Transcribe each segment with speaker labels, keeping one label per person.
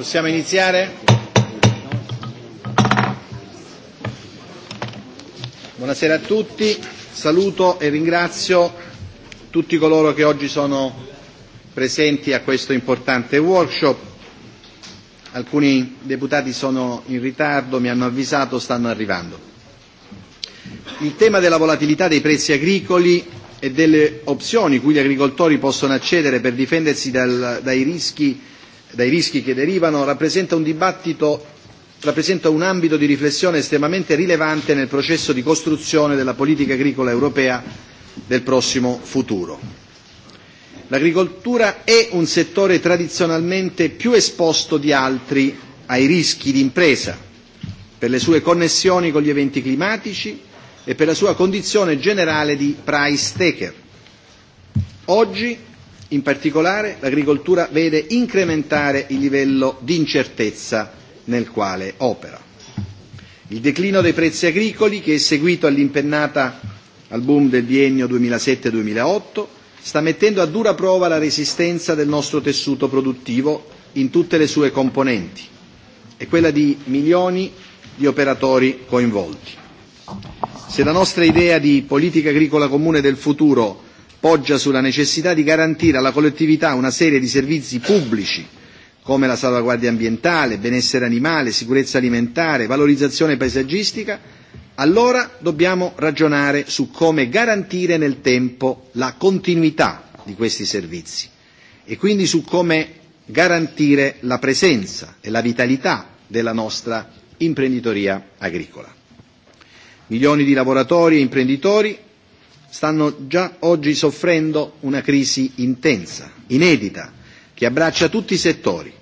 Speaker 1: Possiamo iniziare? Buonasera a tutti, saluto e ringrazio tutti coloro che oggi sono presenti a questo importante workshop. Alcuni deputati sono in ritardo, mi hanno avvisato, stanno arrivando. Il tema della volatilità dei prezzi agricoli e delle opzioni cui gli agricoltori possono accedere per difendersi dal, dai rischi dai rischi che derivano rappresenta un dibattito rappresenta un ambito di riflessione estremamente rilevante nel processo di costruzione della politica agricola europea del prossimo futuro. L'agricoltura è un settore tradizionalmente più esposto di altri ai rischi di impresa, per le sue connessioni con gli eventi climatici e per la sua condizione generale di price taker. Oggi In particolare l'agricoltura vede incrementare il livello di incertezza nel quale opera. Il declino dei prezzi agricoli, che è seguito all'impennata al boom del biennio 2007-2008, sta mettendo a dura prova la resistenza del nostro tessuto produttivo in tutte le sue componenti e quella di milioni di operatori coinvolti. Se la nostra idea di politica agricola comune del futuro poggia sulla necessità di garantire alla collettività una serie di servizi pubblici come la salvaguardia ambientale, benessere animale, sicurezza alimentare, valorizzazione paesaggistica, allora dobbiamo ragionare su come garantire nel tempo la continuità di questi servizi e quindi su come garantire la presenza e la vitalità della nostra imprenditoria agricola. Milioni di lavoratori e imprenditori stanno già oggi soffrendo una crisi intensa, inedita, che abbraccia tutti i settori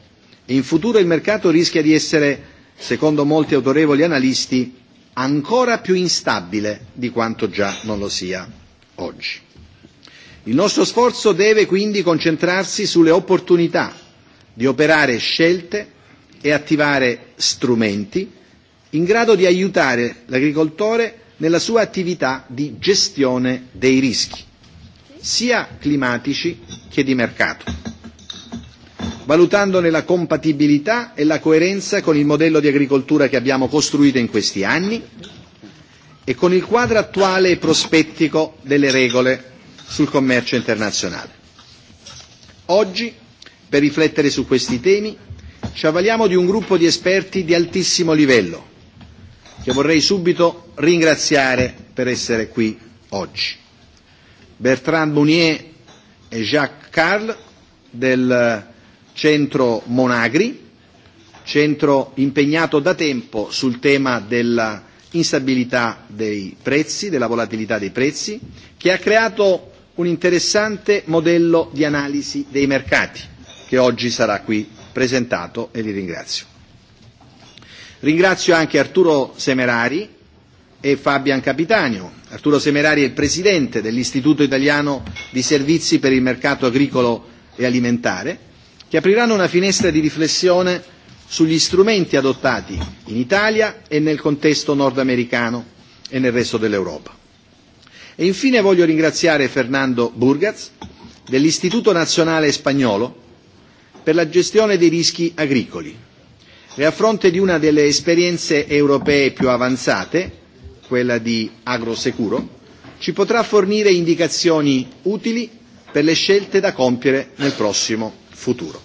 Speaker 1: e in futuro il mercato rischia di essere, secondo molti autorevoli analisti, ancora più instabile di quanto già non lo sia oggi. Il nostro sforzo deve quindi concentrarsi sulle opportunità di operare scelte e attivare strumenti in grado di aiutare l'agricoltore nella sua attività di gestione dei rischi, sia climatici che di mercato, valutandone la compatibilità e la coerenza con il modello di agricoltura che abbiamo costruito in questi anni e con il quadro attuale e prospettico delle regole sul commercio internazionale. Oggi, per riflettere su questi temi, ci avvaliamo di un gruppo di esperti di altissimo livello, che vorrei subito ringraziare per essere qui oggi. Bertrand Mounier e Jacques Carl del Centro Monagri, centro impegnato da tempo sul tema della instabilità dei prezzi, della volatilità dei prezzi, che ha creato un interessante modello di analisi dei mercati che oggi sarà qui presentato e li ringrazio. Ringrazio anche Arturo Semerari e Fabian Capitanio. Arturo Semerari è il presidente dell'Istituto Italiano di Servizi per il Mercato Agricolo e Alimentare, che apriranno una finestra di riflessione sugli strumenti adottati in Italia e nel contesto nordamericano e nel resto dell'Europa. E infine voglio ringraziare Fernando Burgaz dell'Istituto Nazionale Spagnolo per la gestione dei rischi agricoli, e a fronte di una delle esperienze europee più avanzate, quella di Agrosecuro, ci potrà fornire indicazioni utili per le scelte da compiere nel prossimo futuro.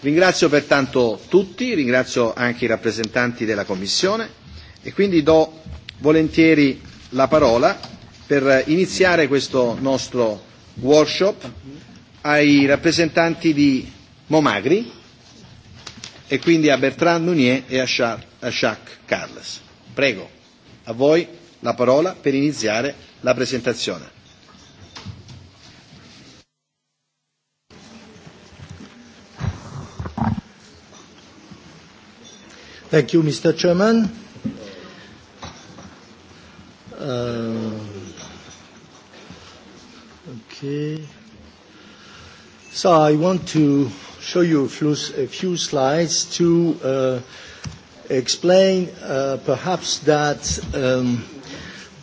Speaker 1: Ringrazio pertanto tutti, ringrazio anche i rappresentanti della Commissione e quindi do volentieri la parola per iniziare questo nostro workshop ai rappresentanti di Momagri e quindi a Bertrand Meunier e a Jacques Carles. Prego, a voi la parola per iniziare la presentazione.
Speaker 2: Thank you, Mr. Chairman. Uh, okay. So I want to show you a few, a few slides to uh, explain uh, perhaps that um,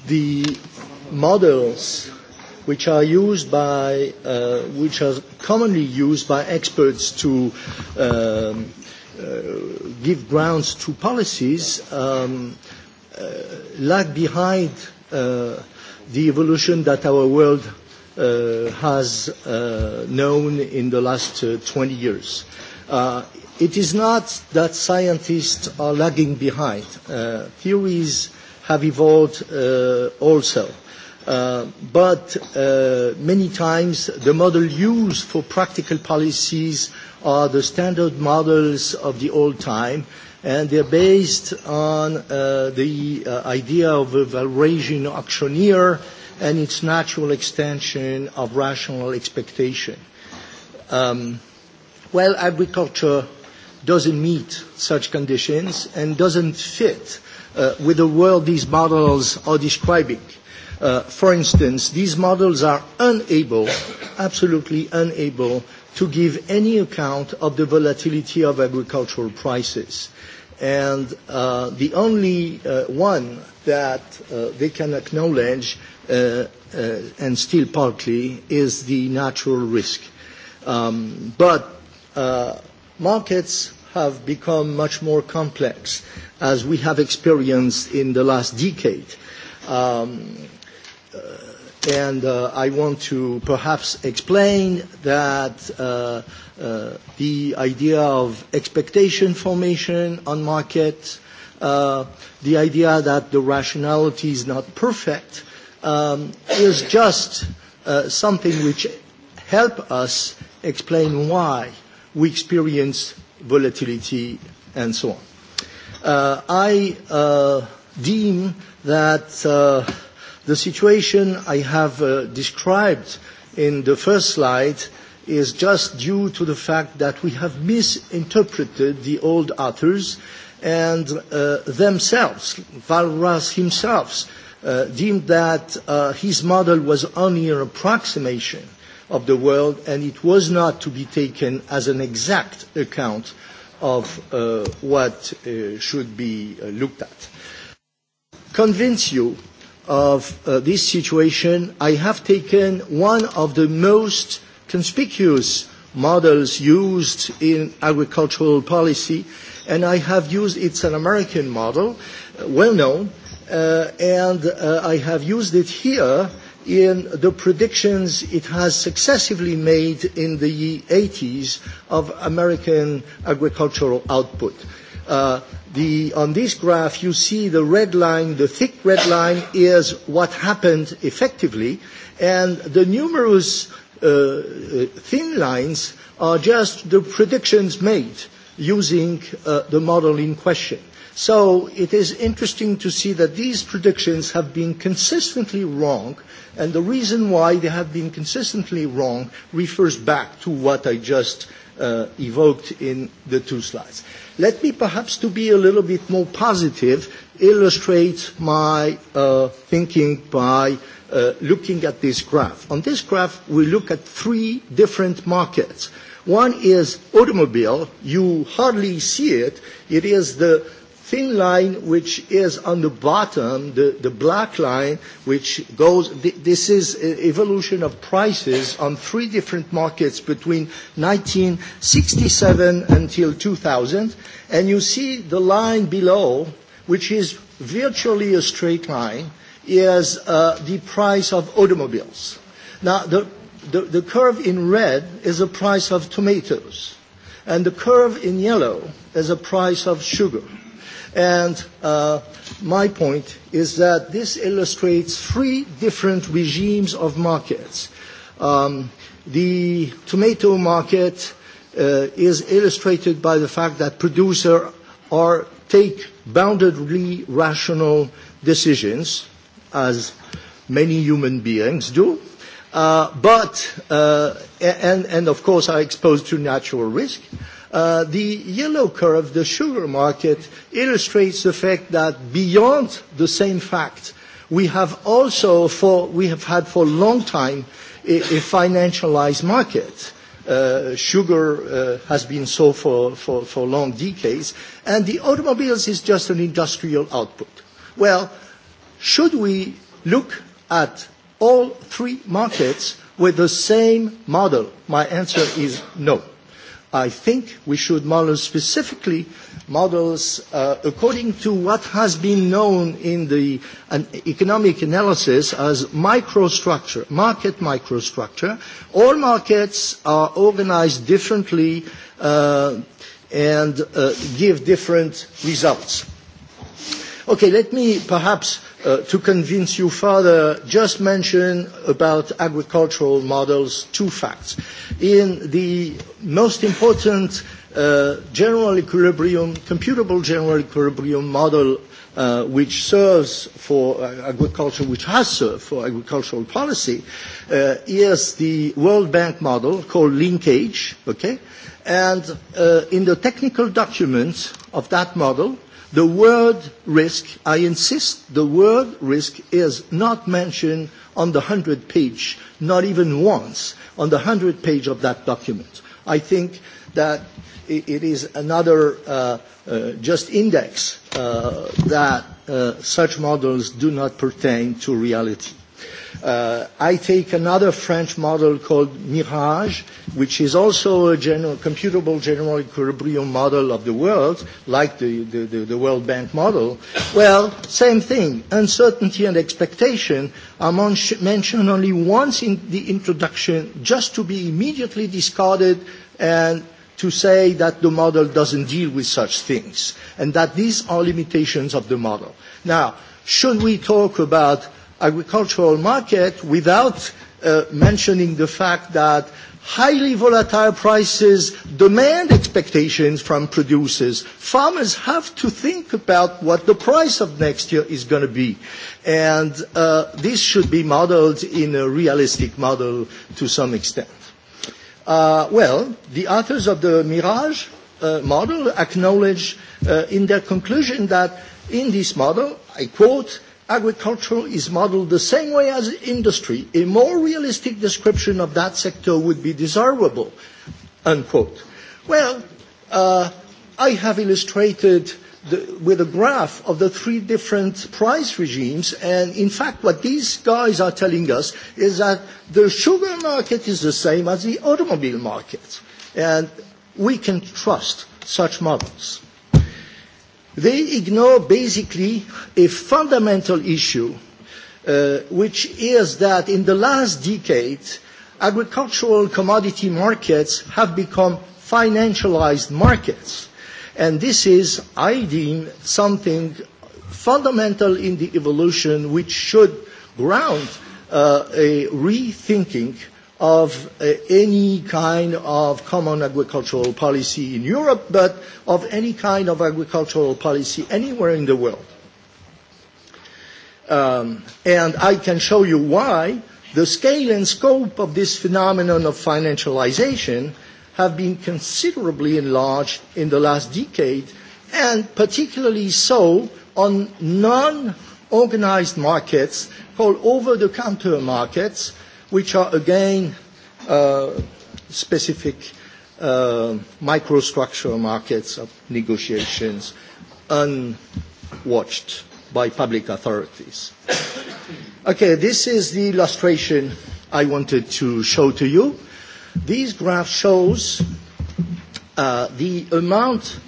Speaker 2: the models which are used by, uh, which are commonly used by experts to um, uh, give grounds to policies, um, uh, lag behind uh, the evolution that our world uh, has uh, known in the last uh, 20 years. Uh, it is not that scientists are lagging behind. Uh, theories have evolved uh, also. Uh, but uh, many times the model used for practical policies are the standard models of the old time, and they're based on uh, the uh, idea of a Valrasian auctioneer uh, and its natural extension of rational expectation. Um, well, agriculture doesn't meet such conditions and doesn't fit uh, with the world these models are describing. Uh, for instance, these models are unable, absolutely unable, to give any account of the volatility of agricultural prices. And uh, the only uh, one that uh, they can acknowledge uh, uh, and still partly is the natural risk. Um, but uh, markets have become much more complex, as we have experienced in the last decade. Um, uh, and uh, I want to perhaps explain that uh, uh, the idea of expectation formation on market, uh, the idea that the rationality is not perfect, um, is just uh, something which help us explain why we experience volatility and so on. Uh, I uh, deem that uh, the situation I have uh, described in the first slide is just due to the fact that we have misinterpreted the old authors and uh, themselves, Valras himself, uh, deemed that uh, his model was only an approximation of the world and it was not to be taken as an exact account of uh, what uh, should be uh, looked at. Convince you of uh, this situation, I have taken one of the most conspicuous models used in agricultural policy, and I have used, it's an American model, uh, well known, uh, uh, and uh, I have used it here in the predictions it has successively made in the 80s of American agricultural output. Uh, the, on this graph, you see the red line, the thick red line is what happened effectively, and the numerous uh, thin lines are just the predictions made using uh, the model in question. So it is interesting to see that these predictions have been consistently wrong, and the reason why they have been consistently wrong refers back to what I just uh, evoked in the two slides. Let me perhaps, to be a little bit more positive, illustrate my uh, thinking by uh, looking at this graph. On this graph, we look at three different markets. One is automobile. You hardly see it. It is the thin line which is on the bottom, the, the black line which goes, th- this is e, evolution of prices on three different markets between 1967 until 2000. And you see the line below, which is virtually a straight line, is uh, the price of automobiles. Now, the, the, the curve in red is the price of tomatoes, and the curve in yellow is the price of sugar. And uh, my point is that this illustrates three different regimes of markets. Um, the tomato market uh, is illustrated by the fact that producers are take boundedly rational decisions, as many human beings do. Uh, but, uh, and, and of course are exposed to natural risk. Uh, Uh, the yellow curve, the sugar market, illustrates the fact that beyond the same fact, we have also for, we have had for a long time a, a financialized market. Uh, sugar uh, has been so for, for, for long decades, and the automobiles is just an industrial output. Well, should we look at all three markets with the same model? My answer is no. I think we should model specifically models uh, according to what has been known in the an economic analysis as microstructure, market microstructure. All markets are organized differently uh, and uh, give different results. Okay, let me perhaps Uh, to convince you further, just mention about agricultural models two facts. In the most important uh, general equilibrium, computable general equilibrium model, uh, which serves for uh, agriculture, which has served for agricultural policy, uh, is the World Bank model called linkage, okay? And uh, in the technical documents of that model, The word risk, I insist, the word risk is not mentioned on the 100 page, not even once, on the 100 page of that document. I think that it, it is another uh, uh, just index uh, that uh, such models do not pertain to reality. Uh, I take another French model called Mirage, which is also a general, computable general equilibrium model of the world, like the, the, the, the World Bank model. Well, same thing. Uncertainty and expectation are mon- mentioned only once in the introduction, just to be immediately discarded and to say that the model doesn't deal with such things and that these are limitations of the model. Now, should we talk about agricultural market without uh, mentioning the fact that highly volatile prices demand expectations from producers. Farmers have to think about what the price of next year is going to be. And uh, this should be modeled in a realistic model to some extent. Uh, well, the authors of the Mirage uh, model acknowledge uh, in their conclusion that in this model, I quote, agriculture is modeled the same way as industry. A more realistic description of that sector would be desirable. Unquote. Well, uh, I have illustrated the, with a graph of the three different price regimes, and in fact, what these guys are telling us is that the sugar market is the same as the automobile market, and we can trust such models. They ignore basically a fundamental issue, uh, which is that in the last decade, agricultural commodity markets have become financialized markets. And this is, I deem, something fundamental in the evolution which should ground uh, a rethinking uh, of uh, any kind of common agricultural policy in Europe, but of any kind of agricultural policy anywhere in the world. Um, and I can show you why the scale and scope of this phenomenon of financialization have been considerably enlarged in the last decade, and particularly so on non-organized markets called over-the-counter markets, which are again uh, specific uh, microstructural markets of negotiations unwatched by public authorities. okay, this is the illustration I wanted to show to you. These graphs shows uh, the amount,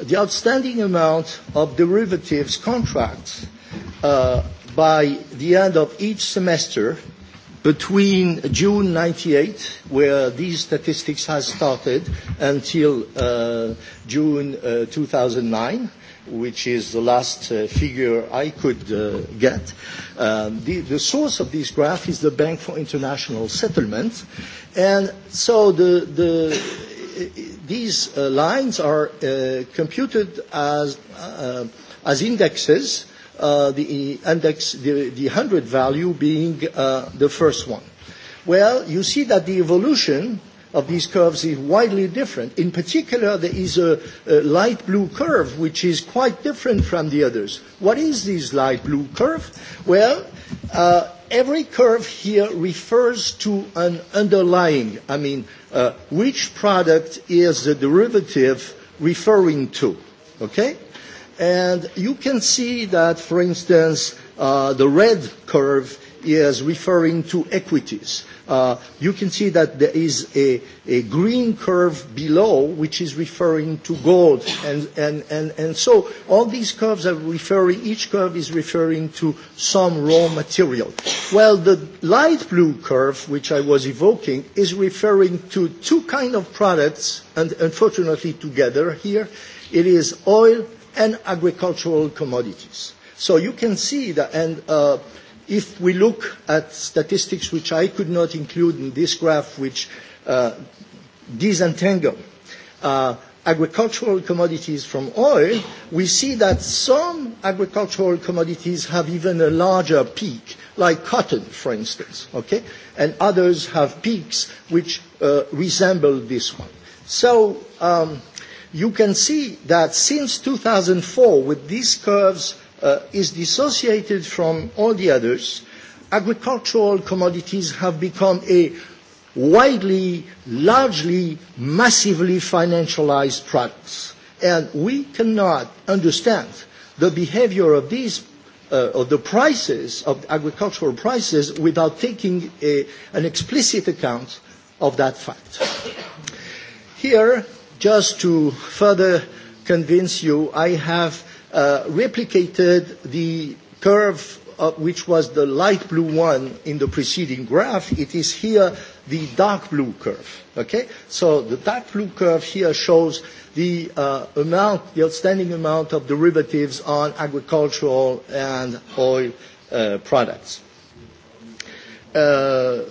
Speaker 2: the outstanding amount of derivatives contracts uh, by the end of each semester Between June 1998, where these statistics has started, until uh, June uh, 2009, which is the last uh, figure I could uh, get. Um, the, the source of this graph is the Bank for International Settlement. And so the, the, these uh, lines are uh, computed as, uh, as indexes uh, the index, the, the 100 value being uh, the first one. Well, you see that the evolution of these curves is widely different. In particular, there is a, a light blue curve which is quite different from the others. What is this light blue curve? Well, uh, every curve here refers to an underlying, I mean, uh, which product is the derivative referring to. Okay? And you can see that, for instance, uh, the red curve is referring to equities. Uh, you can see that there is a, a green curve below, which is referring to gold. And, and, and, and so all these curves are referring, each curve is referring to some raw material. Well, the light blue curve, which I was evoking, is referring to two kind of products, and unfortunately together here. It is oil and agricultural commodities. So you can see that, and uh, if we look at statistics which I could not include in this graph, which uh, disentangle uh, agricultural commodities from oil, we see that some agricultural commodities have even a larger peak, like cotton, for instance, okay? And others have peaks which uh, resemble this one. So, um, you can see that since 2004, with these curves, uh, is dissociated from all the others. Agricultural commodities have become a widely, largely, massively financialized products. And we cannot understand the behavior of these, uh, of the prices, of agricultural prices, without taking a, an explicit account of that fact. Here, Just to further convince you, I have uh, replicated the curve uh, which was the light blue one in the preceding graph. It is here the dark blue curve. Okay? So the dark blue curve here shows the uh, amount, the outstanding amount of derivatives on agricultural and oil uh, products. Uh,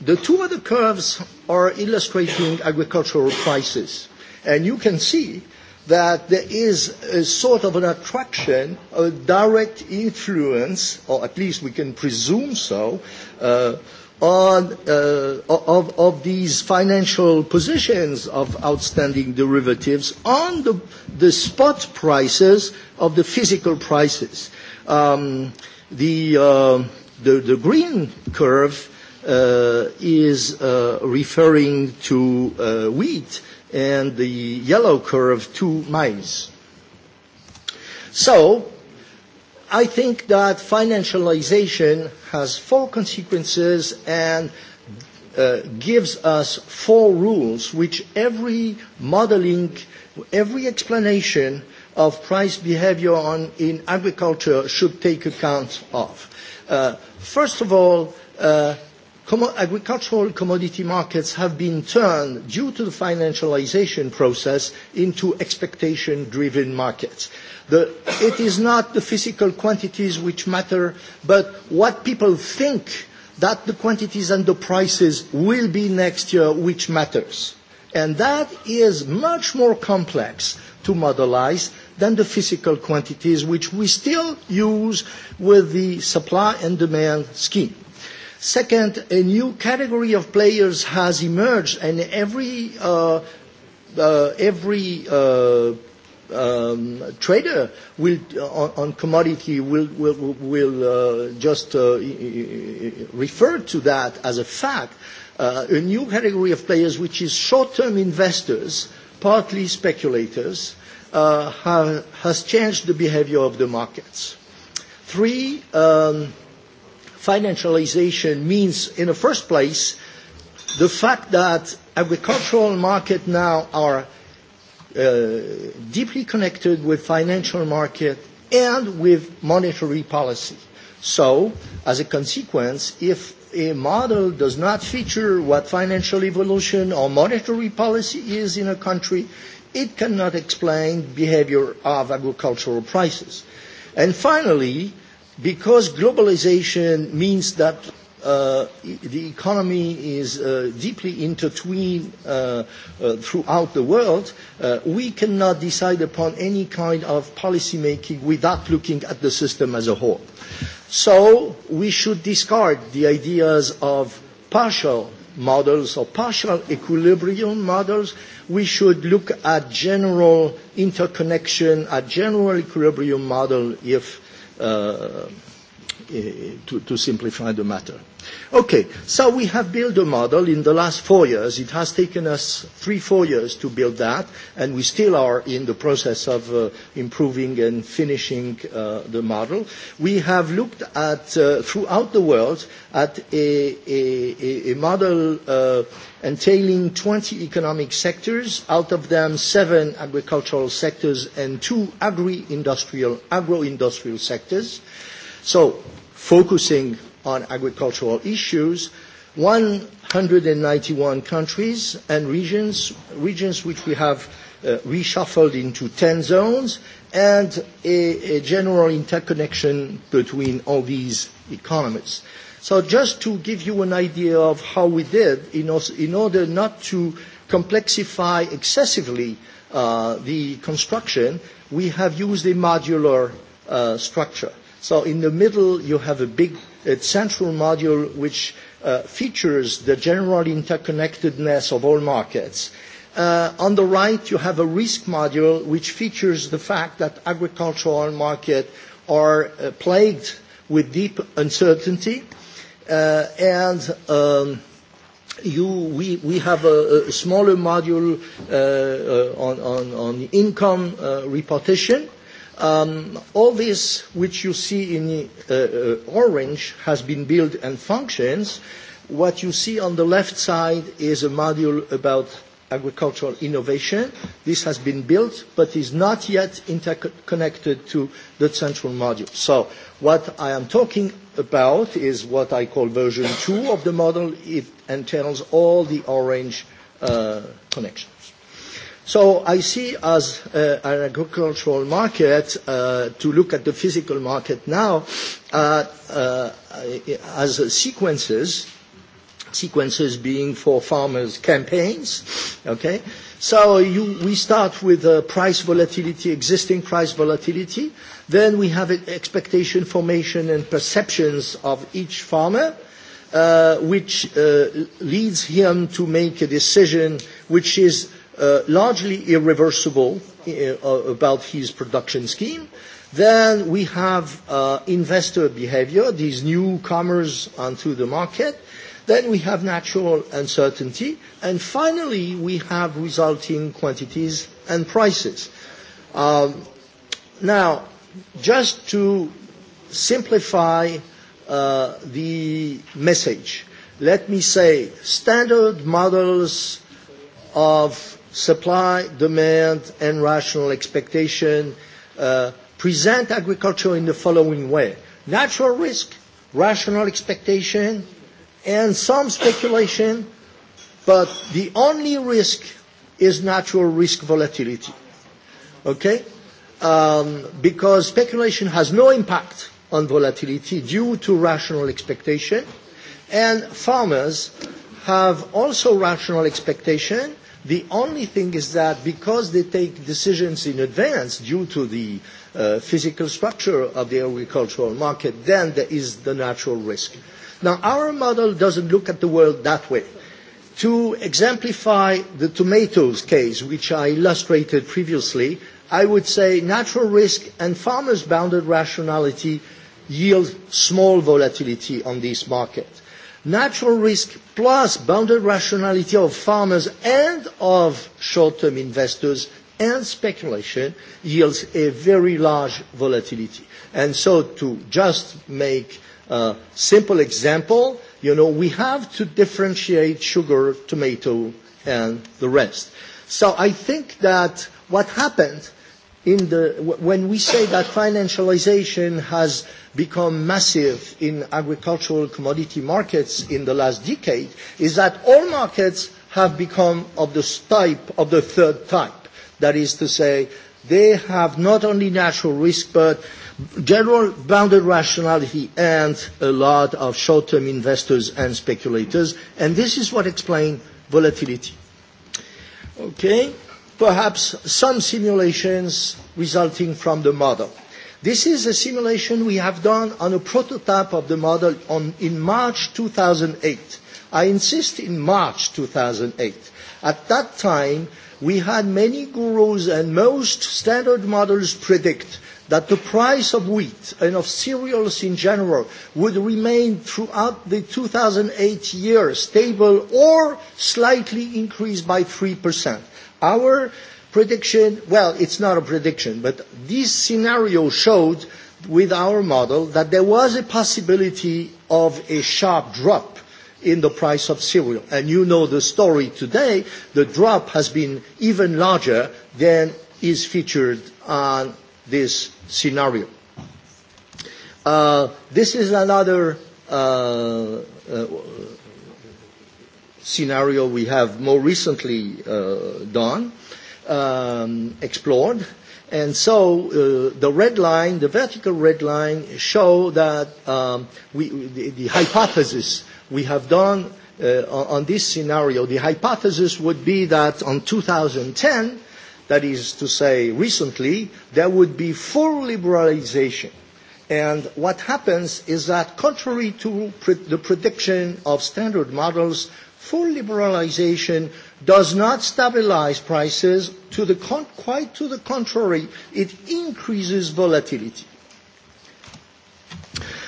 Speaker 2: the two other curves are illustrating agricultural prices. And you can see that there is a sort of an attraction, a direct influence, or at least we can presume so, uh, on, uh, of, of these financial positions of outstanding derivatives on the, the spot prices of the physical prices. Um, the, uh, the, the green curve uh, is uh, referring to uh, wheat. Uh, and the yellow curve two miles. So I think that financialization has four consequences and uh, gives us four rules which every modeling, every explanation of price behavior on, in agriculture should take account of. Uh, first of all, uh, agricultural commodity markets have been turned, due to the financialization process, into expectation-driven markets. The, it is not the physical quantities which matter, but what people think that the quantities and the prices will be next year which matters. And that is much more complex to modelize than the physical quantities which we still use with the supply and demand scheme. Second, a new category of players has emerged, and every uh, uh, every uh, um, trader will uh, on, on commodity will will, will uh, just uh, refer to that as a fact. Uh, a new category of players, which is short-term investors, partly speculators, uh, ha- has changed the behavior of the markets. Three. Um, financialization means in the first place the fact that agricultural market now are uh, deeply connected with financial market and with monetary policy. So, as a consequence, if a model does not feature what financial evolution or monetary policy is in a country, it cannot explain behavior of agricultural prices. And finally, uh, because globalization means that uh, e, the economy is uh, deeply intertwined uh, uh, throughout the world, uh, we cannot decide upon any kind of policy making without looking at the system as a whole. So we should discard the ideas of partial models or partial equilibrium models. We should look at general interconnection, at general equilibrium model if uh, Eh, to, to simplify the matter. Okay, so we have built a model in the last four years. It has taken us three, four years to build that, and we still are in the process of uh, improving and finishing uh, the model. We have looked at, uh, throughout the world, at a, a, a model uh, entailing 20 economic sectors, out of them seven agricultural sectors and two agri-industrial, agro-industrial sectors. Uh, So, focusing on agricultural issues, 191 countries and regions, regions which we have uh, reshuffled into 10 zones, and a, a general interconnection between all these economies. So just to give you an idea of how we did, in, os- in order not to complexify excessively uh, the construction, we have used a modular uh, structure. So in the middle, you have a big a central module which uh, features the general interconnectedness of all markets. Uh, on the right, you have a risk module which features the fact that agricultural markets are uh, plagued with deep uncertainty. Uh, and um, you, we, we have a, a smaller module uh, uh, on, on, on income uh, repartition. Uh, Um, all this, which you see in uh, uh, orange, has been built and functions. What you see on the left side is a module about agricultural innovation. This has been built, but is not yet interconnected to the central module. So what I am talking about is what I call version two of the model. It entails all the orange uh, connections. So I see as uh, an agricultural market, uh, to look at the physical market now, uh, uh, as uh, sequences, sequences being for farmers' campaigns, okay? So you, we start with uh, price volatility, existing price volatility. Then we have expectation formation and perceptions of each farmer, uh, which uh, leads him to make a decision which is uh, largely irreversible uh, about his production scheme. Then we have uh, investor behavior, these newcomers onto the market. Then we have natural uncertainty. And finally, we have resulting quantities and prices. Um, now, just to simplify uh, the message, let me say standard models of supply, demand, and rational expectation uh, present agriculture in the following way. Natural risk, rational expectation, and some speculation, but the only risk is natural risk volatility. Okay? Um, because speculation has no impact on volatility due to rational expectation, and farmers have also rational expectation, The only thing is that because they take decisions in advance due to the uh, physical structure of the agricultural market, then there is the natural risk. Now, our model doesn't look at the world that way. To exemplify the tomatoes case, which I illustrated previously, I would say natural risk and farmers' bounded rationality yield small volatility on this market natural risk plus bounded rationality of farmers and of short-term investors and speculation yields a very large volatility. And so to just make a simple example, you know, we have to differentiate sugar, tomato, and the rest. So I think that what happened in the, when we say that financialization has become massive in agricultural commodity markets in the last decade, is that all markets have become of this type, of the third type. That is to say, they have not only natural risk, but general bounded rationality and a lot of short-term investors and speculators. And this is what explains volatility. Okay perhaps some simulations resulting from the model. This is a simulation we have done on a prototype of the model on, in March 2008. I insist in March 2008. At that time, we had many gurus and most standard models predict that the price of wheat and of cereals in general would remain throughout the 2008 year stable or slightly increased by 3%. Our prediction, well, it's not a prediction, but this scenario showed with our model that there was a possibility of a sharp drop in the price of cereal. And you know the story today, the drop has been even larger than is featured on this scenario. Uh, this is another uh, uh, scenario we have more recently uh, done, um, explored. And so uh, the red line, the vertical red line, show that um, we, the, the hypothesis we have done uh, on this scenario, the hypothesis would be that on 2010, that is to say recently, there would be full liberalization. And what happens is that contrary to pre- the prediction of standard models, full liberalization does not stabilize prices. To the con- quite to the contrary, it increases volatility.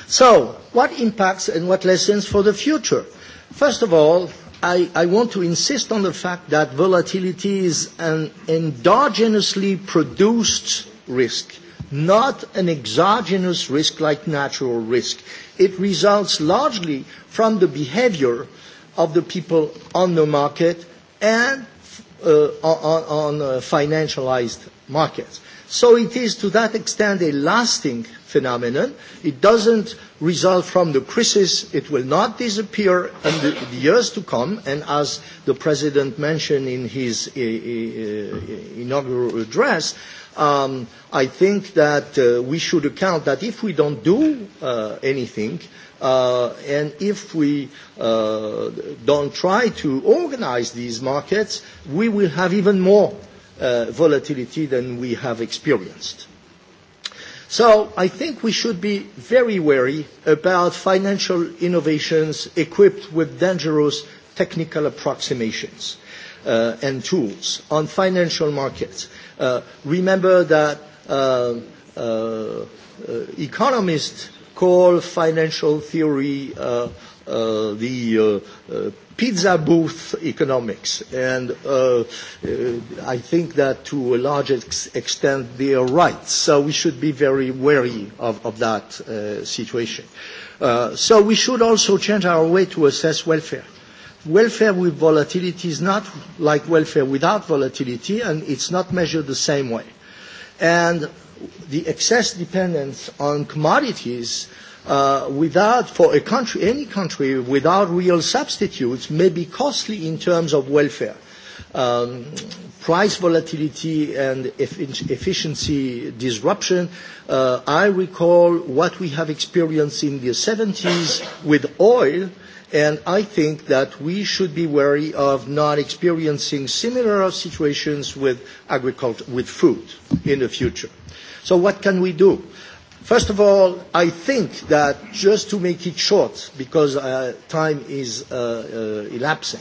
Speaker 2: So, what impacts and what lessons for the future? First of all, I, I want to insist on the fact that volatility is an endogenously produced risk, not an exogenous risk like natural risk. It results largely from the behavior of the people on the market and uh, on, on uh, financialized markets. So it is to that extent a lasting phenomenon. It doesn't result from the crisis. It will not disappear in the, the years to come. And as the President mentioned in his uh, uh, inaugural address, um, I think that uh, we should account that if we don't do uh, anything, uh, and if we uh, don't try to organize these markets, we will have even more uh, volatility than we have experienced. So I think we should be very wary about financial innovations equipped with dangerous technical approximations uh, and tools on financial markets. Uh, remember that uh, uh, uh, economists call financial theory uh, uh, the uh, uh, pizza booth economics. And uh, uh, I think that to a large ex- extent they are right. So we should be very wary of, of that uh, situation. Uh, so we should also change our way to assess welfare. Welfare with volatility is not like welfare without volatility, and it's not measured the same way. And the excess dependence on commodities uh, uh, without, for a country, any country without real substitutes may be costly in terms of welfare. Um, price volatility and efficiency disruption. Uh, I recall what we have experienced in the 70s with oil, and I think that we should be wary of not experiencing similar situations with agriculture, with food in the future. So what can we do? First of all, I think that just to make it short, because uh, time is uh, uh, elapsing,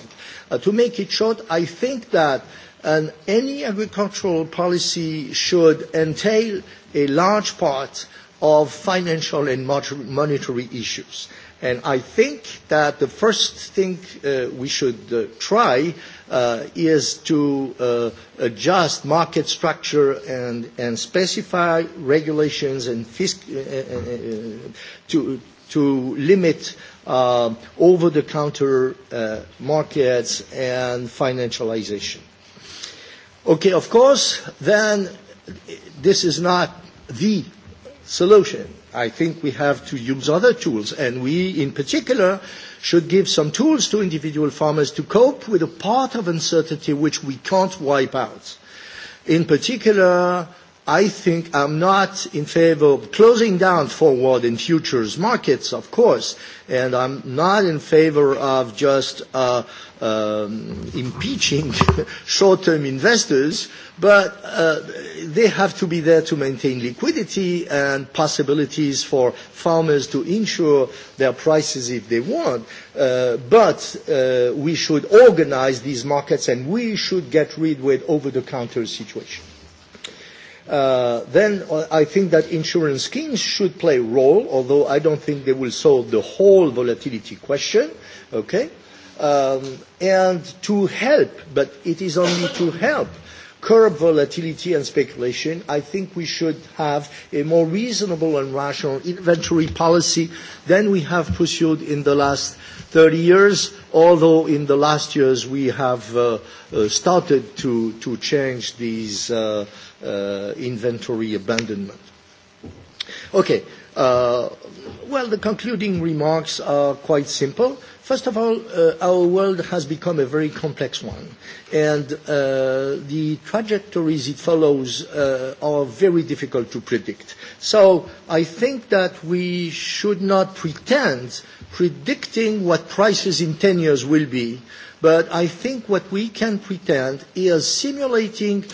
Speaker 2: uh, to make it short, I think that an, um, any agricultural policy should entail a large part of financial and monetary issues. Uh, And I think that the first thing uh, we should uh, try uh, is to uh, adjust market structure and, and specify regulations and fisc- uh, uh, uh to, to limit uh, over-the-counter uh, markets and financialization. Okay, of course, then this is not the solution I think we have to use other tools, and we, in particular, should give some tools to individual farmers to cope with a part of uncertainty which we can't wipe out. In particular, I think I'm not in favor of closing down forward and futures markets, of course, and I'm not in favor of just uh, um, impeaching short-term investors, but uh, they have to be there to maintain liquidity and possibilities for farmers to insure their prices if they want. Uh, but uh, we should organize these markets and we should get rid with over-the-counter situation. Uh, then uh, I think that insurance schemes should play a role, although I don't think they will solve the whole volatility question, okay? Um, and to help, but it is only to help curb volatility and speculation, I think we should have a more reasonable and rational inventory policy than we have pursued in the last 30 years although in the last years we have uh, uh, started to, to change these uh, uh, inventory abandonment. Okay. Uh, well, the concluding remarks are quite simple. First of all, uh, our world has become a very complex one, and uh, the trajectories it follows uh, are very difficult to predict. So I think that we should not pretend predicting what prices in 10 years will be, but I think what we can pretend is simulating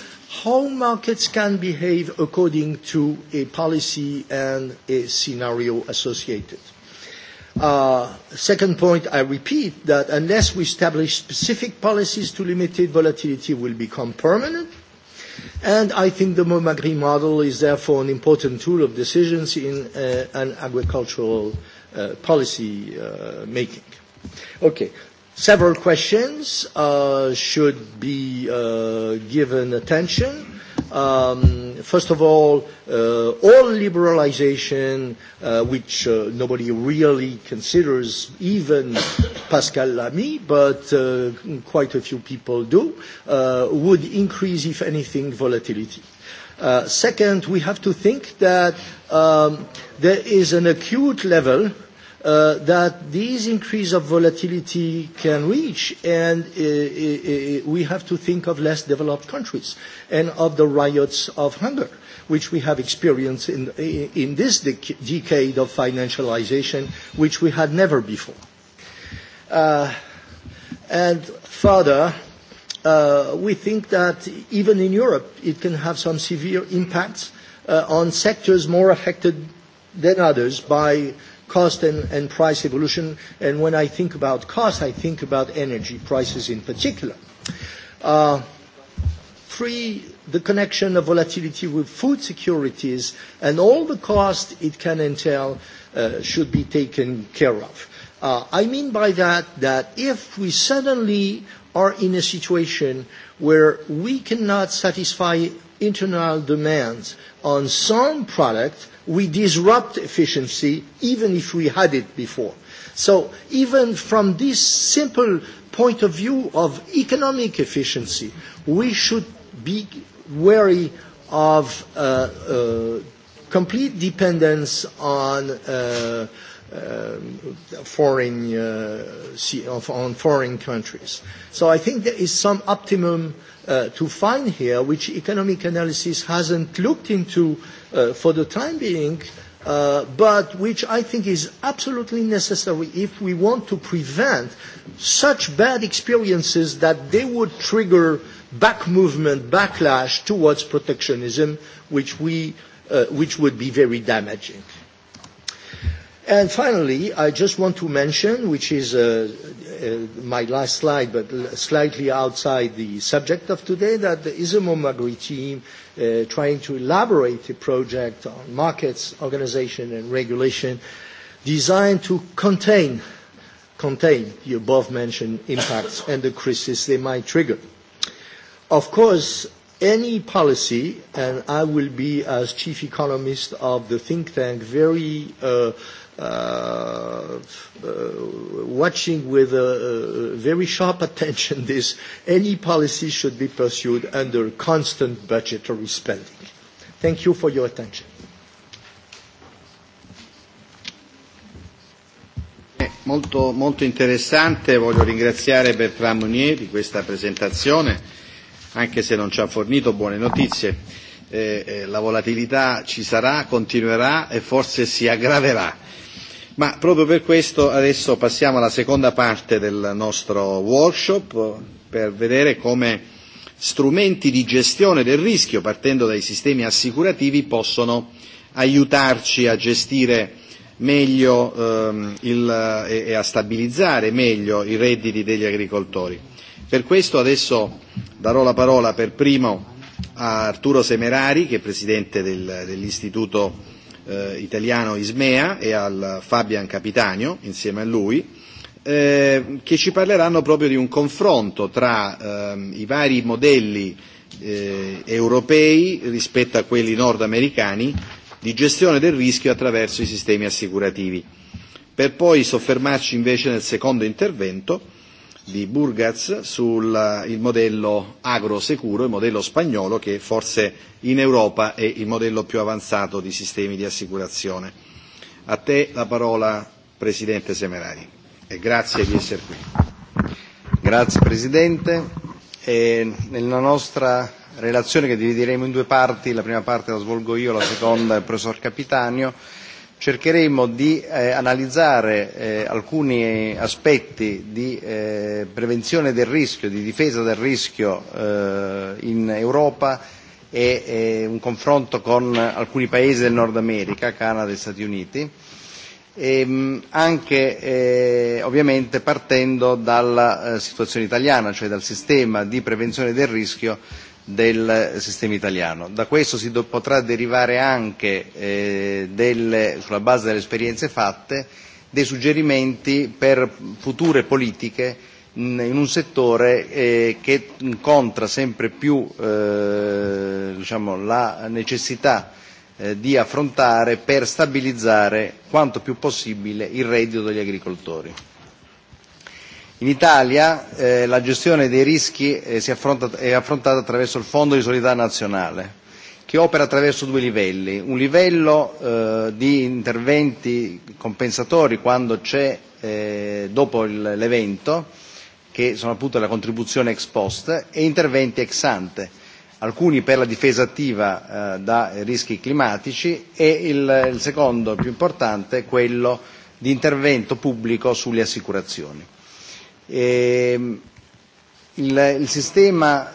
Speaker 2: how markets can behave according to a policy and a scenario associated. Uh, second point, I repeat that unless we establish specific policies to limit volatility will become permanent, And I think the MoMA Green model is therefore an important tool of decisions in uh, an agricultural uh, policy uh, making. Okay, several questions uh, should be uh, given attention um, first of all, uh, all liberalization, uh, which uh, nobody really considers, even Pascal Lamy, but uh, quite a few people do, uh, would increase, if anything, volatility. Uh, second, we have to think that um, there is an acute level uh, that these increase of volatility can reach, and uh, uh, uh, we have to think of less developed countries and of the riots of hunger, which we have experienced in, in this dec- decade of financialization, which we had never before. Uh, and further, uh, we think that even in Europe, it can have some severe impacts uh, on sectors more affected than others by cost and, and price evolution. And when I think about cost, I think about energy prices in particular. Uh, three, the connection of volatility with food securities and all the cost it can entail uh, should be taken care of. Uh, I mean by that that if we suddenly are in a situation where we cannot satisfy internal demands on some product, we disrupt efficiency even if we had it before. So even from this simple point of view of economic efficiency, we should be wary of uh, uh, complete dependence on uh, uh, foreign uh, on foreign countries. So I think there is some optimum uh, uh, to find here, which economic analysis hasn't looked into uh, for the time being, uh, but which I think is absolutely necessary if we want to prevent such bad experiences that they would trigger back movement, backlash towards protectionism, which, we, uh, which would be very damaging. And finally, I just want to mention, which is uh, uh, my last slide, but slightly outside the subject of today, that the Izumo Magri team uh, trying to elaborate a project on markets, organization, and regulation designed to contain, contain the above-mentioned impacts and the crisis they might trigger. Of course, any policy, and I will be, as chief economist of the think tank, very uh, uh, uh, watching with uh, very sharp attention this, any policy should be pursued under constant budgetary spending. Thank you for your attention.
Speaker 1: Eh, molto, molto interessante, voglio ringraziare Bertrand Meunier di questa presentazione, anche se non ci ha fornito buone notizie. Eh, eh, la volatilità ci sarà, continuerà e forse si aggraverà Ma proprio per questo adesso passiamo alla seconda parte del nostro workshop per vedere come strumenti di gestione del rischio, partendo dai sistemi assicurativi, possono aiutarci a gestire meglio ehm, il, e, e a stabilizzare meglio i redditi degli agricoltori. Per questo adesso darò la parola per primo a Arturo Semerari, che è presidente del, dell'Istituto eh, italiano Ismea e al Fabian Capitagno, insieme a lui, eh, che ci parleranno proprio di un confronto tra eh, i vari modelli eh, europei rispetto a quelli nordamericani di gestione del rischio attraverso i sistemi assicurativi, per poi soffermarci invece nel secondo intervento di Burgaz sul eh, il modello agrosecuro, il modello spagnolo che forse in Europa è il modello più avanzato di sistemi di assicurazione. A te la parola Presidente Semerari e grazie di essere qui. Grazie Presidente. E nella nostra relazione che divideremo in due parti, la prima parte la svolgo io, la seconda il professor Capitanio, cercheremo di eh, analizzare eh, alcuni aspetti di eh, prevenzione del rischio, di difesa del rischio eh, in Europa e eh, un confronto con alcuni paesi del Nord America, Canada e Stati Uniti, e, anche eh, ovviamente partendo dalla eh, situazione italiana, cioè dal sistema di prevenzione del rischio del sistema italiano. Da questo si do, potrà derivare anche, eh, delle, sulla base delle esperienze fatte, dei suggerimenti per future politiche mh, in un settore eh, che incontra sempre più eh, diciamo, la necessità eh, di affrontare per stabilizzare quanto più possibile il reddito degli agricoltori. In Italia eh, la gestione dei rischi eh, si affronta, è affrontata attraverso il Fondo di solidarietà nazionale, che opera attraverso due livelli. Un livello eh, di interventi compensatori quando c'è, eh, dopo l'evento, che sono appunto la contribuzione ex post, e interventi ex ante, alcuni per la difesa attiva eh, da rischi climatici e il, il secondo più importante è quello di intervento pubblico sulle assicurazioni. Eh, il, il sistema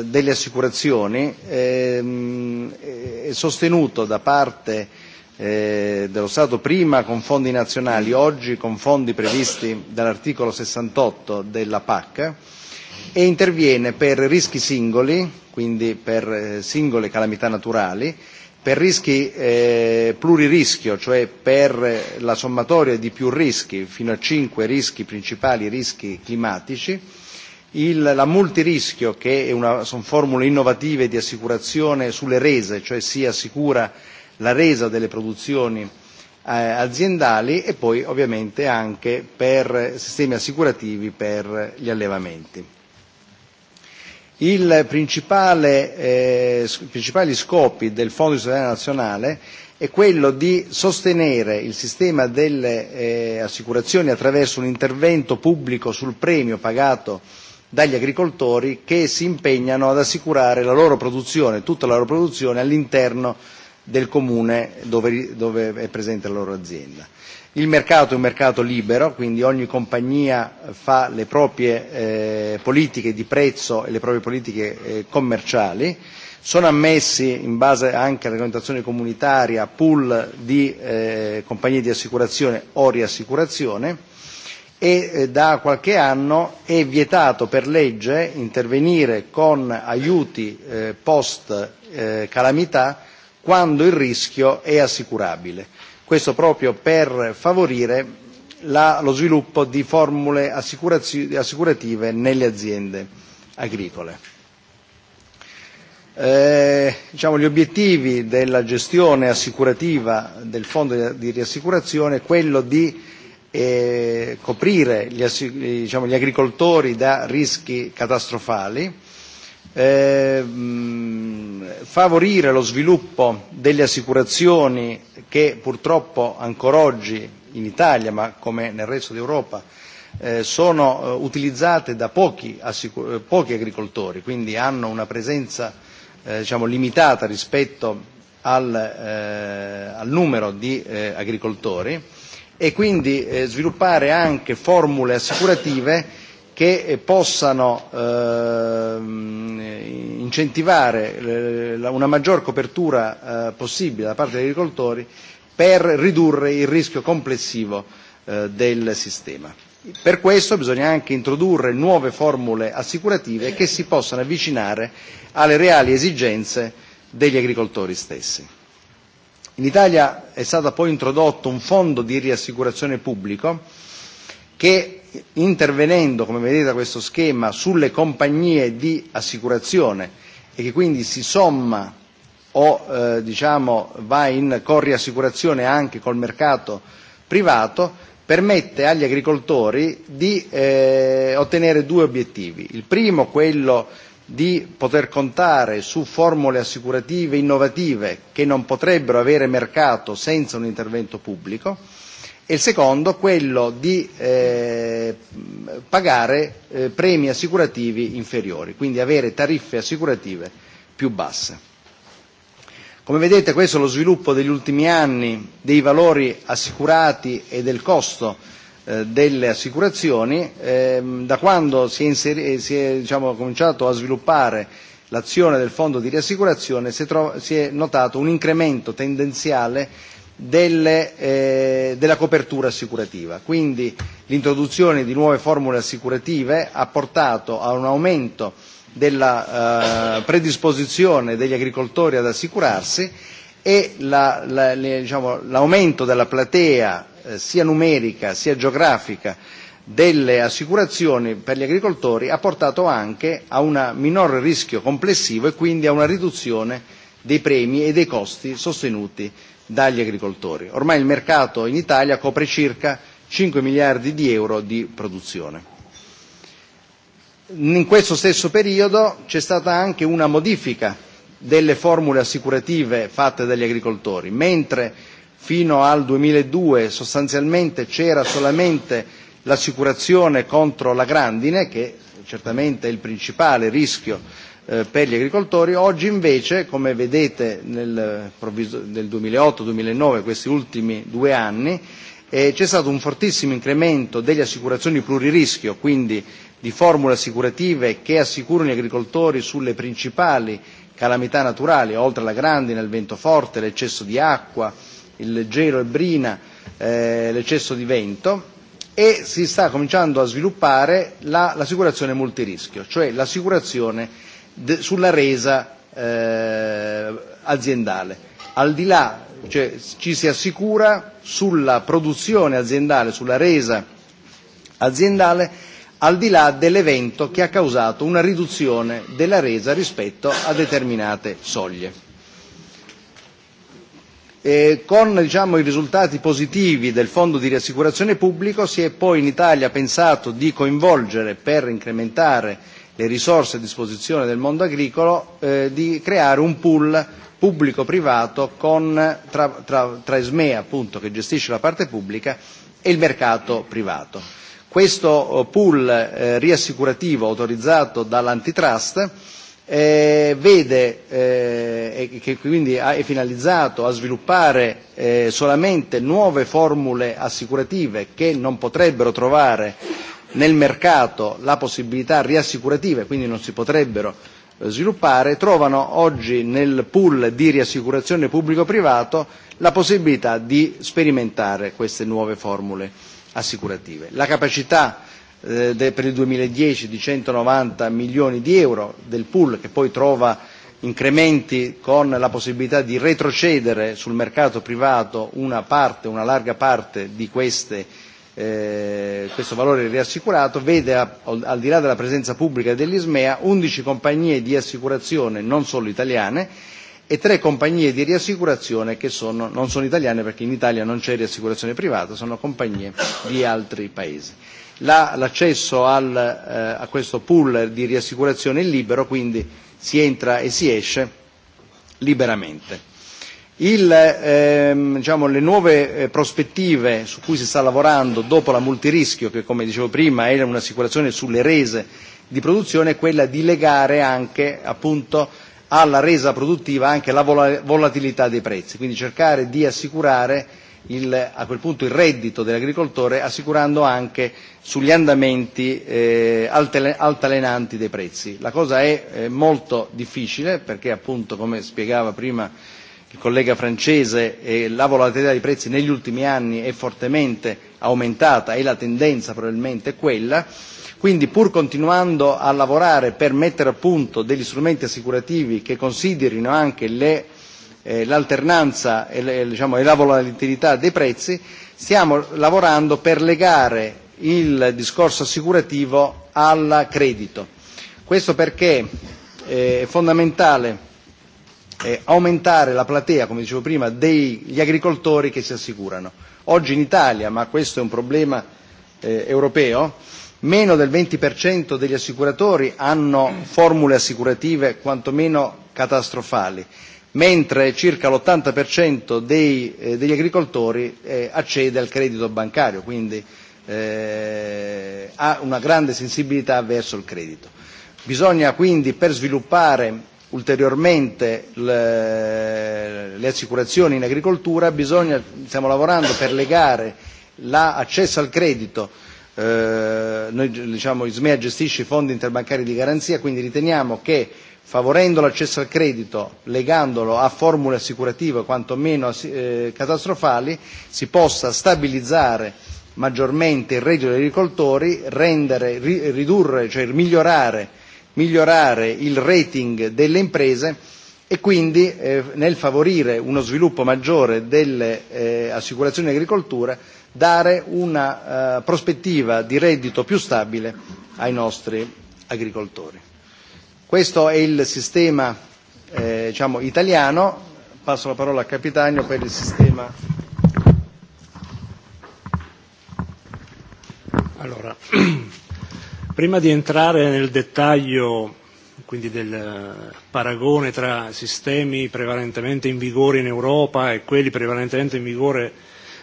Speaker 1: eh, delle assicurazioni eh, è sostenuto da parte eh, dello Stato prima con fondi nazionali, oggi con fondi previsti dall'articolo 68 della PAC e interviene per rischi singoli, quindi per eh, singole calamità naturali, per rischi eh, pluririschio, cioè per la sommatoria di più rischi, fino a cinque rischi principali, rischi climatici, il, la multirischio, che è una, sono formule innovative di assicurazione sulle rese, cioè si assicura la resa delle produzioni eh, aziendali e poi ovviamente anche per sistemi assicurativi per gli allevamenti. Il principale, eh, principali scopi del Fondo di solidarietà nazionale è quello di sostenere il sistema delle eh, assicurazioni attraverso un intervento pubblico sul premio pagato dagli agricoltori che si impegnano ad assicurare la loro produzione, tutta la loro produzione all'interno del comune dove, dove è presente la loro azienda. Il mercato è un mercato libero, quindi ogni compagnia fa le proprie eh, politiche di prezzo e le proprie politiche eh, commerciali. Sono ammessi, in base anche alla regolamentazione comunitaria, pool di eh, compagnie di assicurazione o riassicurazione e eh, da qualche anno è vietato per legge intervenire con aiuti eh, post eh, calamità quando il rischio è assicurabile questo proprio per favorire la, lo sviluppo di formule assicurative nelle aziende agricole. Eh, diciamo, gli obiettivi della gestione assicurativa del fondo di, di riassicurazione è quello di eh, coprire gli, diciamo, gli agricoltori da rischi catastrofali, eh, favorire lo sviluppo delle assicurazioni che purtroppo ancora oggi in Italia, ma come nel resto d'Europa, eh, sono eh, utilizzate da pochi, assicur- eh, pochi agricoltori, quindi hanno una presenza eh, diciamo, limitata rispetto al, eh, al numero di eh, agricoltori e quindi eh, sviluppare anche formule assicurative che eh, possano ehm, eh, incentivare una maggior copertura eh, possibile da parte degli agricoltori per ridurre il rischio complessivo eh, del sistema. Per questo bisogna anche introdurre nuove formule assicurative che si possano avvicinare alle reali esigenze degli agricoltori stessi. In Italia è stato poi introdotto un fondo di riassicurazione pubblico che intervenendo, come vedete da questo schema, sulle compagnie di assicurazione e che quindi si somma o eh, diciamo, va in corriassicurazione anche col mercato privato, permette agli agricoltori di eh, ottenere due obiettivi. Il primo, quello di poter contare su formule assicurative innovative che non potrebbero avere mercato senza un intervento pubblico e il secondo quello di eh, pagare eh, premi assicurativi inferiori, quindi avere tariffe assicurative più basse. Come vedete questo è lo sviluppo degli ultimi anni dei valori assicurati e del costo eh, delle assicurazioni, eh, da quando si è, inseri- eh, si è diciamo, cominciato a sviluppare l'azione del fondo di riassicurazione si è, tro- si è notato un incremento tendenziale delle, eh, della copertura assicurativa. Quindi l'introduzione di nuove formule assicurative ha portato a un aumento della eh, predisposizione degli agricoltori ad assicurarsi e la, la, le, diciamo, l'aumento della platea eh, sia numerica sia geografica delle assicurazioni per gli agricoltori ha portato anche a un minor rischio complessivo e quindi a una riduzione dei premi e dei costi sostenuti dagli agricoltori. Ormai il mercato in Italia copre circa 5 miliardi di euro di produzione. In questo stesso periodo c'è stata anche una modifica delle formule assicurative fatte dagli agricoltori, mentre fino al 2002 sostanzialmente c'era solamente l'assicurazione contro la grandine, che certamente è il principale rischio eh, per gli agricoltori. Oggi invece, come vedete nel, nel 2008-2009, questi ultimi due anni, eh, c'è stato un fortissimo incremento delle assicurazioni pluririschio, quindi di formule assicurative che assicurano gli agricoltori sulle principali calamità naturali, oltre alla grandine, il vento forte, l'eccesso di acqua, il gelo e brina, eh, l'eccesso di vento e si sta cominciando a sviluppare la, l'assicurazione multirischio, cioè l'assicurazione de, sulla resa eh, aziendale. Al di là cioè, ci si assicura sulla produzione aziendale, sulla resa aziendale, al di là dell'evento che ha causato una riduzione della resa rispetto a determinate soglie. E con diciamo, i risultati positivi del fondo di riassicurazione pubblico si è poi in Italia pensato di coinvolgere per incrementare le risorse a disposizione del mondo agricolo, eh, di creare un pool pubblico-privato con, tra, tra, tra ESME appunto, che gestisce la parte pubblica e il mercato privato. Questo eh, pool eh, riassicurativo autorizzato dall'antitrust eh, vede eh, e che quindi è finalizzato a sviluppare eh, solamente nuove formule assicurative che non potrebbero trovare nel mercato la possibilità riassicurativa e quindi non si potrebbero eh, sviluppare, trovano oggi nel pool di riassicurazione pubblico-privato la possibilità di sperimentare queste nuove formule assicurative. La capacità eh, de, per il 2010 di 190 milioni di euro del pool che poi trova incrementi con la possibilità di retrocedere sul mercato privato una parte, una larga parte di queste eh, questo valore riassicurato vede, a, al di là della presenza pubblica dell'ISMEA, 11 compagnie di assicurazione non solo italiane e tre compagnie di riassicurazione che sono, non sono italiane perché in Italia non c'è riassicurazione privata, sono compagnie di altri paesi. La, l'accesso al, eh, a questo pool di riassicurazione è libero, quindi si entra e si esce liberamente. Il, ehm, diciamo, le nuove eh, prospettive su cui si sta lavorando dopo la multirischio, che come dicevo prima è un'assicurazione sulle rese di produzione, è quella di legare anche appunto, alla resa produttiva anche la volatilità dei prezzi, quindi cercare di assicurare il, a quel punto il reddito dell'agricoltore assicurando anche sugli andamenti eh, altalenanti dei prezzi. La cosa è eh, molto difficile perché appunto come spiegava prima il collega francese, eh, la volatilità dei prezzi negli ultimi anni è fortemente aumentata e la tendenza probabilmente è quella. Quindi pur continuando a lavorare per mettere a punto degli strumenti assicurativi che considerino anche le, eh, l'alternanza e, le, diciamo, e la volatilità dei prezzi, stiamo lavorando per legare il discorso assicurativo al credito. Questo perché eh, è fondamentale eh, aumentare la platea, come dicevo prima, degli agricoltori che si assicurano. Oggi in Italia, ma questo è un problema eh, europeo, meno del 20% degli assicuratori hanno formule assicurative quantomeno catastrofali, mentre circa l'80% dei, eh, degli agricoltori eh, accede al credito bancario, quindi eh, ha una grande sensibilità verso il credito. Bisogna quindi, per sviluppare ulteriormente le, le assicurazioni in agricoltura, bisogna, stiamo lavorando per legare l'accesso al credito eh, noi diciamo Ismea gestisce i fondi interbancari di garanzia, quindi riteniamo che favorendo l'accesso al credito, legandolo a formule assicurative quantomeno eh, catastrofali, si possa stabilizzare maggiormente il reddito degli agricoltori, rendere, ri, ridurre, cioè migliorare migliorare il rating delle imprese e quindi eh, nel favorire uno sviluppo maggiore delle eh, assicurazioni agricoltura dare una eh, prospettiva di reddito più stabile ai nostri agricoltori. Questo è il sistema eh, diciamo, italiano. Passo la parola a
Speaker 3: Capitano per il sistema. Allora, Prima di entrare nel dettaglio quindi del paragone tra sistemi prevalentemente in vigore in Europa e quelli prevalentemente in vigore nei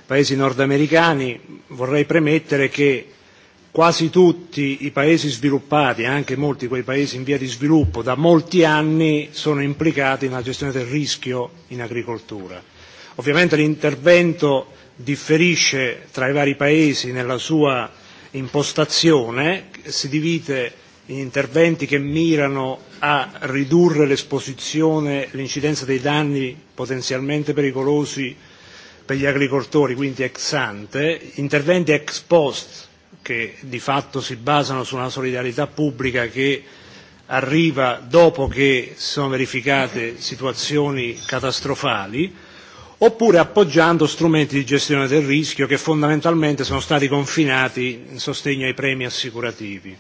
Speaker 3: paesi nordamericani, vorrei premettere che quasi tutti i paesi sviluppati, anche molti quei paesi in via di sviluppo, da molti anni sono implicati nella gestione del rischio in agricoltura. Ovviamente l'intervento differisce tra i vari paesi nella sua impostazione, si divide in interventi che mirano a ridurre l'esposizione, l'incidenza dei danni potenzialmente pericolosi per gli agricoltori, quindi ex ante, interventi ex post che di fatto si basano su una solidarietà pubblica che arriva dopo che si sono verificate situazioni catastrofali oppure appoggiando strumenti di gestione del rischio che fondamentalmente sono stati confinati in sostegno ai premi assicurativi.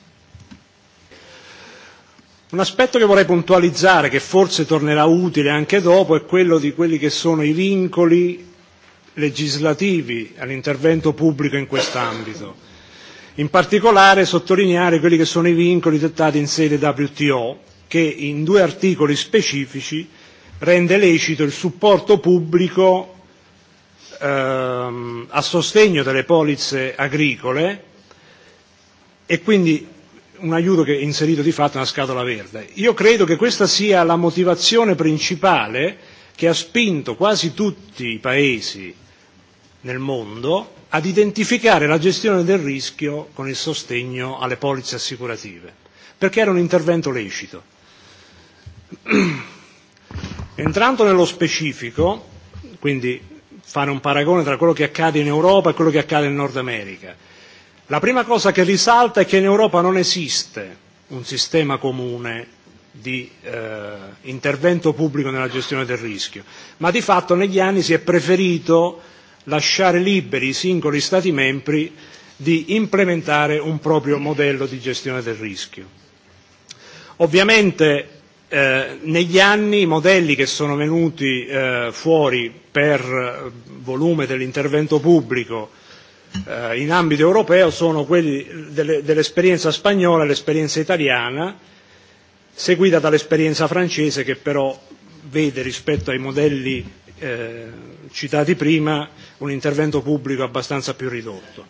Speaker 3: Un aspetto che vorrei puntualizzare, che forse tornerà utile anche dopo, è quello di quelli che sono i vincoli legislativi all'intervento pubblico in quest'ambito. In particolare sottolineare quelli che sono i vincoli dettati in sede WTO, che in due articoli specifici rende lecito il supporto pubblico ehm, a sostegno delle polizze agricole e quindi un aiuto che è inserito di fatto nella scatola verde. Io credo che questa sia la motivazione principale che ha spinto quasi tutti i paesi nel mondo ad identificare la gestione del rischio con il sostegno alle polizze assicurative, perché era un intervento lecito. Entrando nello specifico, quindi fare un paragone tra quello che accade in Europa e quello che accade in Nord America, la prima cosa che risalta è che in Europa non esiste un sistema comune di eh, intervento pubblico nella gestione del rischio, ma di fatto negli anni si è preferito lasciare liberi i singoli Stati membri di implementare un proprio modello di gestione del rischio. Ovviamente Eh, negli anni i modelli che sono venuti eh, fuori per eh, volume dell'intervento pubblico eh, in ambito europeo sono quelli delle, dell'esperienza spagnola e l'esperienza italiana, seguita dall'esperienza francese che però vede rispetto ai modelli eh, citati prima un intervento pubblico abbastanza più ridotto.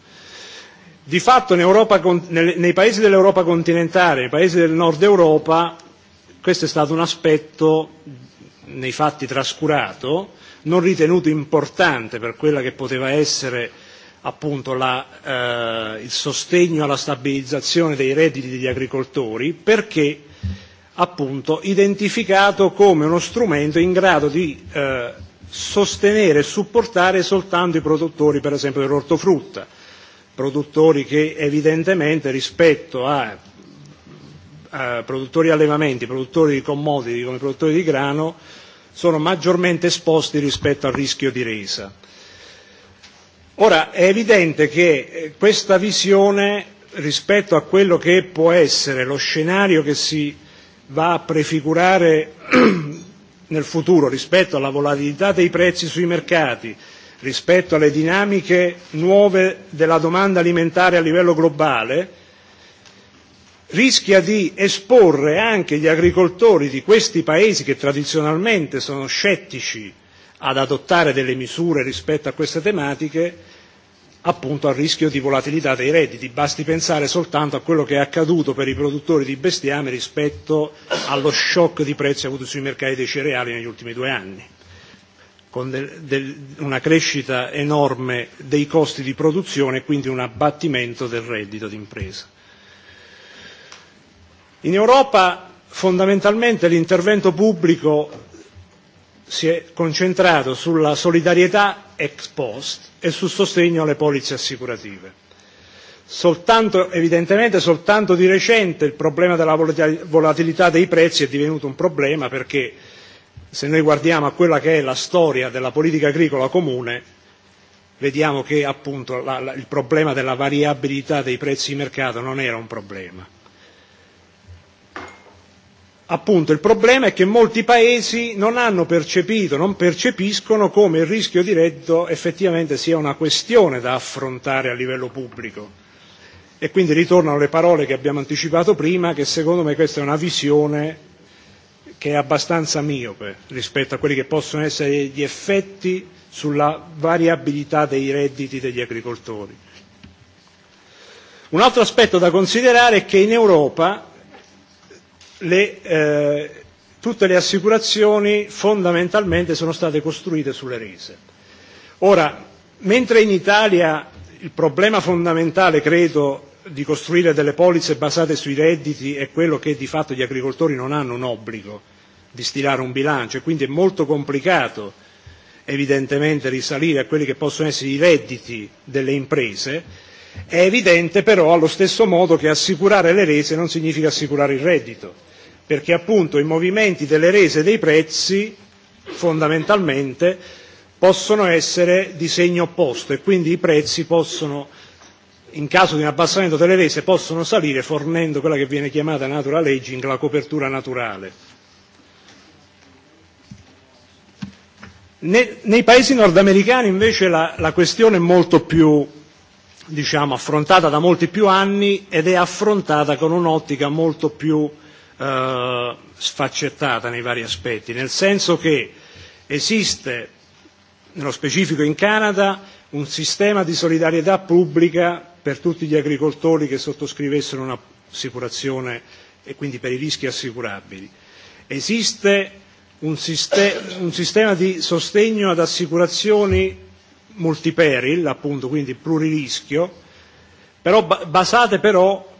Speaker 3: Di fatto in Europa, nei paesi dell'Europa continentale, nei paesi del nord Europa, Questo è stato un aspetto nei fatti trascurato, non ritenuto importante per quella che poteva essere appunto la, eh, il sostegno alla stabilizzazione dei redditi degli agricoltori, perché appunto identificato come uno strumento in grado di eh, sostenere e supportare soltanto i produttori, per esempio, dell'ortofrutta, produttori che evidentemente rispetto a eh, produttori allevamenti, produttori di commodity come produttori di grano sono maggiormente esposti rispetto al rischio di resa. Ora è evidente che eh, questa visione rispetto a quello che può essere lo scenario che si va a prefigurare nel futuro rispetto alla volatilità dei prezzi sui mercati, rispetto alle dinamiche nuove della domanda alimentare a livello globale, rischia di esporre anche gli agricoltori di questi paesi che tradizionalmente sono scettici ad adottare delle misure rispetto a queste tematiche appunto al rischio di volatilità dei redditi. Basti pensare soltanto a quello che è accaduto per i produttori di bestiame rispetto allo shock di prezzi avuto sui mercati dei cereali negli ultimi due anni, con del, del, una crescita enorme dei costi di produzione e quindi un abbattimento del reddito d'impresa. In Europa fondamentalmente l'intervento pubblico si è concentrato sulla solidarietà ex post e sul sostegno alle polizze assicurative. Soltanto, evidentemente soltanto di recente il problema della volatilità dei prezzi è divenuto un problema perché se noi guardiamo a quella che è la storia della politica agricola comune vediamo che appunto la, la, il problema della variabilità dei prezzi di mercato non era un problema appunto il problema è che molti paesi non hanno percepito, non percepiscono come il rischio diretto effettivamente sia una questione da affrontare a livello pubblico. E quindi ritornano le parole che abbiamo anticipato prima, che secondo me questa è una visione che è abbastanza miope rispetto a quelli che possono essere gli effetti sulla variabilità dei redditi degli agricoltori. Un altro aspetto da considerare è che in Europa le, eh, tutte le assicurazioni fondamentalmente sono state costruite sulle rese. Ora, mentre in Italia il problema fondamentale, credo, di costruire delle polizze basate sui redditi è quello che di fatto gli agricoltori non hanno un obbligo di stilare un bilancio e quindi è molto complicato evidentemente risalire a quelli che possono essere i redditi delle imprese, è evidente però allo stesso modo che assicurare le rese non significa assicurare il reddito perché appunto i movimenti delle rese dei prezzi fondamentalmente possono essere di segno opposto e quindi i prezzi possono, in caso di un abbassamento delle rese, possono salire fornendo quella che viene chiamata natural aging, la copertura naturale. Ne, nei paesi nordamericani invece la, la questione è molto più diciamo, affrontata da molti più anni ed è affrontata con un'ottica molto più eh, eh, sfaccettata nei vari aspetti, nel senso che esiste, nello specifico in Canada, un sistema di solidarietà pubblica per tutti gli agricoltori che sottoscrivessero un'assicurazione e quindi per i rischi assicurabili. Esiste un, siste- un sistema di sostegno ad assicurazioni multiperil, appunto, quindi pluririschio, però ba- basate però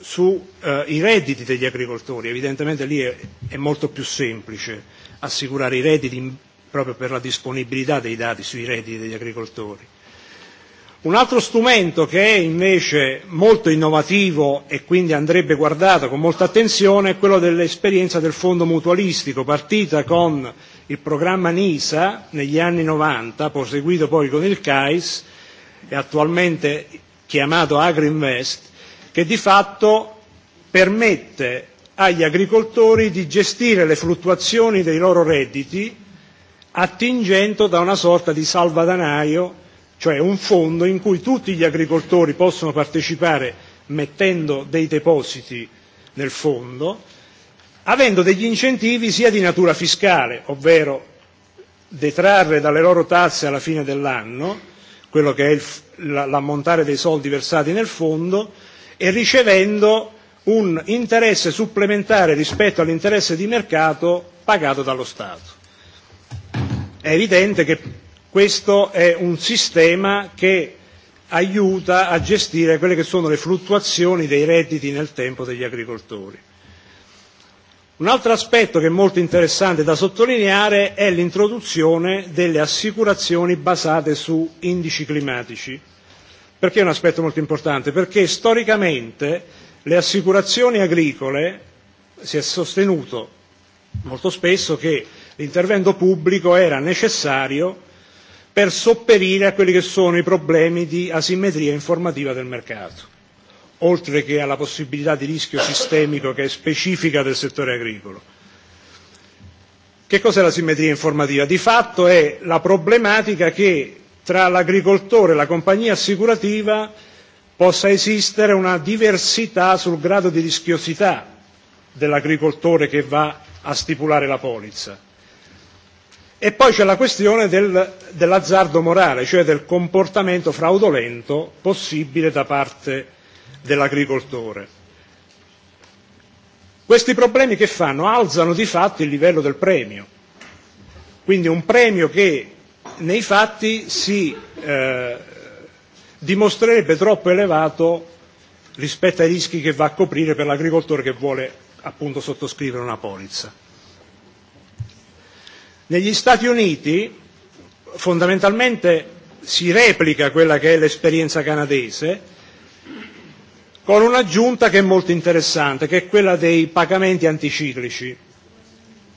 Speaker 3: sui eh, redditi degli agricoltori. Evidentemente lì è, è molto più semplice assicurare i redditi in, proprio per la disponibilità dei dati sui redditi degli agricoltori. Un altro strumento che è invece molto innovativo e quindi andrebbe guardato con molta attenzione è quello dell'esperienza del fondo mutualistico, partita con il programma NISA negli anni 90, proseguito poi con il CAIS e attualmente chiamato AgriInvest, che di fatto permette agli agricoltori di gestire le fluttuazioni dei loro redditi attingendo da una sorta di salvadanaio, cioè un fondo in cui tutti gli agricoltori possono partecipare mettendo dei depositi nel fondo, avendo degli incentivi sia di natura fiscale, ovvero detrarre dalle loro tasse alla fine dell'anno quello che è il, l'ammontare dei soldi versati nel fondo, e ricevendo un interesse supplementare rispetto all'interesse di mercato pagato dallo Stato. È evidente che questo è un sistema che aiuta a gestire quelle che sono le fluttuazioni dei redditi nel tempo degli agricoltori. Un altro aspetto che è molto interessante da sottolineare è l'introduzione delle assicurazioni basate su indici climatici. Perché è un aspetto molto importante? Perché storicamente le assicurazioni agricole si è sostenuto molto spesso che l'intervento pubblico era necessario per sopperire a quelli che sono i problemi di asimmetria informativa del mercato, oltre che alla possibilità di rischio sistemico che è specifica del settore agricolo. Che cos'è l'asimmetria informativa? Di fatto è la problematica che tra l'agricoltore e la compagnia assicurativa possa esistere una diversità sul grado di rischiosità dell'agricoltore che va a stipulare la polizza. E poi c'è la questione del, dell'azzardo morale, cioè del comportamento fraudolento possibile da parte dell'agricoltore. Questi problemi che fanno? Alzano di fatto il livello del premio. Quindi un premio che nei fatti si eh, dimostrerebbe troppo elevato rispetto ai rischi che va a coprire per l'agricoltore che vuole appunto sottoscrivere una polizza. Negli Stati Uniti fondamentalmente si replica quella che è l'esperienza canadese con un'aggiunta che è molto interessante, che è quella dei pagamenti anticiclici.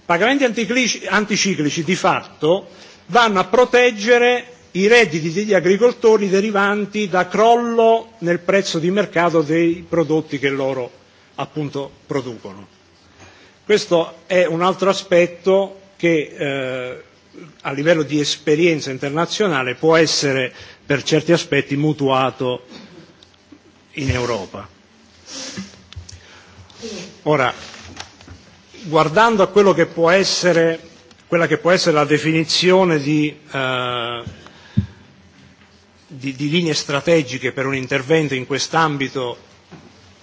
Speaker 3: Pagamenti anticiclici di fatto vanno a proteggere i redditi degli agricoltori derivanti da crollo nel prezzo di mercato dei prodotti che loro appunto producono. Questo è un altro aspetto che eh, a livello di esperienza internazionale può essere per certi aspetti mutuato in Europa. Ora, guardando a quello che può essere quella che può essere la definizione di, eh, di, di linee strategiche per un intervento in quest'ambito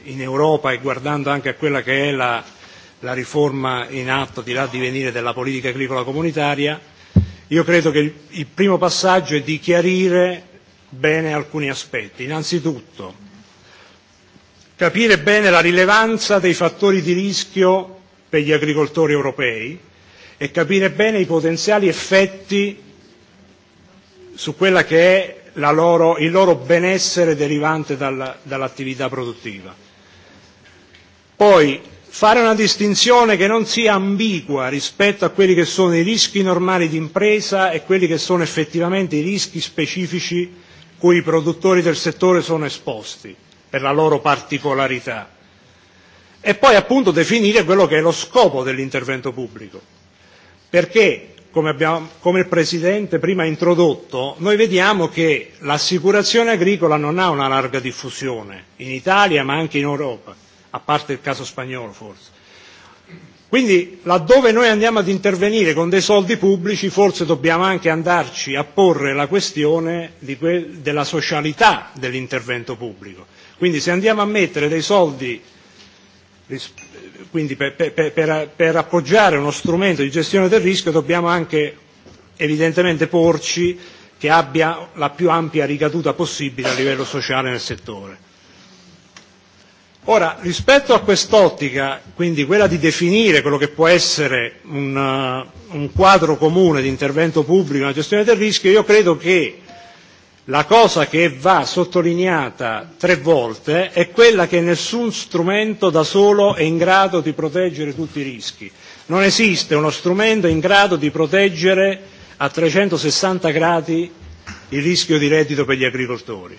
Speaker 3: in Europa e guardando anche a quella che è la, la riforma in atto di là di venire della politica agricola comunitaria, io credo che il, il primo passaggio è di chiarire bene alcuni aspetti. Innanzitutto, capire bene la rilevanza dei fattori di rischio per gli agricoltori europei, e capire bene i potenziali effetti su quella che è la loro, il loro benessere derivante dalla, dall'attività produttiva. Poi fare una distinzione che non sia ambigua rispetto a quelli che sono i rischi normali di impresa e quelli che sono effettivamente i rischi specifici cui i produttori del settore sono esposti per la loro particolarità. E poi appunto definire quello che è lo scopo dell'intervento pubblico perché, come, abbiamo, come il Presidente prima ha introdotto, noi vediamo che l'assicurazione agricola non ha una larga diffusione in Italia ma anche in Europa, a parte il caso spagnolo forse. Quindi laddove noi andiamo ad intervenire con dei soldi pubblici forse dobbiamo anche andarci a porre la questione di que- della socialità dell'intervento pubblico. Quindi se andiamo a mettere dei soldi ris- quindi per, per, per, per appoggiare uno strumento di gestione del rischio dobbiamo anche evidentemente porci che abbia la più ampia ricaduta possibile a livello sociale nel settore. Ora, rispetto a quest'ottica, quindi quella di definire quello che può essere un, uh, un quadro comune di intervento pubblico nella gestione del rischio, io credo che La cosa che va sottolineata tre volte è quella che nessun strumento da solo è in grado di proteggere tutti i rischi. Non esiste uno strumento in grado di proteggere a 360 gradi il rischio di reddito per gli agricoltori.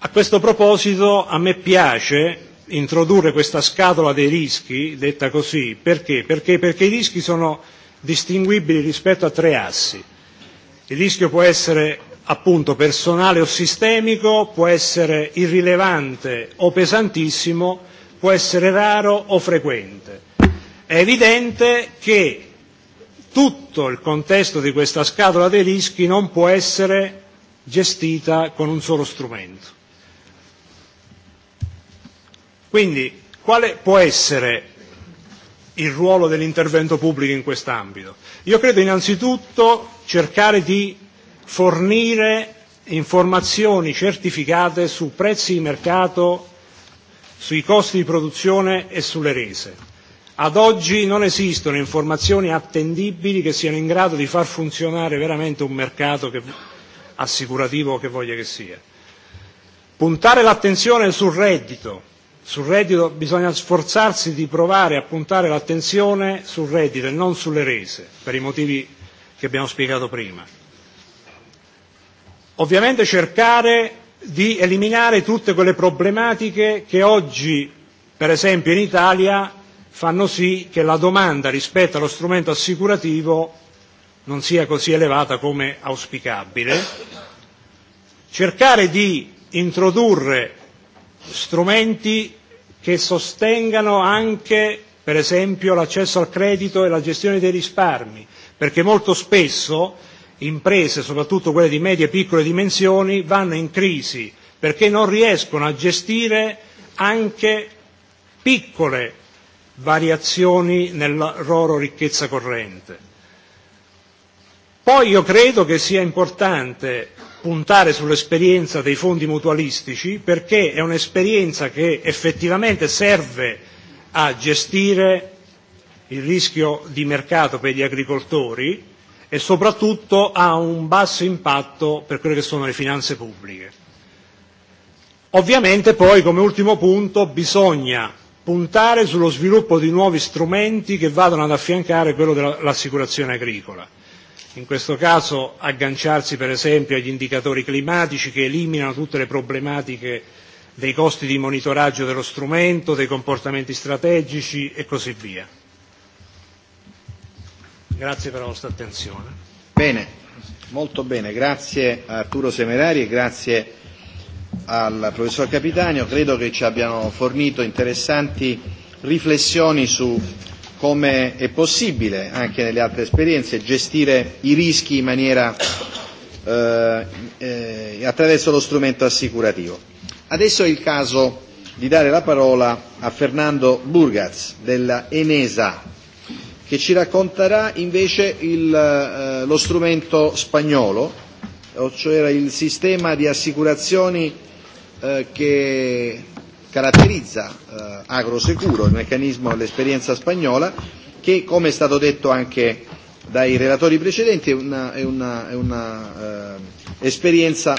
Speaker 3: A questo proposito a me piace introdurre questa scatola dei rischi, detta così, perché? Perché, perché i rischi sono distinguibili rispetto a tre assi. Il rischio può essere appunto personale o sistemico, può essere irrilevante o pesantissimo, può essere raro o frequente. È evidente che tutto il contesto di questa scatola dei rischi non può essere gestita con un solo strumento. Quindi quale può essere il ruolo dell'intervento pubblico in quest'ambito. Io credo innanzitutto cercare di fornire informazioni certificate su prezzi di mercato, sui costi di produzione e sulle rese. Ad oggi non esistono informazioni attendibili che siano in grado di far funzionare veramente un mercato che, assicurativo che voglia che sia. Puntare l'attenzione sul reddito, sul reddito bisogna sforzarsi di provare a puntare l'attenzione sul reddito e non sulle rese, per i motivi che abbiamo spiegato prima. Ovviamente cercare di eliminare tutte quelle problematiche che oggi, per esempio in Italia, fanno sì che la domanda rispetto allo strumento assicurativo non sia così elevata come auspicabile. Cercare di introdurre strumenti che sostengano anche, per esempio, l'accesso al credito e la gestione dei risparmi, perché molto spesso imprese, soprattutto quelle di medie e piccole dimensioni, vanno in crisi perché non riescono a gestire anche piccole variazioni nella loro ricchezza corrente. Poi io credo che sia importante puntare sull'esperienza dei fondi mutualistici perché è un'esperienza che effettivamente serve a gestire il rischio di mercato per gli agricoltori e soprattutto ha un basso impatto per quelle che sono le finanze pubbliche. Ovviamente poi come ultimo punto bisogna puntare sullo sviluppo di nuovi strumenti che vadano ad affiancare quello dell'assicurazione agricola in questo caso agganciarsi per esempio agli indicatori climatici che eliminano tutte le problematiche dei costi di monitoraggio dello strumento, dei comportamenti strategici e così via. Grazie per la vostra attenzione. Bene,
Speaker 1: molto bene, grazie a Arturo Semerari e grazie al professor Capitanio, credo che ci abbiano fornito interessanti riflessioni su come è possibile anche nelle altre esperienze gestire i rischi in maniera eh, eh, attraverso lo strumento assicurativo. Adesso è il caso di dare la parola a Fernando Burgaz della Enesa che ci racconterà invece il, eh, lo strumento spagnolo, eh, cioè il sistema di assicurazioni eh, che caratterizza eh, Agrosecuro, il meccanismo dell'esperienza spagnola, che come è stato detto anche dai relatori precedenti è una, è una, è una eh, esperienza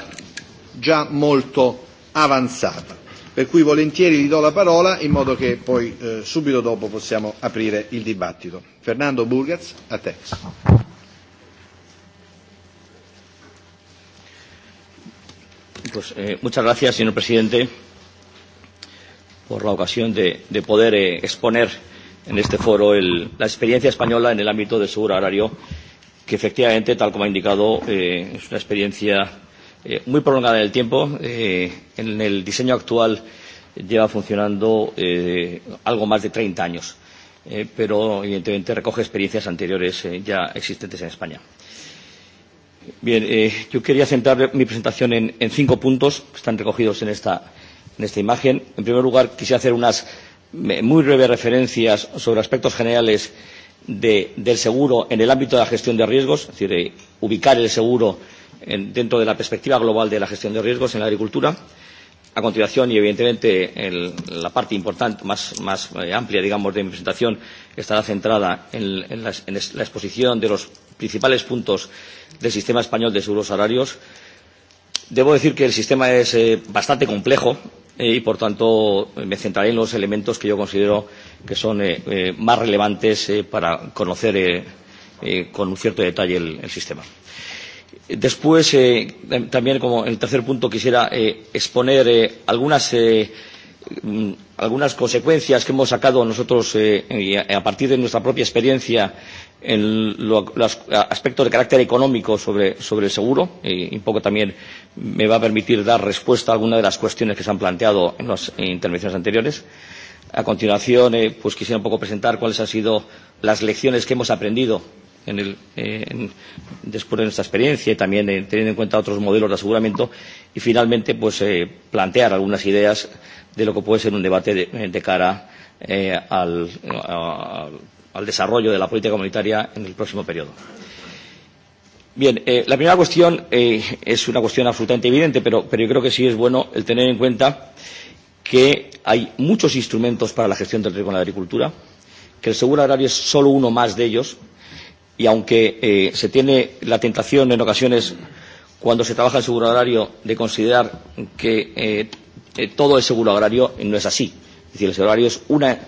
Speaker 1: già molto avanzata. Per cui volentieri gli do la parola in modo che poi eh, subito dopo possiamo aprire il dibattito. Fernando Burgaz, a te.
Speaker 4: Pues, eh, muchas gracias, señor presidente por la ocasión de, de poder eh, exponer en este foro el, la experiencia española en el ámbito del seguro agrario, que efectivamente, tal como ha indicado, eh, es una experiencia eh, muy prolongada en el tiempo. Eh, en el diseño actual lleva funcionando eh, algo más de 30 años, eh, pero evidentemente recoge experiencias anteriores eh, ya existentes en España. Bien, eh, yo quería centrar mi presentación en, en cinco puntos que están recogidos en esta en esta imagen. En primer lugar, quisiera hacer unas eh, muy breves referencias sobre aspectos generales de, del seguro en el ámbito de la gestión de riesgos, es decir, de ubicar el seguro en, dentro de la perspectiva global de la gestión de riesgos en la agricultura. A continuación, y evidentemente el, la parte importante, más, más eh, amplia, digamos, de mi presentación estará centrada en, en, la, en la exposición de los principales puntos del sistema español de seguros horarios. Debo decir que el sistema es eh, bastante complejo, eh, y, por tanto, me centraré en los elementos que yo considero que son eh, eh, más relevantes eh, para conocer eh, eh, con un cierto detalle el, el sistema. Después, eh, también como el tercer punto, quisiera eh, exponer eh, algunas, eh, mm, algunas consecuencias que hemos sacado nosotros eh, a partir de nuestra propia experiencia en lo, los aspectos de carácter económico sobre, sobre el seguro y un poco también me va a permitir dar respuesta a alguna de las cuestiones que se han planteado en las intervenciones anteriores. A continuación, eh, pues quisiera un poco presentar cuáles han sido las lecciones que hemos aprendido en el, eh, en, después de nuestra experiencia y también eh, teniendo en cuenta otros modelos de aseguramiento y finalmente pues eh, plantear algunas ideas de lo que puede ser un debate de, de cara eh, al, al al desarrollo de la política comunitaria en el próximo periodo. Bien, eh, la primera cuestión eh, es una cuestión absolutamente evidente, pero, pero yo creo que sí es bueno el tener en cuenta que hay muchos instrumentos para la gestión del riesgo en la agricultura, que el seguro agrario es solo uno más de ellos, y aunque eh, se tiene la tentación en ocasiones, cuando se trabaja el seguro agrario, de considerar que eh, eh, todo es seguro agrario, no es así. Es decir, el seguro agrario es una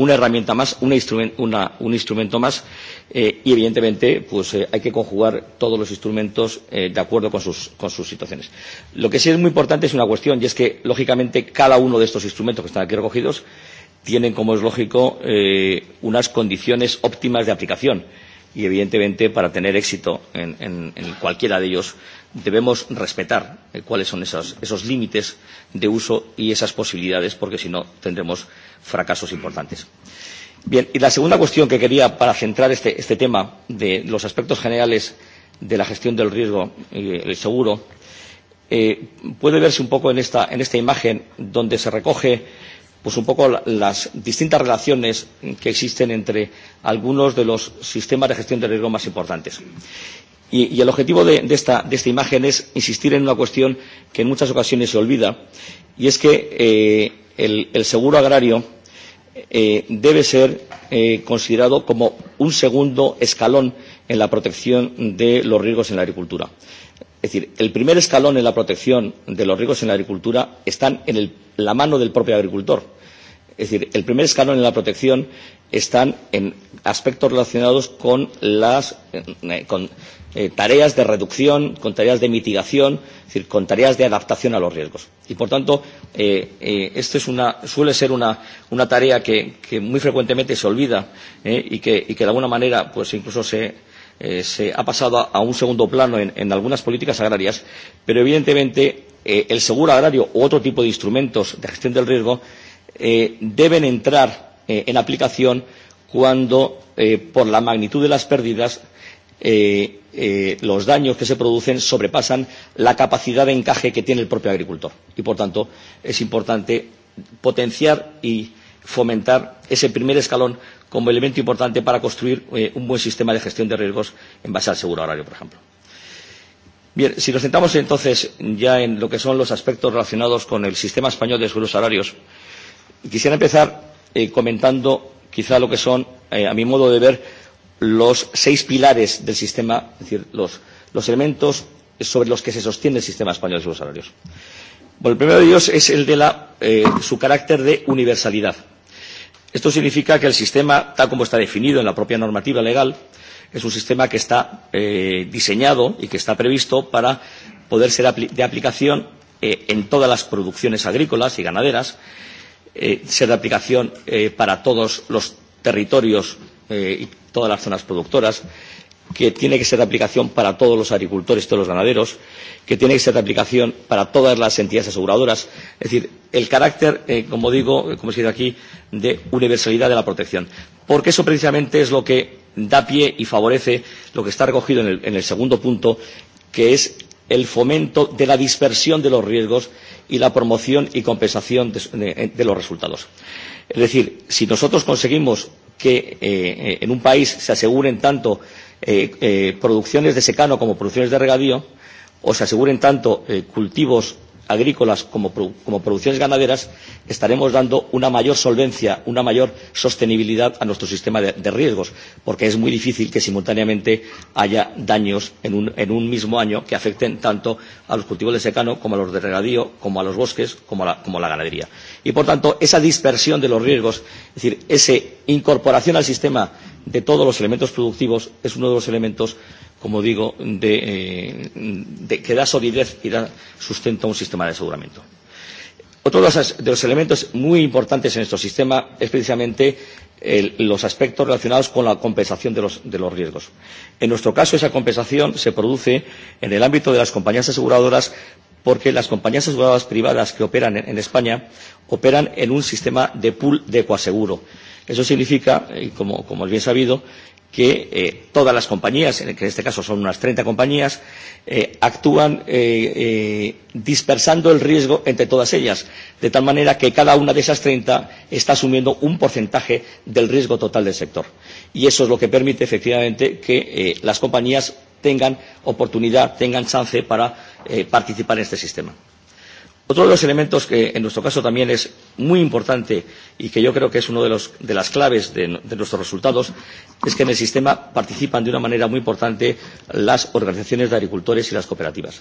Speaker 4: una herramienta más, una instrument, una, un instrumento más eh, y evidentemente pues, eh, hay que conjugar todos los instrumentos eh, de acuerdo con sus, con sus situaciones. Lo que sí es muy importante es una cuestión y es que lógicamente cada uno de estos instrumentos que están aquí recogidos tienen, como es lógico, eh, unas condiciones óptimas de aplicación. Eh, y evidentemente para tener éxito en, en, en cualquiera de ellos debemos respetar eh, cuáles son esos, esos límites de uso y esas posibilidades porque si no tendremos fracasos importantes. Bien, y la segunda cuestión que quería para centrar este, este tema de los aspectos generales de la gestión del riesgo y el seguro eh, puede verse un poco en esta, en esta imagen donde se recoge pues un poco las distintas relaciones que existen entre algunos de los sistemas de gestión de riesgo más importantes. Y, y el objetivo de, de, esta, de esta imagen es insistir en una cuestión que en muchas ocasiones se olvida, y es que eh, el, el seguro agrario eh, debe ser eh, considerado como un segundo escalón en la protección de los riesgos en la agricultura. Eh, Es decir, el primer escalón en la protección de los riesgos en la agricultura están en el, la mano del propio agricultor. Es decir, el primer escalón en la protección están en aspectos relacionados con las eh, con, eh, tareas de reducción, con tareas de mitigación, es decir, con tareas de adaptación a los riesgos. Y, por tanto, eh, eh, esto es una, suele ser una, una tarea que, que muy frecuentemente se olvida eh, y, que, y que, de alguna manera, pues incluso se, eh, se ha pasado a un segundo plano en, en algunas políticas agrarias, pero evidentemente eh, el seguro agrario u otro tipo de instrumentos de gestión del riesgo eh, deben entrar eh, en aplicación cuando, eh, por la magnitud de las pérdidas, eh, eh, los daños que se producen sobrepasan la capacidad de encaje que tiene el propio agricultor. Y, por tanto, es importante potenciar y fomentar ese primer escalón como elemento importante para construir eh, un buen sistema de gestión de riesgos en base al seguro agrario, por ejemplo. Bien, si nos centramos entonces ya en lo que son los aspectos relacionados con el sistema español de seguros salarios, quisiera empezar eh, comentando quizá lo que son, eh, a mi modo de ver, los seis pilares del sistema, es decir, los, los elementos sobre los que se sostiene el sistema español de seguros salarios. Bueno, el primero de ellos es el de la, eh, su carácter de universalidad. Esto significa que el sistema, tal como está definido en la propia normativa legal, es un sistema que está eh, diseñado y que está previsto para poder ser apli de aplicación eh, en todas las producciones agrícolas y ganaderas, eh, ser de aplicación eh, para todos los territorios eh, y todas las zonas productoras. Eh, que tiene que ser de aplicación para todos los agricultores, todos los ganaderos, que tiene que ser de aplicación para todas las entidades aseguradoras. Es decir, el carácter, eh, como digo, como he escrito aquí, de universalidad de la protección. Porque eso precisamente es lo que da pie y favorece lo que está recogido en el, en el segundo punto, que es el fomento de la dispersión de los riesgos y la promoción y compensación de, de, de los resultados. Es decir, si nosotros conseguimos que eh, eh en un país se aseguren tanto eh, eh, producciones de secano como producciones de regadío o se aseguren tanto eh, cultivos agrícolas como, produ como producciones ganaderas, estaremos dando una mayor solvencia, una mayor sostenibilidad a nuestro sistema de, de riesgos, porque es muy difícil que simultáneamente haya daños en un, en un mismo año que afecten tanto a los cultivos de secano como a los de regadío, como a los bosques, como a la, como a la ganadería. Y, por tanto, esa dispersión de los riesgos, es decir, esa incorporación al sistema de todos los elementos productivos es uno de los elementos, como digo, de, eh, de, que da solidez y da sustento a un sistema de aseguramiento. Otro de los, de los elementos muy importantes en nuestro sistema es precisamente el, los aspectos relacionados con la compensación de los, de los riesgos. En nuestro caso, esa compensación se produce en el ámbito de las compañías aseguradoras porque las compañías aseguradoras privadas que operan en, en España operan en un sistema de pool de coaseguro. Eh, Eso significa, eh, como, como es bien sabido, que eh, todas las compañías, en este caso son unas 30 compañías, eh, actúan eh, eh, dispersando el riesgo entre todas ellas, de tal manera que cada una de esas 30 está asumiendo un porcentaje del riesgo total del sector. Y eso es lo que permite, efectivamente, que eh, las compañías tengan oportunidad, tengan chance para eh, participar en este sistema. Otro de los elementos que en nuestro caso también es muy importante y que yo creo que es una de, los, de las claves de, de nuestros resultados es que en el sistema participan de una manera muy importante las organizaciones de agricultores y las cooperativas.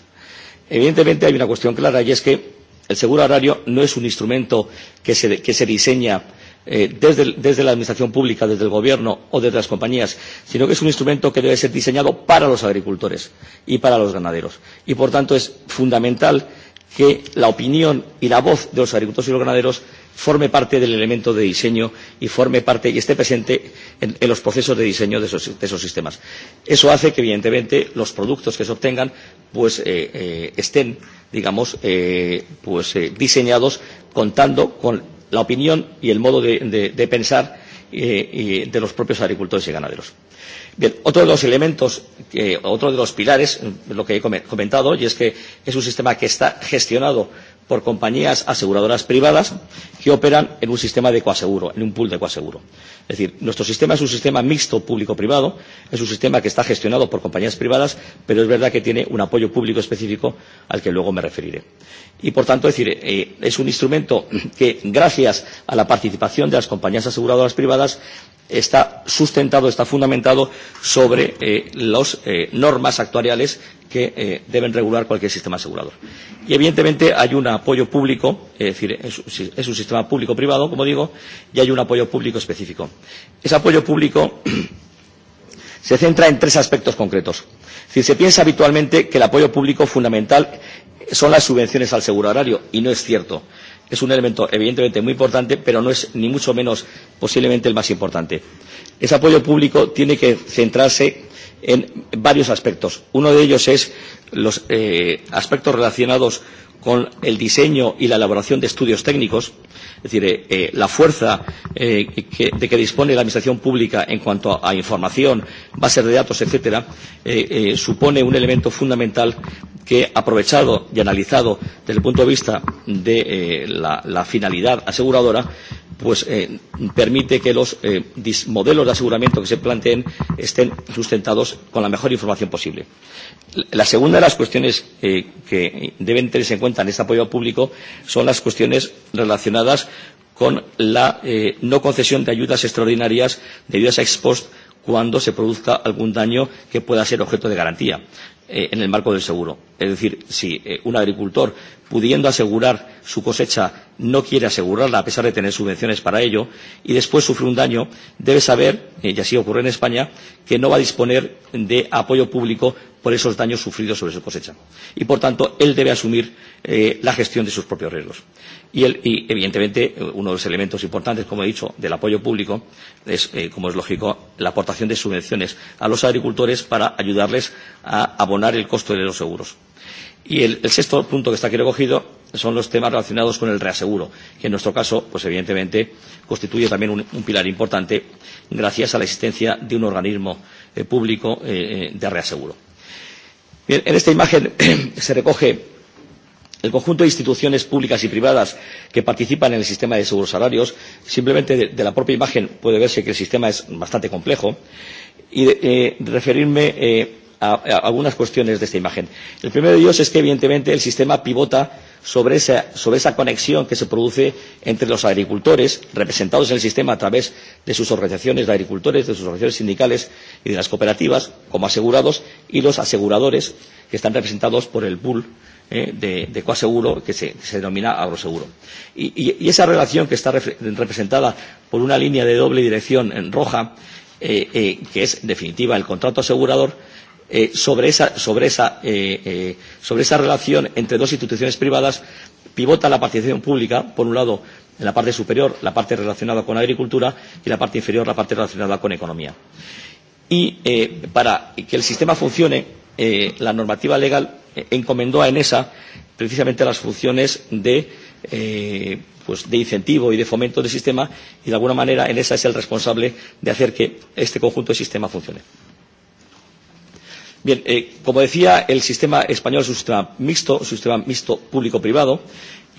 Speaker 4: Evidentemente hay una cuestión clara y es que el seguro agrario no es un instrumento que se, que se diseña eh, desde, desde la administración pública, desde el gobierno o desde las compañías, sino que es un instrumento que debe ser diseñado para los agricultores y para los ganaderos. Y por tanto es fundamental que la opinión y la voz de los agricultores y los ganaderos forme parte del elemento de diseño y forme parte y esté presente en, en los procesos de diseño de esos, de esos sistemas. Eso hace que, evidentemente, los productos que se obtengan pues, eh, eh, estén, digamos, eh, pues, eh, diseñados contando con la opinión y el modo de, de, de pensar eh, y de los propios agricultores y ganaderos. Bien, otro de los elementos, que, otro de los pilares, mm, lo que he comentado, y es que es un sistema que está gestionado por compañías aseguradoras privadas que operan en un sistema de coaseguro, en un pool de coaseguro. Es decir, nuestro sistema es un sistema mixto público-privado, es un sistema que está gestionado por compañías privadas, pero es verdad que tiene un apoyo público específico al que luego me referiré. Y, por tanto, es, decir, eh, es un instrumento que, gracias a la participación de las compañías aseguradoras privadas, está sustentado, está fundamentado sobre eh, las eh, normas actuariales que eh, deben regular cualquier sistema asegurador. Y evidentemente hay un apoyo público, es decir, es, es un sistema público-privado, como digo, y hay un apoyo público específico. Ese apoyo público se centra en tres aspectos concretos. Es decir, se piensa habitualmente que el apoyo público fundamental son las subvenciones al seguro agrario, y no es cierto es un elemento evidentemente muy importante, pero no es ni mucho menos posiblemente el más importante. Ese apoyo público tiene que centrarse en varios aspectos. Uno de ellos es los eh, aspectos relacionados con el diseño y la elaboración de estudios técnicos, es decir, eh, eh, la fuerza eh, que, de que dispone la Administración Pública en cuanto a, a información, bases de datos, etcétera, eh, eh, supone un elemento fundamental que, aprovechado y analizado desde el punto de vista de eh, la, la finalidad aseguradora, pues eh, permite que los eh, modelos de aseguramiento que se planteen estén sustentados nosotros con la mejor información posible. La segunda de las cuestiones eh, que deben tenerse en cuenta en este apoyo público son las cuestiones relacionadas con la eh, no concesión de ayudas extraordinarias, de ayudas ex post, cuando se produzca algún daño que pueda ser objeto de garantía eh, en el marco del seguro. Es decir, si eh, un agricultor, pudiendo asegurar su cosecha, no quiere asegurarla a pesar de tener subvenciones para ello y después sufre un daño, debe saber, eh, y así ocurre en España, que no va a disponer de apoyo público por esos daños sufridos sobre su cosecha. Y, por tanto, él debe asumir eh, la gestión de sus propios riesgos. Y, el, y evidentemente, uno de los elementos importantes, como he dicho, del apoyo público es, eh, como es lógico, la aportación de subvenciones a los agricultores para ayudarles a abonar el costo de los seguros. Y el, el sexto punto que está aquí recogido son los temas relacionados con el reaseguro, que en nuestro caso, pues evidentemente, constituye también un, un pilar importante gracias a la existencia de un organismo eh, público eh, eh de reaseguro. Bien, en esta imagen se recoge El conjunto de instituciones públicas y privadas que participan en el sistema de seguros salarios, simplemente de, de la propia imagen puede verse que el sistema es bastante complejo, y de, eh, referirme eh, a, a algunas cuestiones de esta imagen. El primero de ellos es que, evidentemente, el sistema pivota sobre esa, sobre esa conexión que se produce entre los agricultores, representados en el sistema a través de sus organizaciones de agricultores, de sus organizaciones sindicales y de las cooperativas, como asegurados, y los aseguradores, que están representados por el pool eh, de, de coaseguro que se, que se denomina agroseguro. Y, y, y esa relación que está re, representada por una línea de doble dirección en roja, eh, eh, que es en definitiva el contrato asegurador, eh, sobre, esa, sobre, esa, eh, eh, sobre esa relación entre dos instituciones privadas pivota la participación pública, por un lado en la parte superior la parte relacionada con agricultura y la parte inferior la parte relacionada con economía. Y eh, para que el sistema funcione, eh, la normativa legal encomendó a ENESA precisamente las funciones de, eh, pues de incentivo y de fomento del sistema y de alguna manera ENESA es el responsable de hacer que este conjunto de sistema funcione. Bien, eh, como decía, el sistema español es un sistema mixto, un sistema mixto público-privado.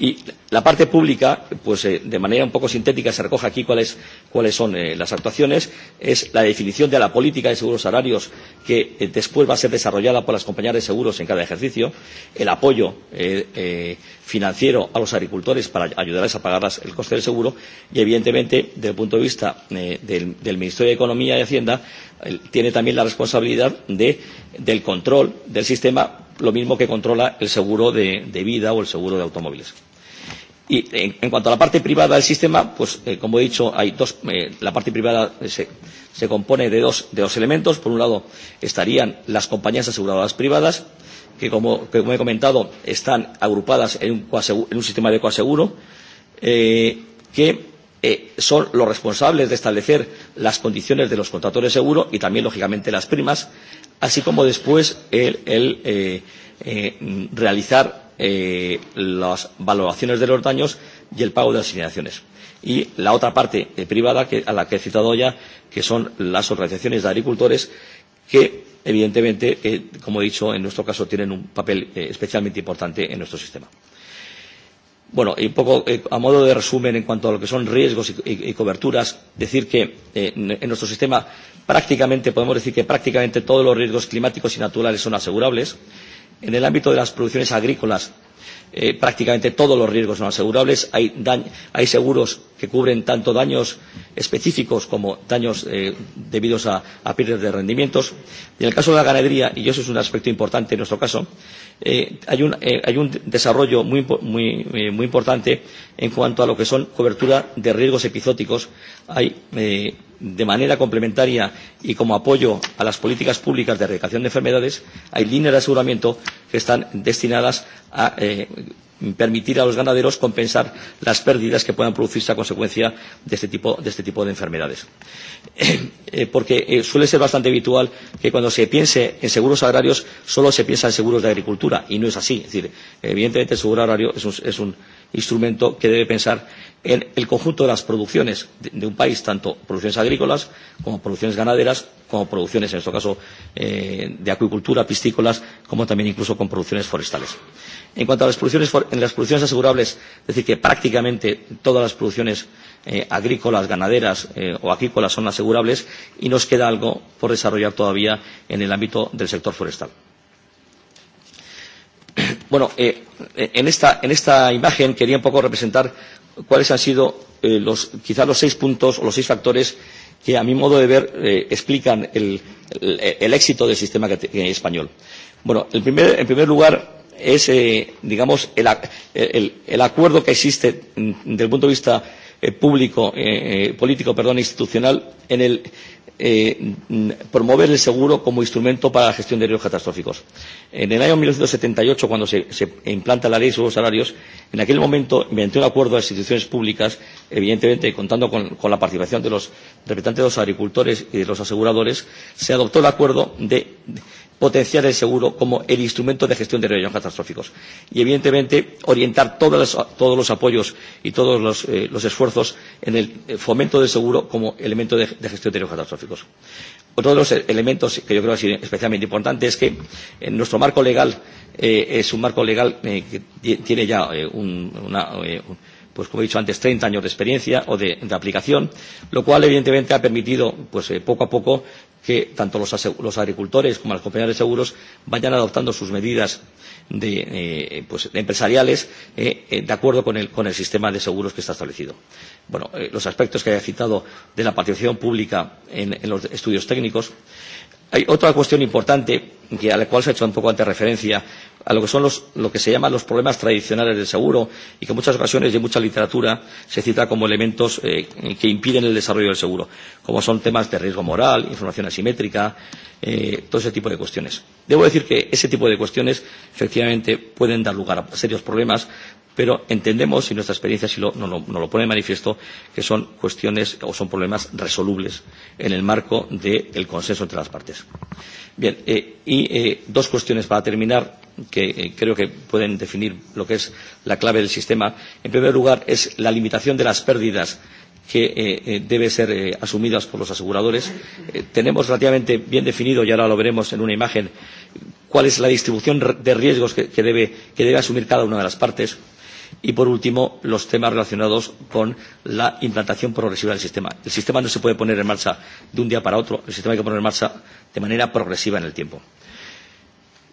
Speaker 4: Y la parte pública, pues eh, de manera un poco sintética se recoge aquí cuáles, cuáles son eh, las actuaciones. Es la definición de la política de seguros horarios que eh, después va a ser desarrollada por las compañías de seguros en cada ejercicio. El apoyo eh, eh, financiero a los agricultores para ayudarles a pagar las, el coste del seguro. Y evidentemente, desde el punto de vista eh, del, del Ministerio de Economía y Hacienda, eh, tiene también la responsabilidad de, del control del sistema lo mismo que controla el seguro de, de vida o el seguro de automóviles. Y en, en cuanto a la parte privada del sistema, pues eh, como he dicho, hay dos, eh, la parte privada se, se compone de dos, de dos elementos. Por un lado estarían las compañías aseguradoras privadas, que como, que como he comentado están agrupadas en un, coaseguro, en un sistema de coaseguro, eh, que eh, son los responsables de establecer las condiciones de los contratos de seguro y también, lógicamente, las primas, así como después el, el eh, eh, realizar eh, las valoraciones de los daños y el pago de las asignaciones. Y la otra parte eh, privada que, a la que he citado ya, que son las organizaciones de agricultores, que evidentemente, eh, como he dicho, en nuestro caso tienen un papel eh, especialmente importante en nuestro sistema. Eh, Bueno, y un poco eh, a modo de resumen en cuanto a lo que son riesgos y, y, y coberturas, decir que eh, en nuestro sistema prácticamente podemos decir que prácticamente todos los riesgos climáticos y naturales son asegurables. En el ámbito de las producciones agrícolas eh, prácticamente todos los riesgos son asegurables. Hay, daño, hay seguros que cubren tanto daños específicos como daños eh, debidos a, a pérdidas de rendimientos. Y en el caso de la ganadería, y eso es un aspecto importante en nuestro caso, eh, hay, un, eh, hay un desarrollo muy, muy, eh, muy importante en cuanto a lo que son cobertura de riesgos epizóticos. Hay eh, de manera complementaria y como apoyo a las políticas públicas de erradicación de enfermedades, hay líneas de aseguramiento que están destinadas a eh, permitir a los ganaderos compensar las pérdidas que puedan producirse a consecuencia de este tipo de, este tipo de enfermedades. Eh, porque eh, suele ser bastante habitual que cuando se piense en seguros agrarios solo se piensa en seguros de agricultura y no es así. Es decir, evidentemente el seguro agrario es un, es un instrumento que debe pensar en el conjunto de las producciones de, de un país, tanto producciones agrícolas como producciones ganaderas, como producciones, en nuestro caso, eh, de acuicultura, piscícolas, como también incluso con producciones forestales. En cuanto a las producciones, en las producciones asegurables, es decir, que prácticamente todas las producciones eh, agrícolas, ganaderas eh, o acuícolas son asegurables y nos queda algo por desarrollar todavía en el ámbito del sector forestal. Bueno, eh, en, esta, en esta imagen quería un poco representar cuáles han sido eh, los, quizás los seis puntos o los seis factores que, a mi modo de ver, eh, explican el, el, el éxito del sistema que, que, español. Bueno, el primer, en primer lugar es, eh, digamos, el, el, el acuerdo que existe desde el punto de vista eh, público, eh, eh político, perdón, institucional en el, eh, promover el seguro como instrumento para la gestión de riesgos catastróficos. En el año 1978, cuando se, se implanta la ley sobre los salarios, en aquel momento, mediante un acuerdo de instituciones públicas, evidentemente contando con, con la participación de los representantes de los agricultores y de los aseguradores, se adoptó el acuerdo de, potenciar el seguro como el instrumento de gestión de riesgos catastróficos y, evidentemente, orientar todas las, todos los apoyos y todos los, eh, los esfuerzos en el eh, fomento del seguro como elemento de, de gestión de riesgos catastróficos. Otro de los eh, elementos que yo creo que ha sido especialmente importante es que en nuestro marco legal eh, es un marco legal eh, que tiene ya eh, un, una, eh, un, pues como he dicho antes, 30 años de experiencia o de, de aplicación, lo cual evidentemente ha permitido, pues eh, poco a poco, que tanto los, los agricultores como las compañías de seguros vayan adoptando sus medidas de, eh, pues, empresariales eh, eh, de acuerdo con el, con el sistema de seguros que está establecido. Bueno, eh, los aspectos que haya citado de la participación pública en, en los estudios técnicos. Hay otra cuestión importante que, a la cual se ha hecho un poco antes referencia, a lo que son los, lo que se llaman los problemas tradicionales del seguro y que en muchas ocasiones y en mucha literatura se cita como elementos eh, que impiden el desarrollo del seguro, como son temas de riesgo moral, información asimétrica, eh, todo ese tipo de cuestiones. Debo decir que ese tipo de cuestiones efectivamente pueden dar lugar a serios problemas pero entendemos y nuestra experiencia sí lo, no, no, no lo pone de manifiesto que son cuestiones o son problemas resolubles en el marco del de consenso entre las partes. Bien, eh, y eh, dos cuestiones para terminar que eh, creo que pueden definir lo que es la clave del sistema. En primer lugar, es la limitación de las pérdidas que eh, eh, debe ser eh, asumidas por los aseguradores. Eh, tenemos relativamente bien definido, y ahora lo veremos en una imagen, cuál es la distribución de riesgos que, que, debe, que debe asumir cada una de las partes. Eh, Y, por último, los temas relacionados con la implantación progresiva del sistema. El sistema no se puede poner en marcha de un día para otro, el sistema hay que poner en marcha de manera progresiva en el tiempo.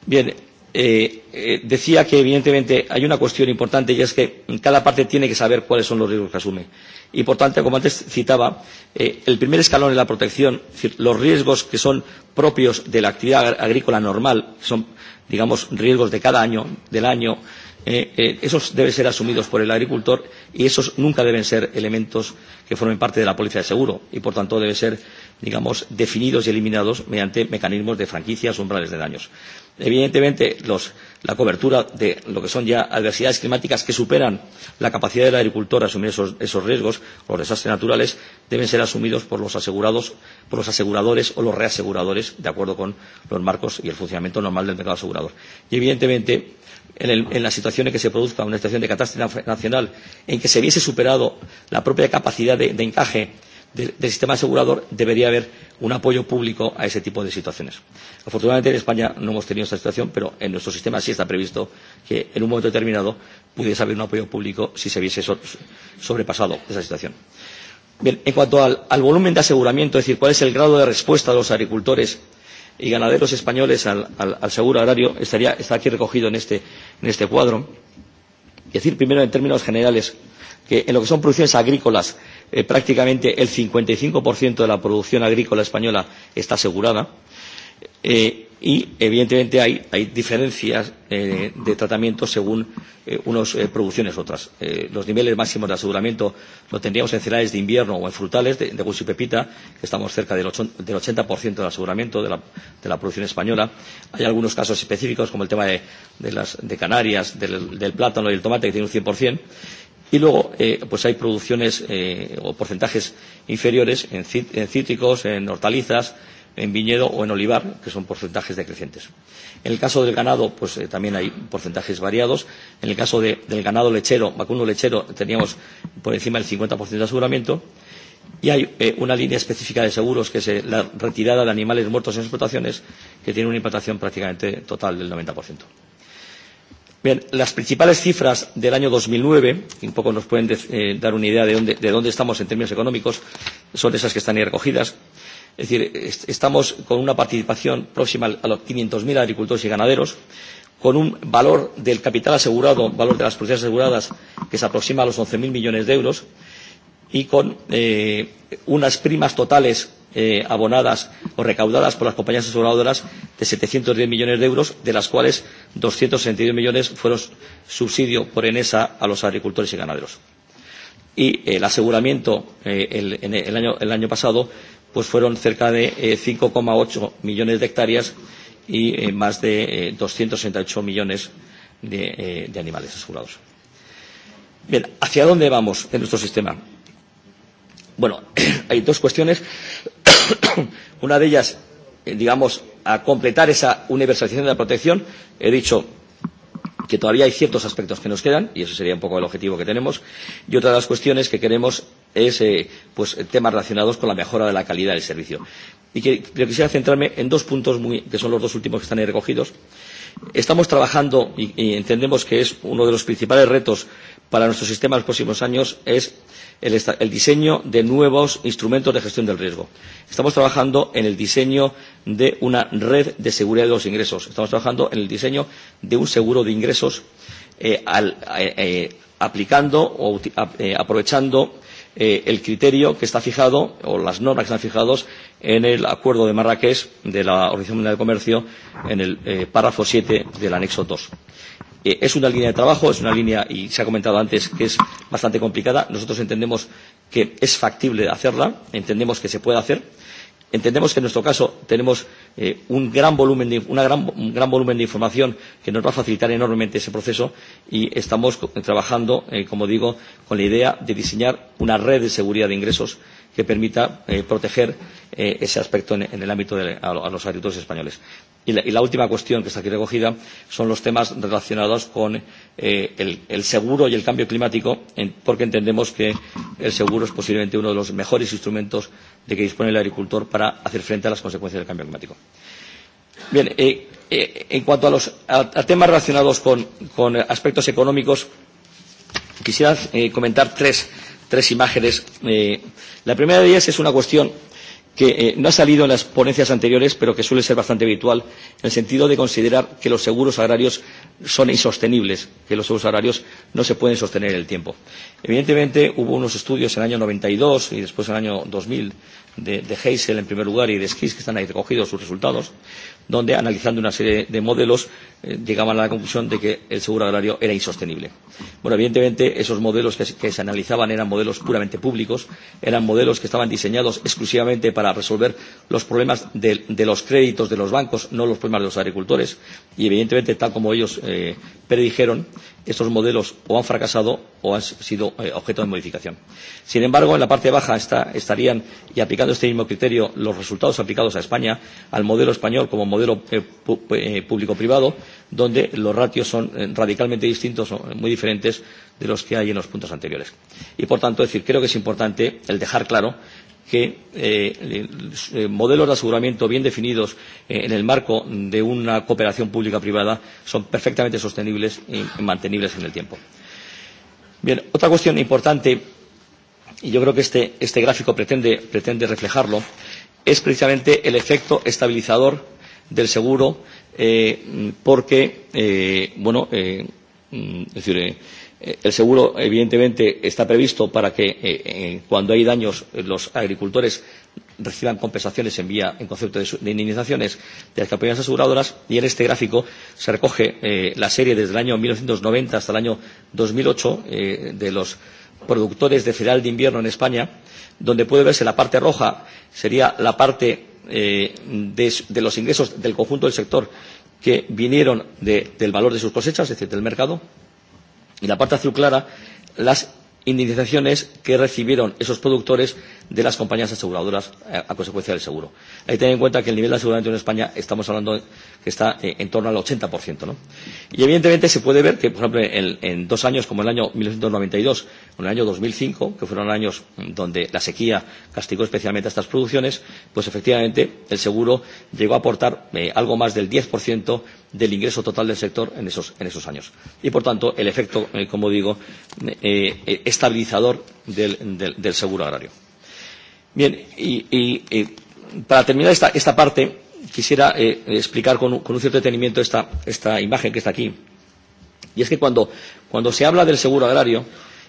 Speaker 4: Bien, eh, eh, decía que evidentemente hay una cuestión importante y es que cada parte tiene que saber cuáles son los riesgos que asume. Y por tanto, como antes citaba, eh, el primer escalón es la protección, es decir, los riesgos que son propios de la actividad agrícola normal, son, digamos, riesgos de cada año, del año, eh, eh, esos deben ser asumidos por el agricultor y esos nunca deben ser elementos que formen parte de la póliza de seguro y, por tanto, deben ser, digamos, definidos y eliminados mediante mecanismos de franquicias o umbrales de daños. Evidentemente, los, la cobertura de lo que son ya adversidades climáticas que superan la capacidad del agricultor a asumir esos, esos riesgos o desastres naturales deben ser asumidos por los asegurados, por los aseguradores o los reaseguradores, de acuerdo con los marcos y el funcionamiento normal del mercado asegurador. Y evidentemente, en, el, en la situación en que se produzca una situación de catástrofe nacional, en que se viese superado la propia capacidad de, de encaje del, del sistema asegurador, debería haber un apoyo público a ese tipo de situaciones. Afortunadamente en España no hemos tenido esta situación, pero en nuestro sistema sí está previsto que en un momento determinado pudiese haber un apoyo público si se viese so, sobrepasado esa situación. Bien, en cuanto al, al volumen de aseguramiento, es decir, cuál es el grado de respuesta de los agricultores y ganaderos españoles al, al, al seguro agrario estaría, está aquí recogido en este, en este cuadro. Decir primero en términos generales que en lo que son producciones agrícolas eh, prácticamente el 55% de la producción agrícola española está asegurada. Eh, Y, evidentemente, hay, hay diferencias eh, de tratamiento según eh, unas eh, producciones u otras. Eh, los niveles máximos de aseguramiento lo tendríamos en cereales de invierno o en frutales de, de gusto y pepita, que estamos cerca del, ocho, del 80% del aseguramiento de la, de la producción española. Hay algunos casos específicos, como el tema de, de, las, de Canarias, del, del plátano y el tomate, que tiene un 100%. Y luego, eh, pues hay producciones eh, o porcentajes inferiores en, cít en cítricos, en hortalizas, en viñedo o en olivar, que son porcentajes decrecientes. En el caso del ganado, pues eh, también hay porcentajes variados. En el caso de, del ganado lechero, vacuno lechero, teníamos por encima del 50% de aseguramiento. Y hay eh, una línea específica de seguros, que es eh, la retirada de animales muertos en explotaciones, que tiene una implantación prácticamente total del 90%. Bien, las principales cifras del año 2009, que un poco nos pueden de, eh, dar una idea de dónde, de dónde estamos en términos económicos, son esas que están ahí recogidas. Es decir, est estamos con una participación próxima a los 500.000 agricultores y ganaderos, con un valor del capital asegurado, valor de las propiedades aseguradas, que se aproxima a los 11.000 millones de euros, y con eh, unas primas totales eh, abonadas o recaudadas por las compañías aseguradoras de 710 millones de euros, de las cuales 262 millones fueron subsidio por Enesa a los agricultores y ganaderos. Y el aseguramiento eh, el, en el año, el año pasado pues fueron cerca de eh, 5,8 millones de hectáreas y eh, más de eh, 268 millones de, eh, de animales asegurados. Bien, ¿hacia dónde vamos en nuestro sistema? Bueno, hay dos cuestiones. Una de ellas, eh, digamos, a completar esa universalización de la protección. He dicho que todavía hay ciertos aspectos que nos quedan, y ese sería un poco el objetivo que tenemos. Y otra de las cuestiones que queremos es eh, pues, temas relacionados con la mejora de la calidad del servicio. Y que, pero quisiera centrarme en dos puntos muy, que son los dos últimos que están ahí recogidos. Estamos trabajando y, y entendemos que es uno de los principales retos para nuestro sistema en los próximos años es el, el diseño de nuevos instrumentos de gestión del riesgo. Estamos trabajando en el diseño de una red de seguridad de los ingresos. Estamos trabajando en el diseño de un seguro de ingresos eh, al, eh, eh, aplicando o eh, aprovechando eh, el criterio que está fijado o las normas que están fijados en el acuerdo de Marrakech de la Organización Mundial de Comercio en el eh, párrafo 7 del anexo 2. Eh, es una línea de trabajo, es una línea, y se ha comentado antes, que es bastante complicada. Nosotros entendemos que es factible hacerla, entendemos que se puede hacer, entendemos que en nuestro caso tenemos eh, un, gran volumen de, una gran, un gran volumen de información que nos va a facilitar enormemente ese proceso y estamos trabajando, eh, como digo, con la idea de diseñar una red de seguridad de ingresos que permita eh, proteger eh, ese aspecto en, en el ámbito de a, a los agricultores españoles. Y la, y la última cuestión que está aquí recogida son los temas relacionados con eh, el, el seguro y el cambio climático, en, porque entendemos que el seguro es posiblemente uno de los mejores instrumentos de que dispone el agricultor para hacer frente a las consecuencias del cambio climático. Bien, eh, eh, en cuanto a, los, a, a temas relacionados con, con aspectos económicos, quisiera eh, comentar tres, tres imágenes. Eh, la primera de ellas es una cuestión eh, que eh, no ha salido en las ponencias anteriores, pero que suele ser bastante habitual, en el sentido de considerar que los seguros agrarios son insostenibles, que los seguros agrarios no se pueden sostener en el tiempo. Evidentemente, hubo unos estudios en el año 92 y después en el año 2000 de, de Heysel en primer lugar y de Skis, que están ahí recogidos sus resultados, donde analizando una serie de modelos eh, llegaban a la conclusión de que el seguro agrario era insostenible. Bueno, evidentemente esos modelos que, que se analizaban eran modelos puramente públicos, eran modelos que estaban diseñados exclusivamente para resolver los problemas de, de los créditos de los bancos, no los problemas de los agricultores, y evidentemente, tal como ellos eh, predijeron, estos modelos o han fracasado o han sido eh, objeto de modificación. Sin embargo, en la parte baja está, estarían y aplicando aplicando este mismo criterio los resultados aplicados a España al modelo español como modelo eh, pu eh, público-privado, donde los ratios son eh, radicalmente distintos, son muy diferentes de los que hay en los puntos anteriores. Y, por tanto, decir, creo que es importante el dejar claro que eh, eh, modelos de aseguramiento bien definidos eh, en el marco de una cooperación pública-privada son perfectamente sostenibles y mantenibles en el tiempo. Bien, otra cuestión importante y yo creo que este, este gráfico pretende, pretende reflejarlo, es precisamente el efecto estabilizador del seguro, eh, porque, eh, bueno, eh, mm, es decir, eh, el seguro, evidentemente, está previsto para que, eh, eh, cuando hay daños, los agricultores reciban compensaciones en vía, en concepto de, su, de indemnizaciones de las compañías aseguradoras, y en este gráfico se recoge eh, la serie desde el año 1990 hasta el año 2008 eh, de los productores de cereal de invierno en España, donde puede verse la parte roja, sería la parte eh, de, de los ingresos del conjunto del sector que vinieron de, del valor de sus cosechas, es decir, del mercado, y la parte azul clara, las indemnizaciones que recibieron esos productores de las compañías aseguradoras a, eh, a consecuencia del seguro. Hay que tener en cuenta que el nivel de aseguramiento en España estamos hablando que está eh, en torno al 80%. ¿no? Y evidentemente se puede ver que, por ejemplo, en, en dos años como el año 1992 o el año 2005, que fueron años mm, donde la sequía castigó especialmente a estas producciones, pues efectivamente el seguro llegó a aportar eh, algo más del 10% del ingreso total del sector en esos, en esos años. Y, por tanto, el efecto, eh, como digo, eh, eh estabilizador del, del, del seguro agrario. Bien, y, y eh, para terminar esta, esta parte, quisiera eh, explicar con, con un cierto detenimiento esta, esta imagen que está aquí. Y es que cuando, cuando se habla del seguro agrario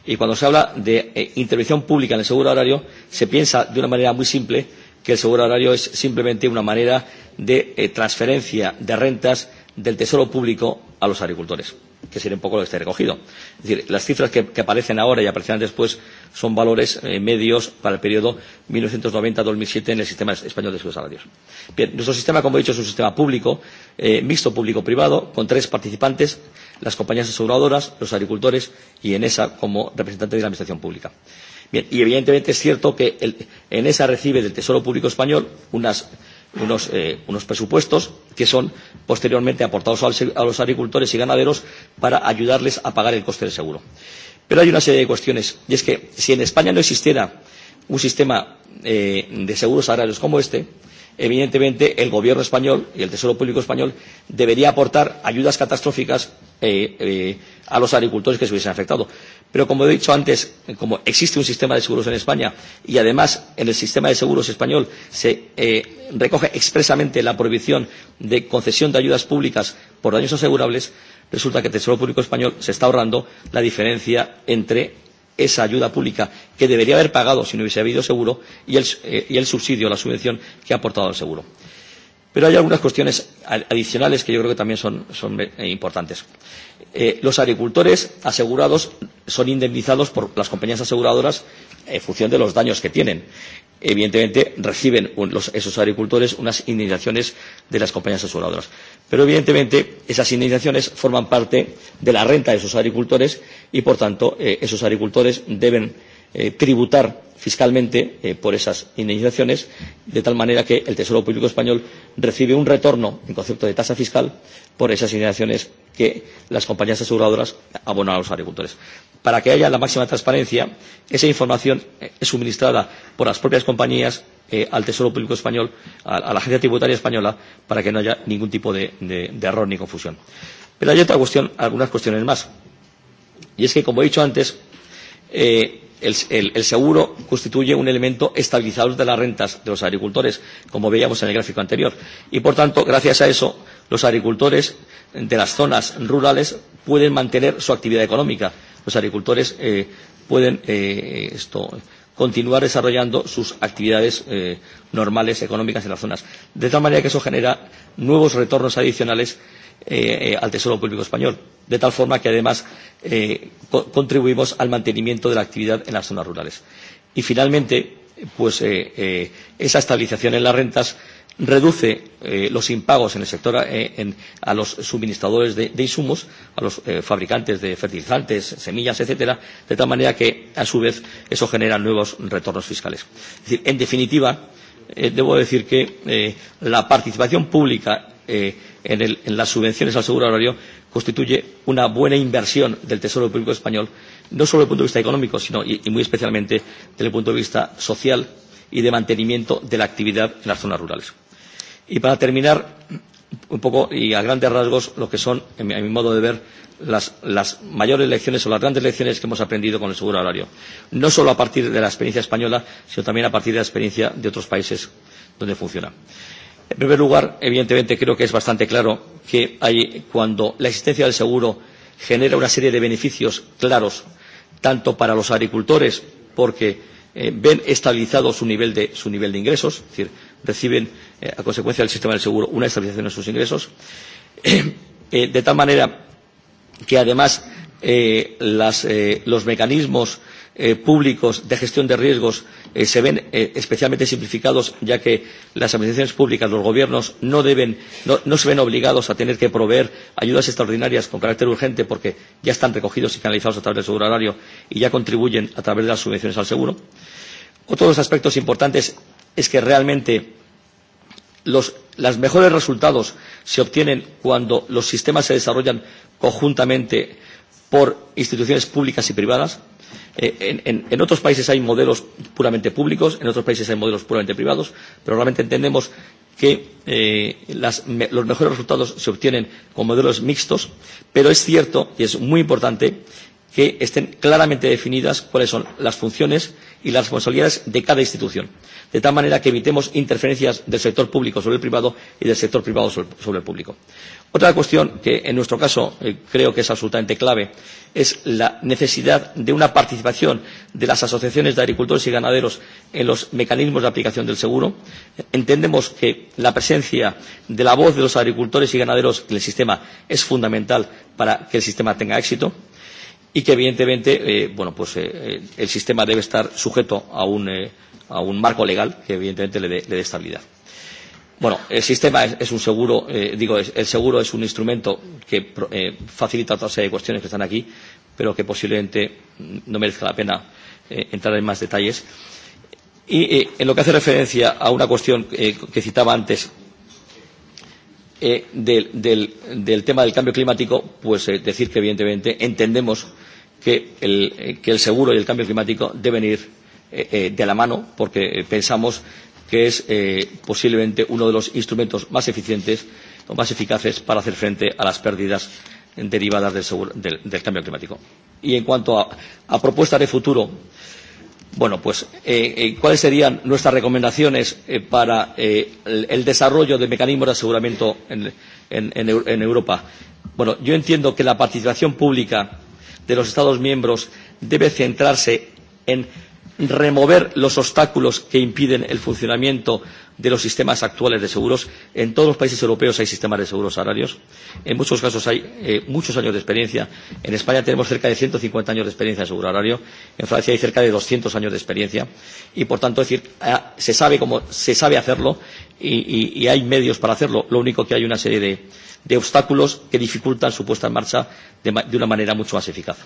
Speaker 4: y cuando se habla de eh, intervención pública en el seguro agrario, se piensa de una manera muy simple que el seguro agrario es simplemente una manera de eh, transferencia de rentas del tesoro público a los agricultores que sería un poco lo que esté recogido. Es decir, las cifras que, que aparecen ahora y aparecerán después son valores eh, medios para el periodo 1990-2007 en el sistema español de seguros salarios. Bien, nuestro sistema, como he dicho, es un sistema público, eh, mixto público-privado, con tres participantes, las compañías aseguradoras, los agricultores y ENESA como representante de la Administración Pública. Bien, y evidentemente es cierto que el, ENESA recibe del Tesoro Público Español unas unos, eh, unos presupuestos que son posteriormente aportados al, a los agricultores y ganaderos para ayudarles a pagar el coste del seguro. Pero hay una serie de cuestiones, y es que si en España no existiera un sistema eh, de seguros agrarios como este, evidentemente el Gobierno español y el Tesoro Público español debería aportar ayudas catastróficas eh, eh, a los agricultores que se hubiesen afectado. Pero como he dicho antes, como existe un sistema de seguros en España y además en el sistema de seguros español se eh, recoge expresamente la prohibición de concesión de ayudas públicas por daños asegurables, resulta que el Tesoro Público Español se está ahorrando la diferencia entre esa ayuda pública que debería haber pagado si no hubiese habido seguro y el, eh, y el subsidio, la subvención que ha aportado el seguro. Eh, Pero hay algunas cuestiones adicionales que yo creo que también son, son eh, importantes. Eh, los agricultores asegurados son indemnizados por las compañías aseguradoras eh, en función de los daños que tienen. Evidentemente reciben un, los, esos agricultores unas indemnizaciones de las compañías aseguradoras. Pero evidentemente esas indemnizaciones forman parte de la renta de esos agricultores y por tanto eh, esos agricultores deben eh, tributar fiscalmente eh, por esas indemnizaciones, de tal manera que el Tesoro Público Español recibe un retorno en concepto de tasa fiscal por esas indemnizaciones que las compañías aseguradoras abonan a los agricultores. Para que haya la máxima transparencia, esa información eh, es suministrada por las propias compañías eh, al Tesoro Público Español, a, a la Agencia Tributaria Española, para que no haya ningún tipo de, de, de error ni confusión. Pero hay otra cuestión, algunas cuestiones más. Y es que, como he dicho antes, eh, el, el, el seguro constituye un elemento estabilizador de las rentas de los agricultores, como veíamos en el gráfico anterior. Y, por tanto, gracias a eso, los agricultores de las zonas rurales pueden mantener su actividad económica. Los agricultores eh, pueden eh, esto, continuar desarrollando sus actividades eh, normales económicas en las zonas. De tal manera que eso genera nuevos retornos adicionales eh, eh, eh, al Tesoro Público Español, de tal forma que además eh, co contribuimos al mantenimiento de la actividad en las zonas rurales. Y finalmente, pues eh, eh, esa estabilización en las rentas reduce eh, los impagos en el sector eh, en, a los suministradores de, de insumos, a los eh, fabricantes de fertilizantes, semillas, etcétera, de tal manera que, a su vez, eso genera nuevos retornos fiscales. Es decir, en definitiva, eh, debo decir que eh, la participación pública eh, en, el, en las subvenciones al seguro agrario constituye una buena inversión del Tesoro Público Español, no solo desde el punto de vista económico, sino y, y muy especialmente desde el punto de vista social y de mantenimiento de la actividad en las zonas rurales. Y para terminar, un poco y a grandes rasgos, lo que son, a mi, a mi modo de ver, las, las mayores lecciones o las grandes lecciones que hemos aprendido con el seguro agrario. No solo a partir de la experiencia española, sino también a partir de la experiencia de otros países donde funciona. Eh, En primer lugar, evidentemente creo que es bastante claro que hay, cuando la existencia del seguro genera una serie de beneficios claros, tanto para los agricultores, porque eh, ven estabilizado su nivel, de, su nivel de ingresos, es decir, reciben eh, a consecuencia del sistema del seguro una estabilización en sus ingresos, eh, eh, de tal manera que además eh, las, eh, los mecanismos eh, públicos de gestión de riesgos eh, se ven eh, especialmente simplificados, ya que las administraciones públicas, los gobiernos, no, deben, no, no se ven obligados a tener que proveer ayudas extraordinarias con carácter urgente porque ya están recogidos y canalizados a través del seguro agrario y ya contribuyen a través de las subvenciones al seguro. Otro de los aspectos importantes es que realmente los los mejores resultados se obtienen cuando los sistemas se desarrollan conjuntamente por instituciones públicas y privadas Eh, en, en otros países hay modelos puramente públicos, en otros países hay modelos puramente privados, pero realmente entendemos que eh, las, me, los mejores resultados se obtienen con modelos mixtos, pero es cierto y es muy importante que estén claramente definidas cuáles son las funciones y las responsabilidades de cada institución, de tal manera que evitemos interferencias del sector público sobre el privado y del sector privado sobre el público. Otra cuestión que en nuestro caso eh, creo que es absolutamente clave es la necesidad de una participación de las asociaciones de agricultores y ganaderos en los mecanismos de aplicación del seguro. Entendemos que la presencia de la voz de los agricultores y ganaderos en el sistema es fundamental para que el sistema tenga éxito y que evidentemente eh, bueno, pues, eh, eh, el sistema debe estar sujeto a un, eh, a un marco legal que evidentemente le dé, le dé estabilidad. Bueno, el sistema es, es un seguro, eh, digo, es, el seguro es un instrumento que eh, facilita otra serie de cuestiones que están aquí, pero que posiblemente no merezca la pena eh, entrar en más detalles. Y eh, en lo que hace referencia a una cuestión eh, que citaba antes eh, del, del, del tema del cambio climático, pues eh, decir que evidentemente entendemos que el, eh, que el seguro y el cambio climático deben ir eh, eh, de la mano, porque eh, pensamos que es eh, posiblemente uno de los instrumentos más eficientes o más eficaces para hacer frente a las pérdidas derivadas del, seguro, del, del cambio climático. Y en cuanto a, a propuestas de futuro, bueno, pues, eh, eh, ¿cuáles serían nuestras recomendaciones eh, para eh, el, el desarrollo de mecanismos de aseguramiento en, en, en, en Europa? Bueno, yo entiendo que la participación pública de los Estados miembros debe centrarse en remover los obstáculos que impiden el funcionamiento de los sistemas actuales de seguros. En todos los países europeos hay sistemas de seguros agrarios. En muchos casos hay eh, muchos años de experiencia. En España tenemos cerca de 150 años de experiencia en seguro agrario. En Francia hay cerca de 200 años de experiencia. Y, por tanto, es decir, eh, se sabe cómo se sabe hacerlo y, y, y hay medios para hacerlo. Lo único que hay una serie de, de obstáculos que dificultan su puesta en marcha de, de una manera mucho más eficaz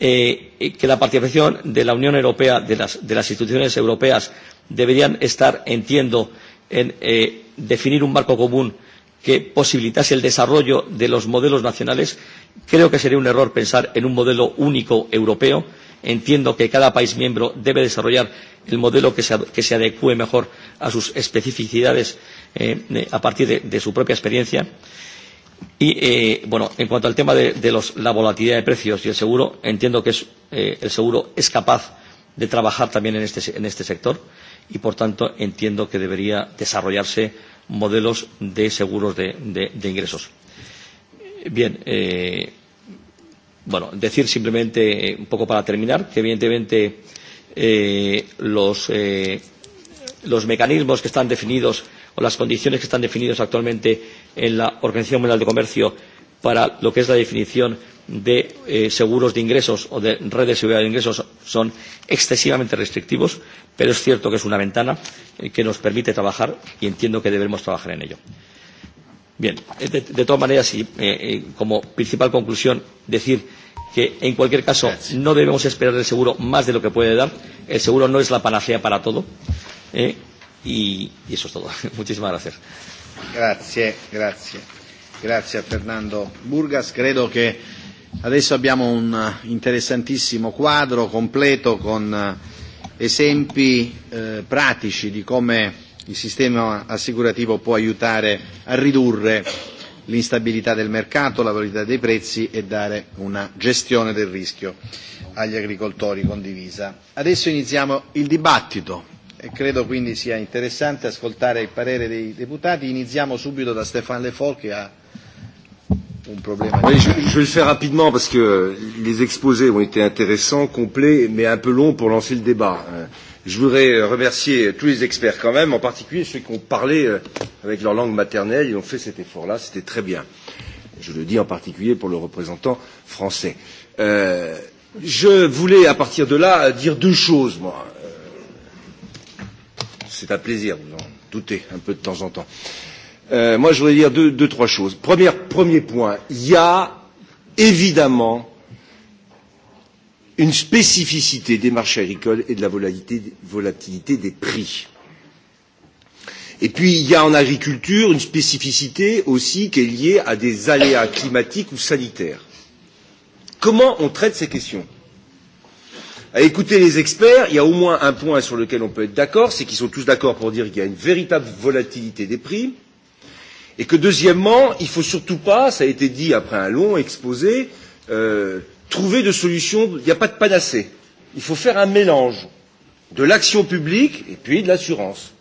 Speaker 4: eh, que la participación de la Unión Europea, de las, de las instituciones europeas, deberían estar, entiendo, en eh, definir un marco común que posibilitase el desarrollo de los modelos nacionales, creo que sería un error pensar en un modelo único europeo. Entiendo que cada país miembro debe desarrollar el modelo que se, que se adecue mejor a sus especificidades eh, a partir de, de su propia experiencia. Eh, Y, eh, bueno, en cuanto al tema de, de los, la volatilidad de precios y el seguro, entiendo que es, eh, el seguro es capaz de trabajar también en este, en este sector y, por tanto, entiendo que debería desarrollarse modelos de seguros de, de, de ingresos. Bien, eh, bueno, decir simplemente, eh, un poco para terminar, que evidentemente eh, los, eh, los mecanismos que están definidos o las condiciones que están definidas actualmente en la Organización Mundial de Comercio para lo que es la definición de eh, seguros de ingresos o de red de seguridad de ingresos son excesivamente restrictivos, pero es cierto que es una ventana eh, que nos permite trabajar y entiendo que debemos trabajar en ello. Bien, eh, de, de todas maneras, y, eh, eh, como principal conclusión, decir que en cualquier caso Gracias. no debemos esperar del seguro más de lo que puede dar. El seguro no es la panacea para todo. Eh, y, y eso es todo. Muchísimas gracias. Grazie, grazie.
Speaker 1: Grazie a Fernando Burgas. Credo che adesso abbiamo un interessantissimo quadro completo con eh, esempi eh, pratici di come il sistema assicurativo può aiutare a ridurre l'instabilità del mercato, la volatilità dei prezzi e dare una gestione del rischio agli agricoltori condivisa. Adesso iniziamo il dibattito E credo quindi sia interessante ascoltare il parere dei deputati. Iniziamo subito da Stéphane Le Foll che ha
Speaker 5: un problema. Oui, je, je vais le faire rapidement parce que les exposés ont été intéressants, complets, mais un peu longs pour lancer le débat. Euh, je voudrais remercier tous les experts quand même, en particulier ceux qui ont parlé euh, avec leur langue maternelle, ils ont fait cet effort-là, c'était très bien. Je le dis en particulier pour le représentant français. Euh, je voulais à partir de là dire deux choses, moi c'est un plaisir, vous en doutez un peu de temps en temps. Euh, moi, je voudrais dire deux, deux trois choses. Première, premier point, il y a évidemment une spécificité des marchés agricoles et de la volatilité, volatilité des prix. Et puis, il y a en agriculture une spécificité aussi qui est liée à des aléas climatiques ou sanitaires. Comment on traite ces questions à écouter les experts, il y a au moins un point sur lequel on peut être d'accord, c'est qu'ils sont tous d'accord pour dire qu'il y a une véritable volatilité des prix, et que deuxièmement, il ne faut surtout pas, ça a été dit après un long exposé, euh, trouver de solutions, il n'y a pas de panacée. Il faut faire un mélange de l'action publique et puis de l'assurance.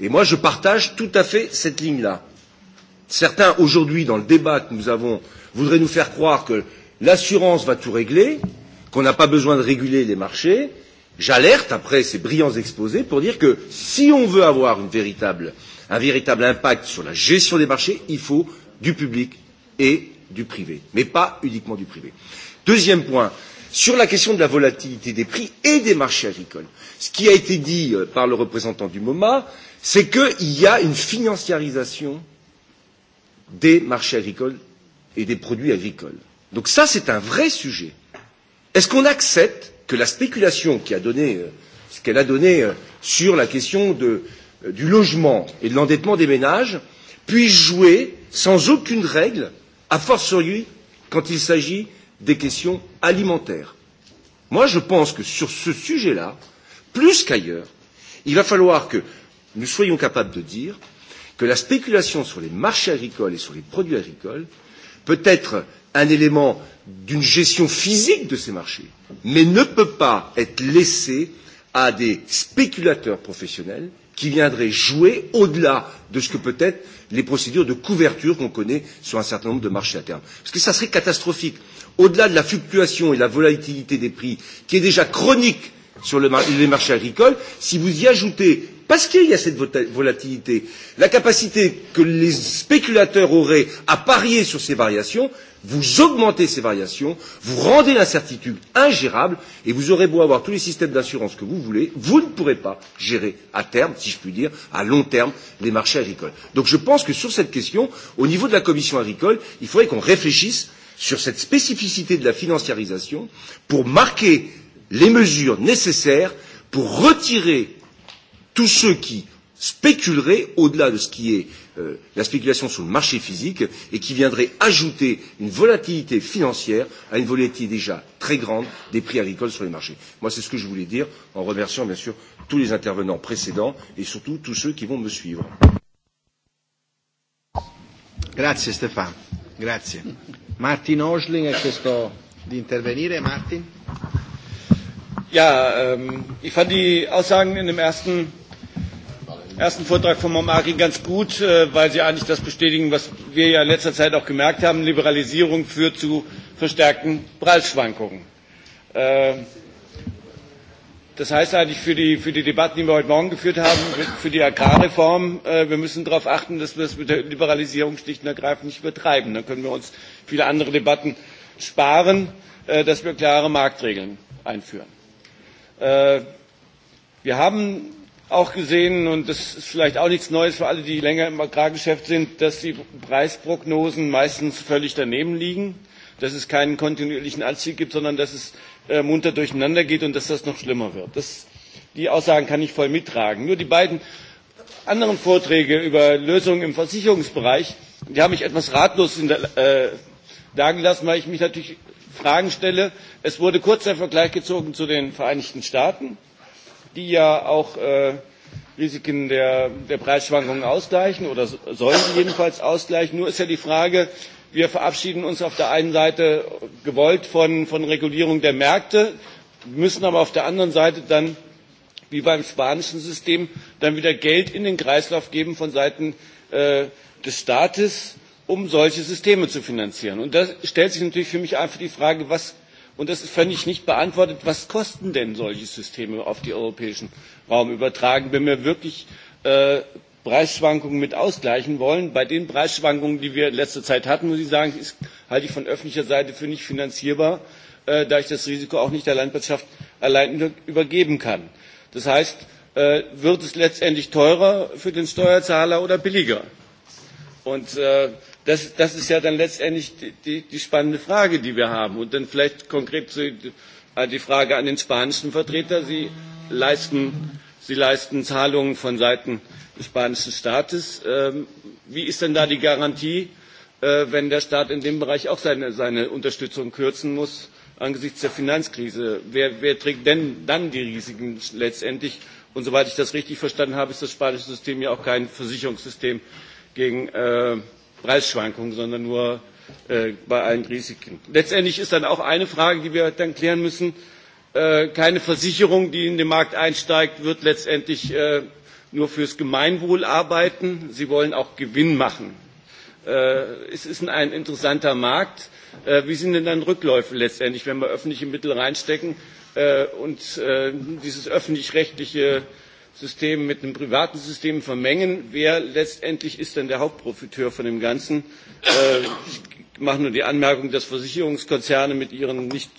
Speaker 5: Et moi, je partage tout à fait cette ligne-là. Certains, aujourd'hui, dans le débat que nous avons, voudraient nous faire croire que l'assurance va tout régler, qu'on n'a pas besoin de réguler les marchés, j'alerte après ces brillants exposés pour dire que si on veut avoir une véritable, un véritable impact sur la gestion des marchés, il faut du public et du privé, mais pas uniquement du privé. Deuxième point, sur la question de la volatilité des prix et des marchés agricoles, ce qui a été dit euh, par le représentant du MoMA, c'est qu'il y a une financiarisation des marchés agricoles et des produits agricoles. Donc ça, c'est un vrai sujet. Est-ce qu'on accepte que la spéculation qui a donné euh, ce qu'elle a donné euh, sur la question de, euh, du logement et de l'endettement des ménages puisse jouer sans aucune règle, a fortiori quand il s'agit des questions alimentaires. Moi, je pense que sur ce sujet-là, plus qu'ailleurs, il va falloir que nous soyons capables de dire que la spéculation sur les marchés agricoles et sur les produits agricoles peut être un élément d'une gestion physique de ces marchés, mais ne peut pas être laissé à des spéculateurs professionnels qui viendraient jouer au-delà de ce que peut être les procédures de couverture qu'on connaît sur un certain nombre de marchés à terme. Parce que ça serait catastrophique. Au-delà de la fluctuation et la volatilité des prix, qui est déjà chronique sur le mar les marchés agricoles, si vous y ajoutez Parce qu'il y a cette volatilité, la capacité que les spéculateurs auraient à parier sur ces variations, vous augmentez ces variations, vous rendez l'incertitude ingérable, et vous aurez beau avoir tous les systèmes d'assurance que vous voulez, vous ne pourrez pas gérer à terme, si je puis dire, à long terme, les marchés agricoles. Donc je pense que sur cette question, au niveau de la commission agricole, il faudrait qu'on réfléchisse sur cette spécificité de la financiarisation pour marquer les mesures nécessaires pour retirer tous ceux qui spéculeraient au-delà de ce qui est euh, la spéculation sur le marché physique et qui viendraient ajouter une volatilité financière à une volatilité déjà très grande des prix agricoles sur les marchés. Moi, c'est ce que je voulais dire en remerciant bien sûr tous les intervenants précédents
Speaker 1: et surtout tous ceux qui vont me suivre. Grazie Stefano, grazie. Martin Osling ha chiesto di intervenire. Martin.
Speaker 6: Ja, ähm, ich fand die Aussagen in dem ersten ersten Vortrag von Frau Mari ganz gut, äh, weil Sie eigentlich das bestätigen, was wir ja in letzter Zeit auch gemerkt haben. Liberalisierung führt zu verstärkten Preisschwankungen. Äh, das heißt eigentlich für die, für die Debatten, die wir heute Morgen geführt haben, für die Agrarreform, äh, wir müssen darauf achten, dass wir es das mit der Liberalisierung schlicht und ergreifend nicht übertreiben. Dann können wir uns viele andere Debatten sparen, dass wir klare Marktregeln einführen. Wir haben auch gesehen, und das ist vielleicht auch nichts Neues für alle, die länger im Agrargeschäft sind, dass die Preisprognosen meistens völlig daneben liegen, dass es keinen kontinuierlichen Anstieg gibt, sondern dass es äh, munter durcheinander geht und dass das noch schlimmer wird. Das, die Aussagen kann ich voll mittragen. Nur die beiden anderen Vorträge über Lösungen im Versicherungsbereich, die haben mich etwas ratlos in der, äh, dagelassen, weil ich mich natürlich Fragen stelle. Es wurde kurz der Vergleich gezogen zu den Vereinigten Staaten die ja auch äh, Risiken der, der Preisschwankungen ausgleichen oder sollen sie jedenfalls ausgleichen. Nur ist ja die Frage, wir verabschieden uns auf der einen Seite gewollt von, von Regulierung der Märkte, müssen aber auf der anderen Seite dann, wie beim spanischen System, dann wieder Geld in den Kreislauf geben von Seiten äh, des Staates, um solche Systeme zu finanzieren. Und da stellt sich natürlich für mich einfach die Frage, was Und das ist völlig nicht beantwortet. Was kosten denn solche Systeme auf den europäischen Raum übertragen, wenn wir wirklich äh, Preisschwankungen mit ausgleichen wollen? Bei den Preisschwankungen, die wir in letzter Zeit hatten, muss ich sagen, ist, halte ich von öffentlicher Seite für nicht finanzierbar, äh, da ich das Risiko auch nicht der Landwirtschaft allein übergeben kann. Das heißt, äh, wird es letztendlich teurer für den Steuerzahler oder billiger? Und äh, Das, das ist ja dann letztendlich die, die, die spannende Frage, die wir haben. Und dann vielleicht konkret zu, äh, die Frage an den spanischen Vertreter. Sie leisten, Sie leisten Zahlungen von Seiten des spanischen Staates. Ähm, wie ist denn da die Garantie, äh, wenn der Staat in dem Bereich auch seine, seine Unterstützung kürzen muss angesichts der Finanzkrise? Wer, wer trägt denn dann die Risiken letztendlich? Und soweit ich das richtig verstanden habe, ist das spanische System ja auch kein Versicherungssystem gegen äh, Preisschwankungen, sondern nur äh, bei allen Risiken. Letztendlich ist dann auch eine Frage, die wir dann klären müssen. Äh, keine Versicherung, die in den Markt einsteigt, wird letztendlich äh, nur fürs Gemeinwohl arbeiten. Sie wollen auch Gewinn machen. Äh, es ist ein interessanter Markt. Äh, wie sind denn dann Rückläufe letztendlich, wenn wir öffentliche Mittel reinstecken äh, und äh, dieses öffentlich-rechtliche äh, System mit einem privaten System vermengen. Wer letztendlich ist denn der Hauptprofiteur von dem Ganzen? Äh, ich mache nur die Anmerkung, dass Versicherungskonzerne mit ihren nicht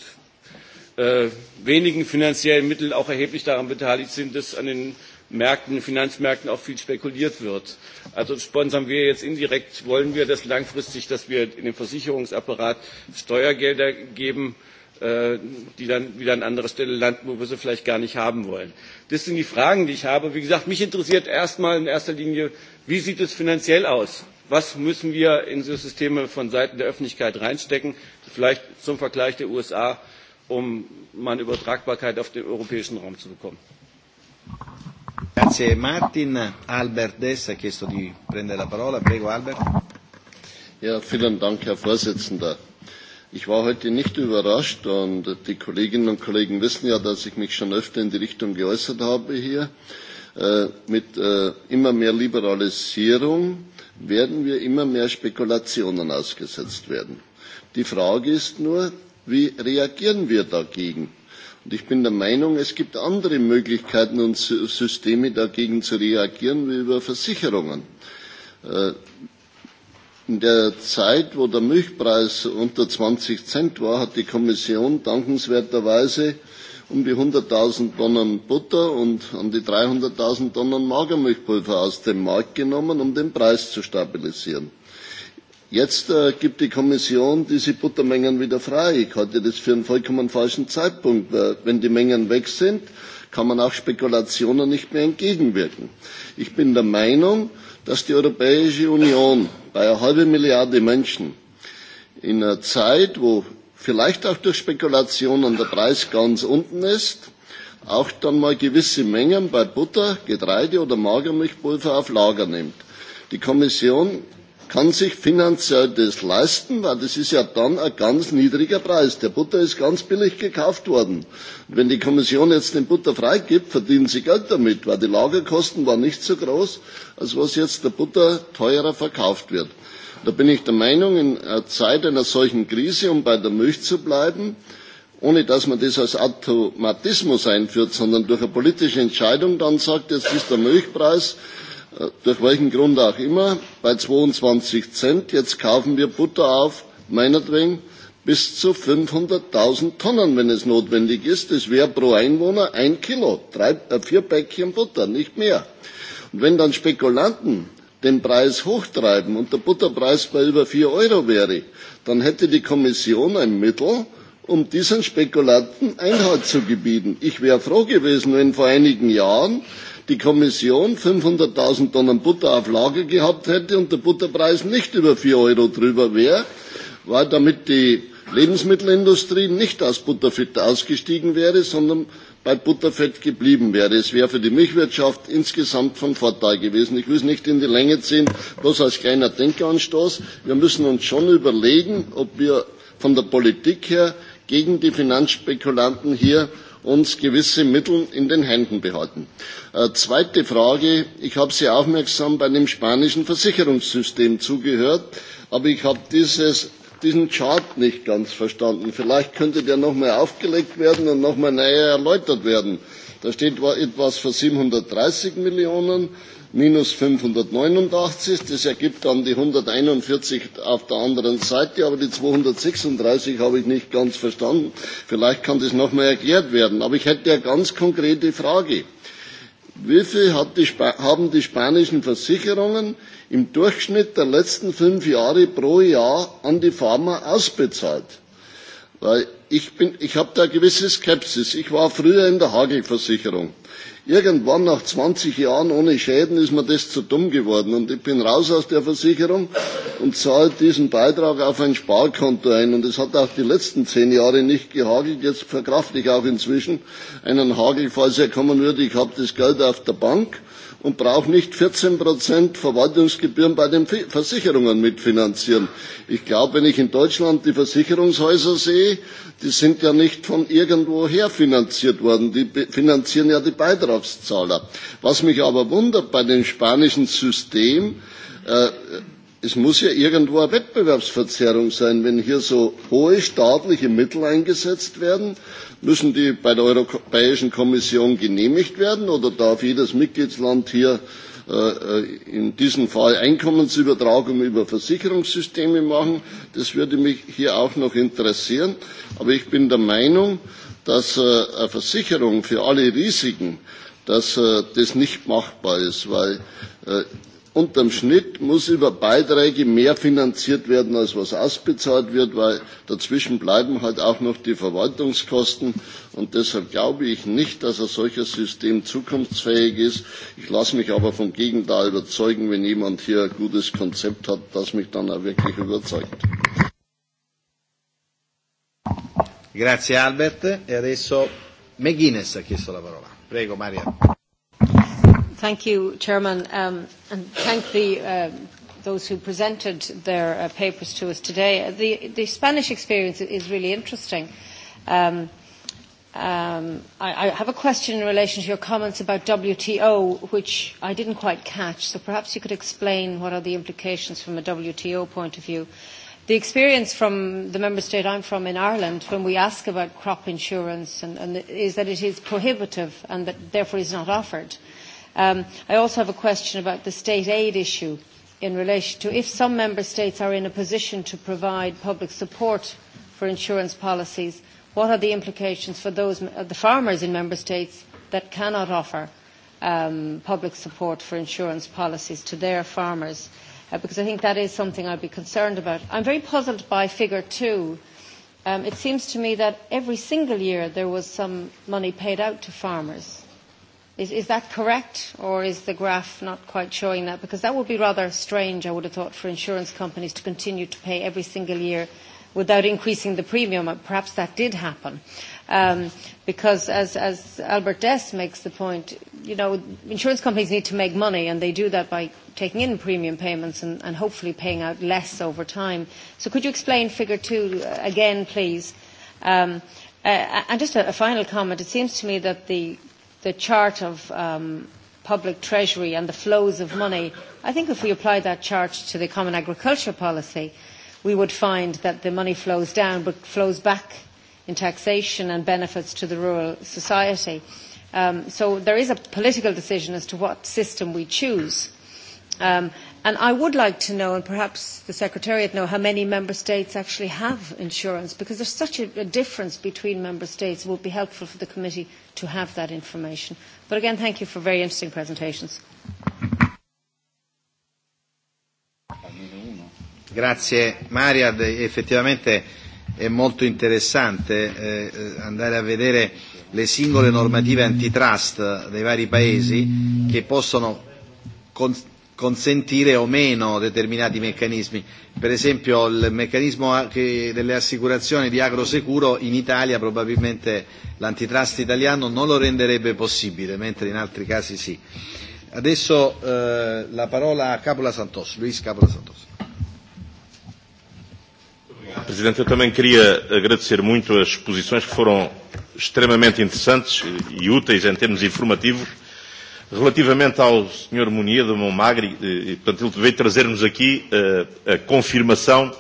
Speaker 6: äh, wenigen finanziellen Mitteln auch erheblich daran beteiligt sind, dass an den Märkten, Finanzmärkten auch viel spekuliert wird. Also sponsern wir jetzt indirekt, wollen wir das langfristig, dass wir in den Versicherungsapparat Steuergelder geben, äh, Äh, die dann wieder an anderer Stelle landen, wo wir sie vielleicht gar nicht haben wollen. Das sind die Fragen, die ich habe. Wie gesagt, mich interessiert erstmal in erster Linie, wie sieht es finanziell aus? Was müssen wir in so Systeme von Seiten der Öffentlichkeit reinstecken? Vielleicht zum Vergleich der USA, um mal eine Übertragbarkeit auf den europäischen Raum zu bekommen.
Speaker 1: Grazie Martin. Albert Dess ha chiesto di prendere la parola. Prego Albert.
Speaker 7: Ja, vielen Dank, Herr Vorsitzender. Ich war heute nicht überrascht und die Kolleginnen und Kollegen wissen ja, dass ich mich schon öfter in die Richtung geäußert habe hier. Äh, mit äh, immer mehr Liberalisierung werden wir immer mehr Spekulationen ausgesetzt werden. Die Frage ist nur, wie reagieren wir dagegen? Und ich bin der Meinung, es gibt andere Möglichkeiten und um Systeme dagegen zu reagieren, wie über Versicherungen. Äh, In der Zeit, wo der Milchpreis unter 20 Cent war, hat die Kommission dankenswerterweise um die 100.000 Tonnen Butter und um die 300.000 Tonnen Magermilchpulver aus dem Markt genommen, um den Preis zu stabilisieren. Jetzt äh, gibt die Kommission diese Buttermengen wieder frei. Ich halte das für einen vollkommen falschen Zeitpunkt. Wenn die Mengen weg sind, kann man auch Spekulationen nicht mehr entgegenwirken. Ich bin der Meinung, dass die Europäische Union bei einer halben Milliarde Menschen in einer Zeit, wo vielleicht auch durch Spekulationen der Preis ganz unten ist, auch dann mal gewisse Mengen bei Butter, Getreide oder Magermilchpulver auf Lager nimmt. Die Kommission kann sich finanziell das leisten, weil das ist ja dann ein ganz niedriger Preis. Der Butter ist ganz billig gekauft worden. Und wenn die Kommission jetzt den Butter freigibt, verdienen sie Geld damit, weil die Lagerkosten waren nicht so groß, als was jetzt der Butter teurer verkauft wird. Da bin ich der Meinung, in einer Zeit einer solchen Krise, um bei der Milch zu bleiben, ohne dass man das als Automatismus einführt, sondern durch eine politische Entscheidung dann sagt, jetzt ist der Milchpreis Äh, durch welchen Grund auch immer, bei 22 Cent. Jetzt kaufen wir Butter auf, meinetwegen, bis zu 500.000 Tonnen, wenn es notwendig ist. Das wäre pro Einwohner ein Kilo, drei, äh, vier Päckchen Butter, nicht mehr. Und wenn dann Spekulanten den Preis hochtreiben und der Butterpreis bei über 4 Euro wäre, dann hätte die Kommission ein Mittel, um diesen Spekulanten Einhalt zu gebieten. Ich wäre froh gewesen, wenn vor einigen Jahren die Kommission 500.000 Tonnen Butter auf Lager gehabt hätte und der Butterpreis nicht über 4 Euro drüber wäre, weil damit die Lebensmittelindustrie nicht aus Butterfett ausgestiegen wäre, sondern bei Butterfett geblieben wäre. Es wäre für die Milchwirtschaft insgesamt von Vorteil gewesen. Ich will es nicht in die Länge ziehen, bloß als kleiner Denkanstoß. Wir müssen uns schon überlegen, ob wir von der Politik her gegen die Finanzspekulanten hier uns gewisse Mittel in den Händen behalten. Äh, zweite Frage. Ich habe Sie aufmerksam bei dem spanischen Versicherungssystem zugehört, aber ich habe dieses diesen Chart nicht ganz verstanden. Vielleicht könnte der nochmal aufgelegt werden und nochmal näher erläutert werden. Da steht etwas für 730 Millionen, minus 589. Das ergibt dann die 141 auf der anderen Seite, aber die 236 habe ich nicht ganz verstanden. Vielleicht kann das nochmal erklärt werden. Aber ich hätte eine ganz konkrete Frage. Wie viel hat die, haben die spanischen Versicherungen im Durchschnitt der letzten fünf Jahre pro Jahr an die Pharma ausbezahlt? Weil ich, bin, ich habe da gewisse Skepsis. Ich war früher in der Hagelversicherung. versicherung irgendwann nach zwanzig jahren ohne schäden ist mir das zu dumm geworden und ich bin raus aus der versicherung und zahle diesen beitrag auf ein sparkonto ein und es hat auch die letzten zehn jahre nicht gehagelt jetzt verkrafte ich auch inzwischen einen hagel falls er kommen würde ich habe das geld auf der bank und braucht nicht 14 Prozent Verwaltungsgebühren bei den Versicherungen mitfinanzieren. Ich glaube, wenn ich in Deutschland die Versicherungshäuser sehe, die sind ja nicht von irgendwoher finanziert worden. Die finanzieren ja die Beitragszahler. Was mich aber wundert bei dem spanischen System, äh, es muss ja irgendwo eine Wettbewerbsverzerrung sein. Wenn hier so hohe staatliche Mittel eingesetzt werden, müssen die bei der Europäischen Kommission genehmigt werden oder darf jedes Mitgliedsland hier äh, in diesem Fall Einkommensübertragung über Versicherungssysteme machen. Das würde mich hier auch noch interessieren. Aber ich bin der Meinung, dass äh, eine Versicherung für alle Risiken, dass äh, das nicht machbar ist, weil unterm Schnitt muss über Beiträge mehr finanziert werden, als was ausbezahlt wird, weil dazwischen bleiben halt auch noch die Verwaltungskosten. Und deshalb glaube ich nicht, dass ein solches System zukunftsfähig ist. Ich lasse mich aber vom Gegenteil überzeugen, wenn jemand hier ein gutes Konzept hat, das mich dann auch wirklich überzeugt.
Speaker 1: Grazie Albert. E adesso McGuinness ha chiesto la parola. Prego Maria.
Speaker 8: Thank you, Chairman, um, and thank the, uh, those who presented their uh, papers to us today. The, the Spanish experience is really interesting. Um, um, I, I have a question in relation to your comments about WTO, which I didn't quite catch, so perhaps you could explain what are the implications from a WTO point of view. The experience from the member state I'm from in Ireland, when we ask about crop insurance, and, and is that it is prohibitive and that therefore is not offered. Uh, Um, I also have a question about the state aid issue in relation to if some member states are in a position to provide public support for insurance policies, what are the implications for those, uh, the farmers in member states that cannot offer um, public support for insurance policies to their farmers? Uh, because I think that is something I'd be concerned about. I'm very puzzled by figure two. Um, it seems to me that every single year there was some money paid out to farmers Is, is that correct, or is the graph not quite showing that? Because that would be rather strange, I would have thought, for insurance companies to continue to pay every single year without increasing the premium. Uh, perhaps that did happen. Um, because as, as Albert Dess makes the point, you know, insurance companies need to make money, and they do that by taking in premium payments and, and hopefully paying out less over time. So could you explain figure two uh, again, please? Um, uh, and just a, a final comment. It seems to me that the the chart of um, public treasury and the flows of money, I think if we apply that chart to the common agriculture policy, we would find that the money flows down but flows back in taxation and benefits to the rural society. Um, so there is a political decision as to what system we choose. Um, And I would like to know, and perhaps the Secretariat know, how many member states actually have insurance, because there's such a, a difference between member states. It would be helpful for the committee to have that information. But again, thank you for very interesting presentations.
Speaker 1: Grazie Mariad, effettivamente è molto interessante eh, andare a vedere le singole normative antitrust dei vari paesi che possono con, consentire o meno determinati meccanismi. Per esempio il meccanismo delle assicurazioni di agrosecuro in Italia probabilmente l'antitrust italiano non lo renderebbe possibile, mentre in altri casi sì. Adesso eh, la parola a Capola Santos, Luis Capola Santos.
Speaker 9: Presidente, eu também queria agradecer muito as exposições que foram extremamente interessantes e úteis em termos informativos Relativamente ao Sr. Munia do Montmagri, eh, eh, portanto, ele veio trazer-nos aqui eh, a confirmação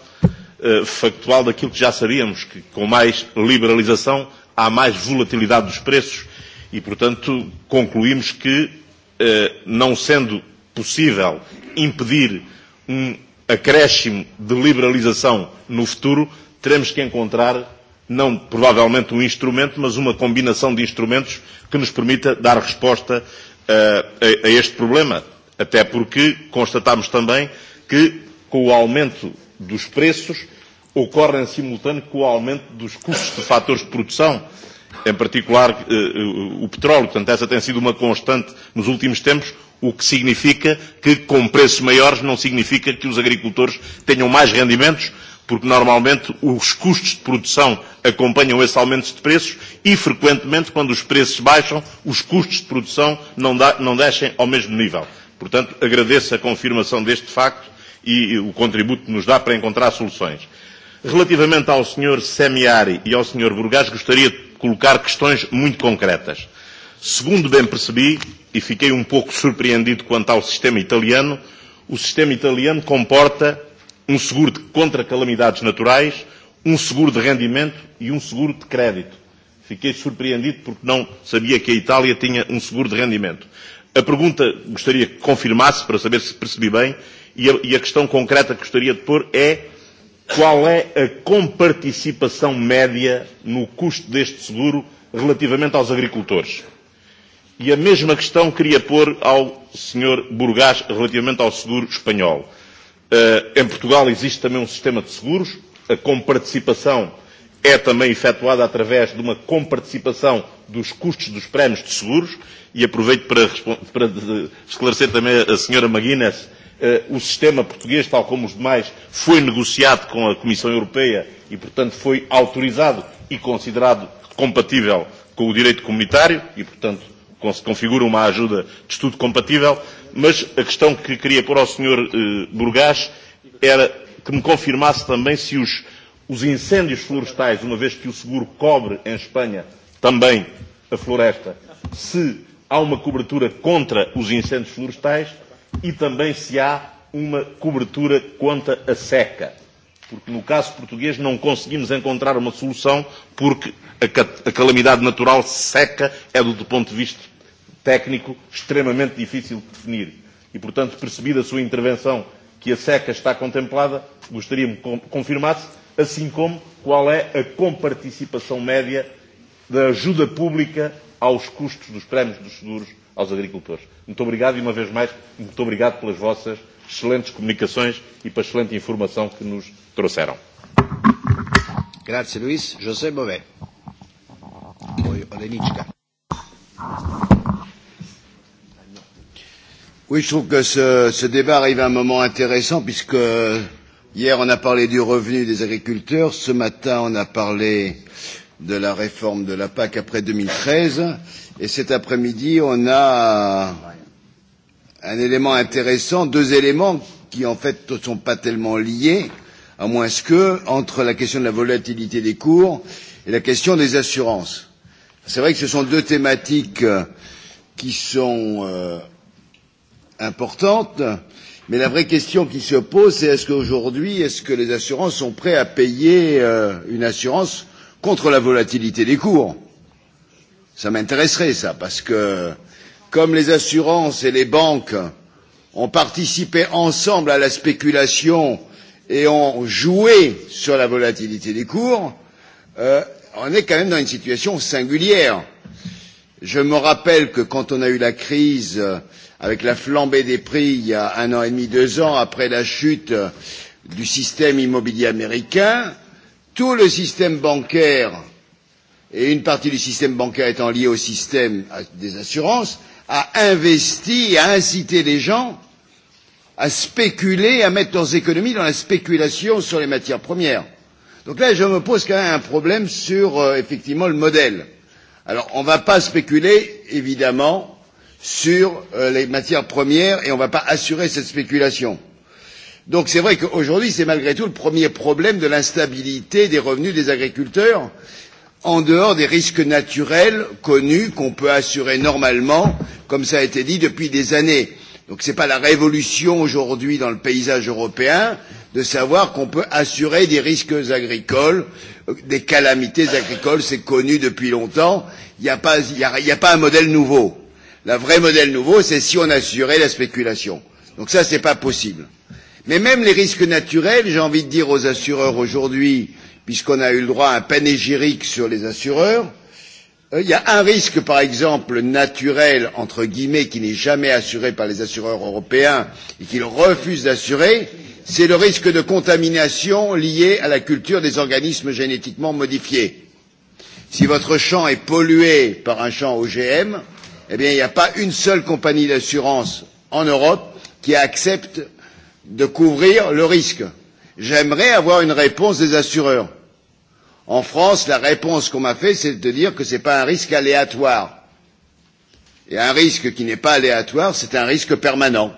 Speaker 9: eh, factual daquilo que já sabíamos, que com mais liberalização há mais volatilidade dos preços e, portanto, concluímos que, eh, não sendo possível impedir um acréscimo de liberalização no futuro, teremos que encontrar, não provavelmente um instrumento, mas uma combinação de instrumentos que nos permita dar resposta a, a este problema. Até porque constatamos também que, com o aumento dos preços, ocorre em simultâneo com o aumento dos custos de fatores de produção, em particular eh, eh, o petróleo. Portanto, essa tem sido uma constante nos últimos tempos, o que significa que, com preços maiores, não significa que os agricultores tenham mais rendimentos, porque normalmente os custos de produção acompanham esse aumento de preços e, frequentemente, quando os preços baixam, os custos de produção não, dá, não descem ao mesmo nível. Portanto, agradeço a confirmação deste facto e, e o contributo que nos dá para encontrar soluções. Relativamente ao Sr. Semiari e ao Sr. Burgás, gostaria de colocar questões muito concretas. Segundo bem percebi, e fiquei um pouco surpreendido quanto ao sistema italiano, o sistema italiano comporta um seguro de, contra calamidades naturais, um seguro de rendimento e um seguro de crédito. Fiquei surpreendido porque não sabia que a Itália tinha um seguro de rendimento. A pergunta gostaria que confirmasse para saber se percebi bem e a, e a questão concreta que gostaria de pôr é qual é a comparticipação média no custo deste seguro relativamente aos agricultores? E a mesma questão queria pôr ao Sr. Burgás relativamente ao seguro espanhol. Eh, em Portugal existe também um sistema de seguros, a comparticipação é também efetuada através de uma comparticipação dos custos dos prémios de seguros, e aproveito para, para esclarecer também a senhora Maguinness, eh, o sistema português, tal como os demais, foi negociado com a Comissão Europeia e, portanto, foi autorizado e considerado compatível com o direito comunitário e, portanto, configura uma ajuda de estudo compatível, mas a questão que queria pôr ao Sr. Eh, Burgás era que me confirmasse também se os, os incêndios florestais, uma vez que o seguro cobre em Espanha também a floresta, se há uma cobertura contra os incêndios florestais e também se há uma cobertura contra a seca. Porque no caso português não conseguimos encontrar uma solução porque a, a calamidade natural seca é do, do ponto de vista técnico extremamente difícil de definir. E, portanto, percebida a sua intervenção que a seca está contemplada, gostaria-me que confirmasse, assim como qual é a comparticipação média da ajuda pública aos custos dos prémios dos seguros aos agricultores. Muito obrigado e, uma vez mais, muito obrigado pelas vossas excelentes comunicações e pela excelente informação que nos trouxeram. Grazie Luis. José Bové.
Speaker 1: Poi
Speaker 10: Olenichka. Oui, je trouve que ce, ce débat arrive à un moment intéressant puisque euh, hier on a parlé du revenu des agriculteurs, ce matin on a parlé de la réforme de la PAC après 2013 et cet après-midi on a un élément intéressant, deux éléments qui en fait ne sont pas tellement liés, à moins que entre la question de la volatilité des cours et la question des assurances. C'est vrai que ce sont deux thématiques euh, qui sont euh, importante, mais la vraie question qui se pose, c'est est-ce qu'aujourd'hui, est-ce que les assurances sont prêts à payer euh, une assurance contre la volatilité des cours Ça m'intéresserait, ça, parce que comme les assurances et les banques ont participé ensemble à la spéculation et ont joué sur la volatilité des cours, euh, on est quand même dans une situation singulière Je me rappelle que quand on a eu la crise euh, avec la flambée des prix il y a un an et demi, deux ans, après la chute euh, du système immobilier américain, tout le système bancaire et une partie du système bancaire étant liée au système des assurances a investi, a incité les gens à spéculer, à mettre leurs économies dans la spéculation sur les matières premières. Donc là, je me pose quand même un problème sur euh, effectivement le modèle. Alors, on ne va pas spéculer, évidemment, sur euh, les matières premières et on ne va pas assurer cette spéculation. Donc, c'est vrai qu'aujourd'hui, c'est malgré tout le premier problème de l'instabilité des revenus des agriculteurs, en dehors des risques naturels connus qu'on peut assurer normalement, comme ça a été dit depuis des années. Donc, ce n'est pas la révolution aujourd'hui dans le paysage européen, de savoir qu'on peut assurer des risques agricoles, euh, des calamités agricoles, c'est connu depuis longtemps, il n'y a, pas, il y a, il y a pas un modèle nouveau. Le vrai modèle nouveau, c'est si on assurait la spéculation. Donc ça, ce n'est pas possible. Mais même les risques naturels, j'ai envie de dire aux assureurs aujourd'hui, puisqu'on a eu le droit à un panégyrique sur les assureurs, euh, Euh, il y a un risque, par exemple, naturel, entre guillemets, qui n'est jamais assuré par les assureurs européens et qu'ils refusent d'assurer, c'est le risque de contamination lié à la culture des organismes génétiquement modifiés. Si votre champ est pollué par un champ OGM, eh bien, il n'y a pas une seule compagnie d'assurance en Europe qui accepte de couvrir le risque. J'aimerais avoir une réponse des assureurs. En France, la réponse qu'on m'a faite, c'est de dire que ce n'est pas un risque aléatoire. Et un risque qui n'est pas aléatoire, c'est un risque permanent.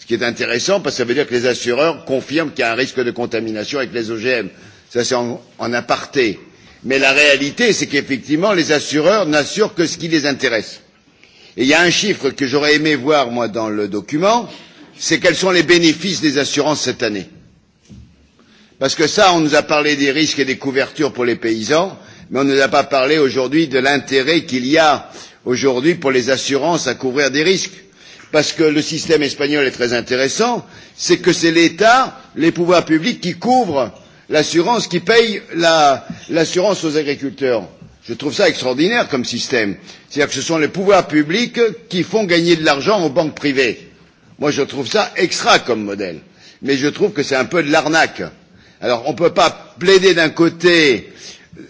Speaker 10: Ce qui est intéressant, parce que ça veut dire que les assureurs confirment qu'il y a un risque de contamination avec les OGM. Ça, c'est en, en aparté. Mais la réalité, c'est qu'effectivement, les assureurs n'assurent que ce qui les intéresse. Et il y a un chiffre que j'aurais aimé voir, moi, dans le document, c'est quels sont les bénéfices des assurances cette année Parce que ça, on nous a parlé des risques et des couvertures pour les paysans, mais on ne nous a pas parlé aujourd'hui de l'intérêt qu'il y a aujourd'hui pour les assurances à couvrir des risques. Parce que le système espagnol est très intéressant, c'est que c'est l'État, les pouvoirs publics qui couvrent l'assurance, qui paye l'assurance la, aux agriculteurs. Je trouve ça extraordinaire comme système. C'est-à-dire que ce sont les pouvoirs publics qui font gagner de l'argent aux banques privées. Moi, je trouve ça extra comme modèle. Mais je trouve que c'est un peu de l'arnaque. Euh, Alors on ne peut pas plaider d'un côté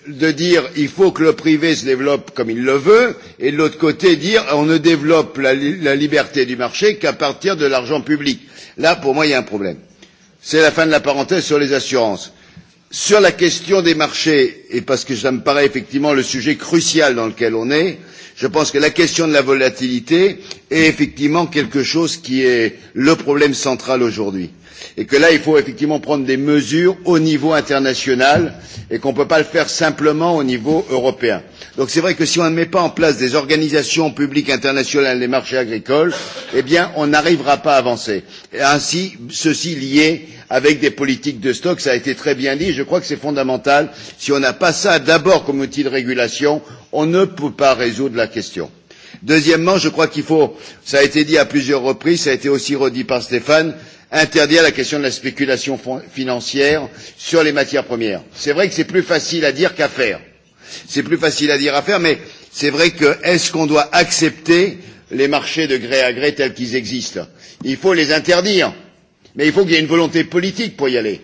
Speaker 10: de dire il faut que le privé se développe comme il le veut et de l'autre côté dire on ne développe la, la liberté du marché qu'à partir de l'argent public. Là, pour moi, il y a un problème. C'est la fin de la parenthèse sur les assurances. Sur la question des marchés, et parce que ça me paraît effectivement le sujet crucial dans lequel on est, euh, Je pense que la question de la volatilité est effectivement quelque chose qui est le problème central aujourd'hui. Et que là, il faut effectivement prendre des mesures au niveau international et qu'on ne peut pas le faire simplement au niveau européen. Donc c'est vrai que si on ne met pas en place des organisations publiques internationales des marchés agricoles, eh bien, on n'arrivera pas à avancer. Et ainsi, ceci lié avec des politiques de stock, ça a été très bien dit, je crois que c'est fondamental. Si on n'a pas ça d'abord comme outil de régulation, on ne peut pas résoudre la question. Deuxièmement, je crois qu'il faut, ça a été dit à plusieurs reprises, ça a été aussi redit par Stéphane, interdire la question de la spéculation financière sur les matières premières. C'est vrai que c'est plus facile à dire qu'à faire. C'est plus facile à dire à faire, mais c'est vrai que est-ce qu'on doit accepter les marchés de gré à gré tels qu'ils existent Il faut les interdire Mais il faut qu'il y ait une volonté politique pour y aller.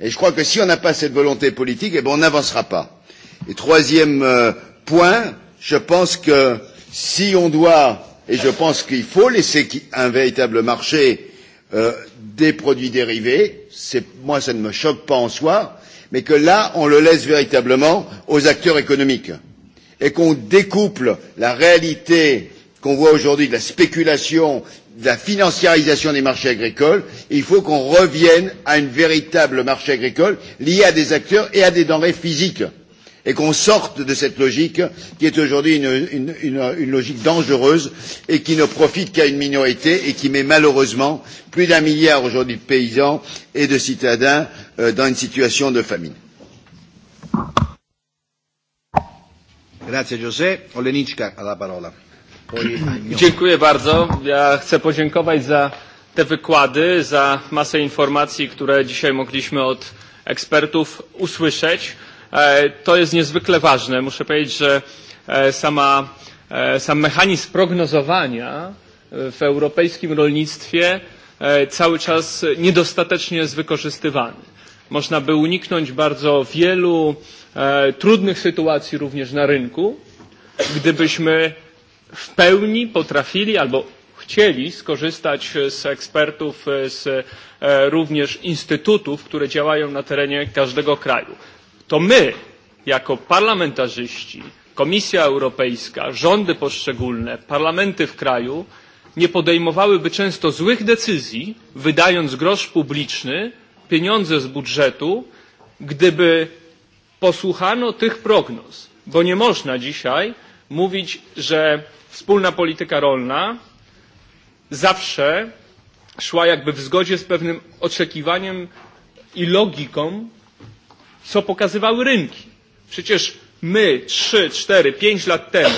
Speaker 10: Et je crois que si on n'a pas cette volonté politique, eh ben on n'avancera pas. Et troisième euh, point, je pense que si on doit, et je pense qu'il faut laisser un véritable marché euh, des produits dérivés, moi ça ne me choque pas en soi, mais que là on le laisse véritablement aux acteurs économiques et qu'on découple la réalité qu'on voit aujourd'hui de la spéculation de la financiarisation des marchés agricoles. Il faut qu'on revienne à un véritable marché agricole lié à des acteurs et à des denrées physiques et qu'on sorte de cette logique qui est aujourd'hui une, une, une, une logique dangereuse et qui ne profite qu'à une minorité et qui met malheureusement plus d'un milliard aujourd'hui de paysans et de citadins euh, dans une situation de famine.
Speaker 11: Grazie José. Olenicka ha la parola swoje. Dziękuję bardzo. Ja chcę podziękować za te wykłady, za masę informacji, które dzisiaj mogliśmy od ekspertów usłyszeć. E, to jest niezwykle ważne. Muszę powiedzieć, że e, sama, e, sam mechanizm prognozowania w europejskim rolnictwie cały czas niedostatecznie jest wykorzystywany. Można by uniknąć bardzo wielu trudnych sytuacji również na rynku, gdybyśmy w pełni potrafili albo chcieli skorzystać e, z ekspertów e, z e, również instytutów, które działają na terenie każdego kraju. To my, jako parlamentarzyści, Komisja Europejska, rządy poszczególne, parlamenty w kraju nie podejmowałyby często złych decyzji, wydając grosz publiczny, pieniądze z budżetu, gdyby posłuchano tych prognoz. Bo nie można dzisiaj mówić, że wspólna polityka rolna zawsze szła jakby w zgodzie z pewnym oczekiwaniem i logiką, co pokazywały rynki. Przecież my 3, 4, 5 lat temu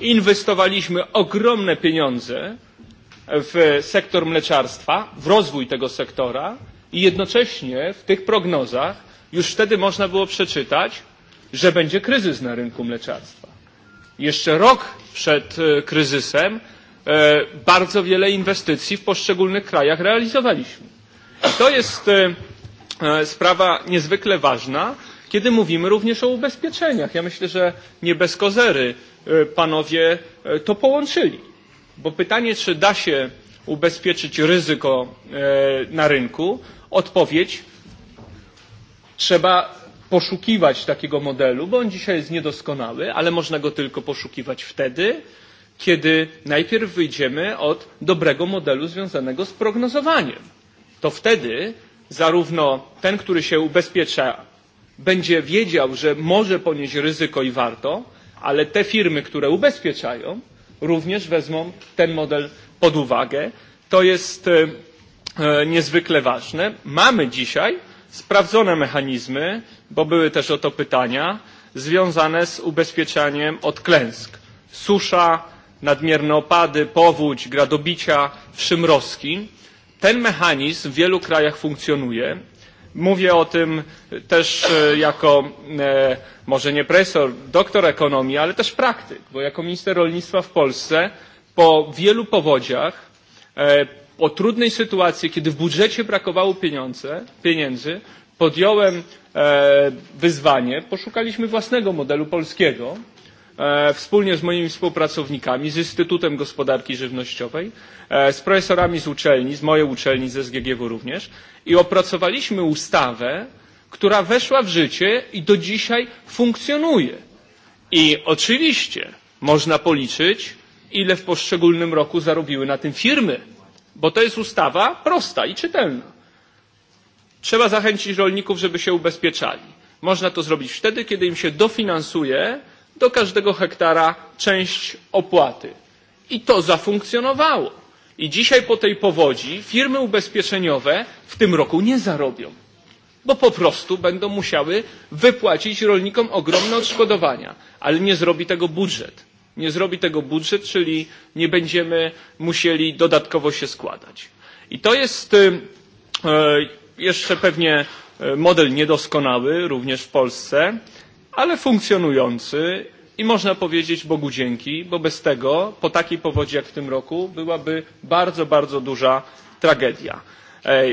Speaker 11: inwestowaliśmy ogromne pieniądze w sektor mleczarstwa, w rozwój tego sektora i jednocześnie w tych prognozach już wtedy można było przeczytać, że będzie kryzys na rynku mleczarstwa jeszcze rok przed e, kryzysem e, bardzo wiele inwestycji w poszczególnych krajach realizowaliśmy. To jest e, sprawa niezwykle ważna, kiedy mówimy również o ubezpieczeniach. Ja myślę, że nie bez kozery panowie to połączyli, bo pytanie, czy da się ubezpieczyć ryzyko na rynku, odpowiedź trzeba poszukiwać takiego modelu, bo on dzisiaj jest niedoskonały, ale można go tylko poszukiwać wtedy, kiedy najpierw wyjdziemy od dobrego modelu związanego z prognozowaniem. To wtedy zarówno ten, który się ubezpiecza, będzie wiedział, że może ponieść ryzyko i warto, ale te firmy, które ubezpieczają, również wezmą ten model pod uwagę. To jest e, e, niezwykle ważne. Mamy dzisiaj sprawdzone mechanizmy bo były też o to pytania, związane z ubezpieczaniem od klęsk. Susza, nadmierne opady, powódź, gradobicia, przymrozki. Ten mechanizm w wielu krajach funkcjonuje. Mówię o tym też e, jako, e, może nie profesor, doktor ekonomii, ale też praktyk, bo jako minister rolnictwa w Polsce po wielu powodziach, e, po trudnej sytuacji, kiedy w budżecie brakowało pieniądze, pieniędzy, podjąłem E, wyzwanie, poszukaliśmy własnego modelu polskiego, e, wspólnie z moimi współpracownikami, z Instytutem Gospodarki Żywnościowej, e, z profesorami z uczelni, z mojej uczelni, ze SGGW również i opracowaliśmy ustawę, która weszła w życie i do dzisiaj funkcjonuje. I oczywiście można policzyć, ile w poszczególnym roku zarobiły na tym firmy, bo to jest ustawa prosta i czytelna Trzeba zachęcić rolników, żeby się ubezpieczali. Można to zrobić wtedy, kiedy im się dofinansuje do każdego hektara część opłaty. I to zafunkcjonowało. I dzisiaj po tej powodzi firmy ubezpieczeniowe w tym roku nie zarobią, bo po prostu będą musiały wypłacić rolnikom ogromne odszkodowania, ale nie zrobi tego budżet. Nie zrobi tego budżet, czyli nie będziemy musieli dodatkowo się składać. I to jest jeszcze pewnie e, model niedoskonały również w Polsce, ale funkcjonujący i można powiedzieć Bogu dzięki, bo bez tego po takiej powodzi jak w tym roku byłaby bardzo, bardzo duża tragedia. E,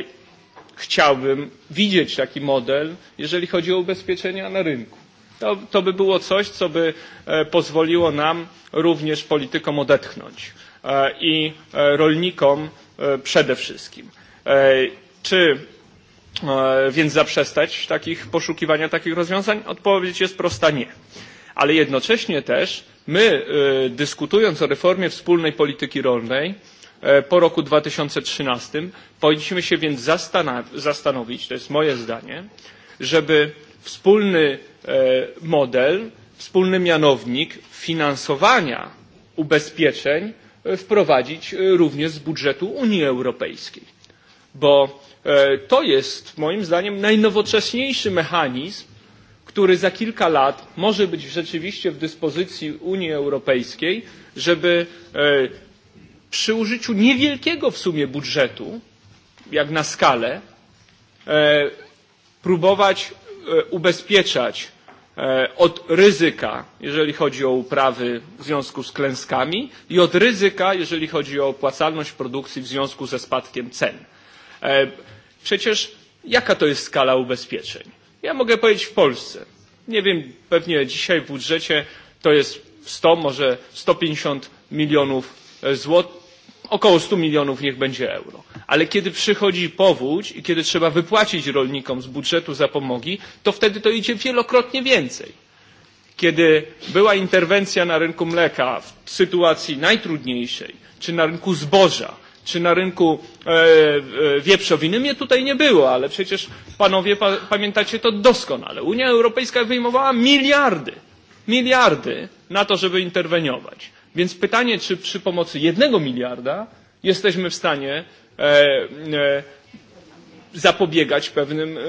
Speaker 11: chciałbym widzieć taki model, jeżeli chodzi o ubezpieczenia na rynku. To, to by było coś, co by e, pozwoliło nam również politykom odetchnąć i rolnikom przede wszystkim. Czy E, więc zaprzestać takich poszukiwania takich rozwiązań? Odpowiedź jest prosta nie. Ale jednocześnie też my e, dyskutując o reformie wspólnej polityki rolnej e, po roku 2013 powinniśmy się więc zastanow zastanowić, to jest moje zdanie, żeby wspólny model, wspólny mianownik finansowania ubezpieczeń wprowadzić również z budżetu Unii Europejskiej bo e, to jest moim zdaniem najnowocześniejszy mechanizm, który za kilka lat może być rzeczywiście w dyspozycji Unii Europejskiej, żeby e, przy użyciu niewielkiego w sumie budżetu, jak na skalę, e, próbować ubezpieczać od ryzyka, jeżeli chodzi o uprawy w związku z klęskami i od ryzyka, jeżeli chodzi o opłacalność produkcji w związku ze spadkiem cen. E, przecież jaka to jest skala ubezpieczeń? Ja mogę powiedzieć w Polsce. Nie wiem, pewnie dzisiaj w budżecie to jest 100, może 150 milionów e, złotych, około 100 milionów niech będzie euro. Ale kiedy przychodzi powódź i kiedy trzeba wypłacić rolnikom z budżetu zapomogi, to wtedy to idzie wielokrotnie więcej. Kiedy była interwencja na rynku mleka w sytuacji najtrudniejszej, czy na rynku zboża, czy na rynku e, e, wieprzowiny. Mnie tutaj nie było, ale przecież panowie pa, pamiętacie to doskonale. Unia Europejska wyjmowała miliardy, miliardy na to, żeby interweniować. Więc pytanie, czy przy pomocy jednego miliarda jesteśmy w stanie e, e, zapobiegać pewnym e,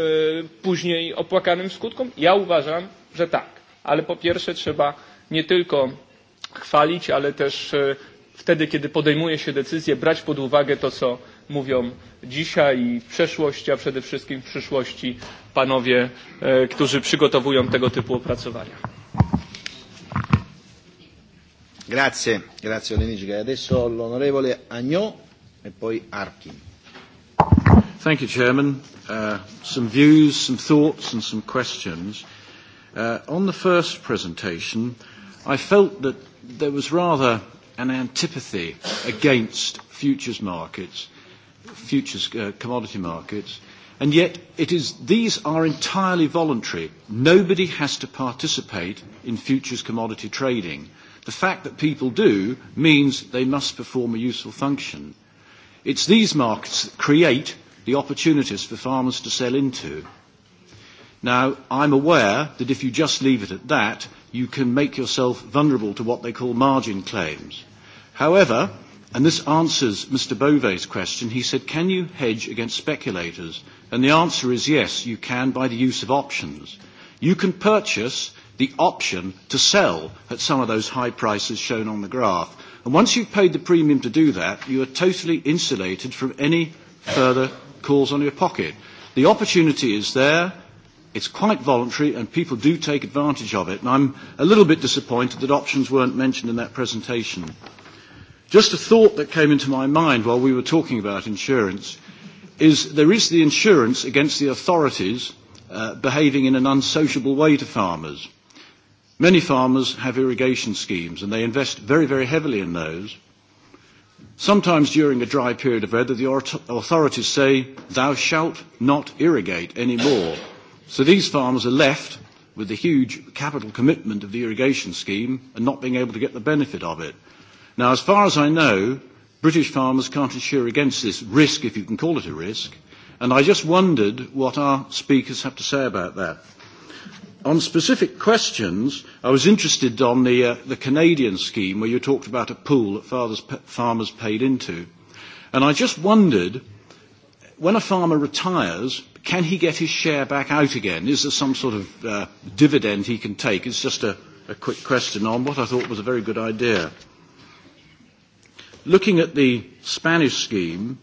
Speaker 11: później opłakanym skutkom? Ja uważam, że tak. Ale po pierwsze trzeba nie tylko chwalić, ale też e, wtedy, kiedy podejmuje się decyzje, brać pod uwagę to, co mówią dzisiaj i w przeszłości, a przede wszystkim w przyszłości panowie, e, którzy przygotowują tego typu opracowania.
Speaker 1: Grazie, grazie Oleniczka. E adesso l'onorevole Agnò e poi
Speaker 12: Arkin. Thank you, Chairman. Uh, some views, some thoughts and some questions. Uh, on the first presentation, I felt that there was rather an antipathy against futures markets, futures uh, commodity markets, and yet it is, these are entirely voluntary. Nobody has to participate in futures commodity trading. The fact that people do means they must perform a useful function. It's these markets that create the opportunities for farmers to sell into. Now, I'm aware that if you just leave it at that, you can make yourself vulnerable to what they call margin claims. However, and this answers Mr. Bove's question, he said, can you hedge against speculators? And the answer is yes, you can by the use of options. You can purchase the option to sell at some of those high prices shown on the graph. And once you've paid the premium to do that, you are totally insulated from any further calls on your pocket. The opportunity is there It's quite voluntary, and people do take advantage of it. And I'm a little bit disappointed that options weren't mentioned in that presentation. Just a thought that came into my mind while we were talking about insurance is there is the insurance against the authorities uh, behaving in an unsociable way to farmers. Many farmers have irrigation schemes, and they invest very, very heavily in those. Sometimes during a dry period of weather, the authorities say, thou shalt not irrigate anymore. So these farmers are left with the huge capital commitment of the irrigation scheme and not being able to get the benefit of it. Now, as far as I know, British farmers can't insure against this risk, if you can call it a risk, and I just wondered what our speakers have to say about that. On specific questions, I was interested on the, uh, the Canadian scheme where you talked about a pool that fathers, p- farmers paid into. And I just wondered, when a farmer retires, Can he get his share back out again? Is there some sort of uh, dividend he can take? It's just a, a quick question on what I thought was a very good idea. Looking at the Spanish scheme,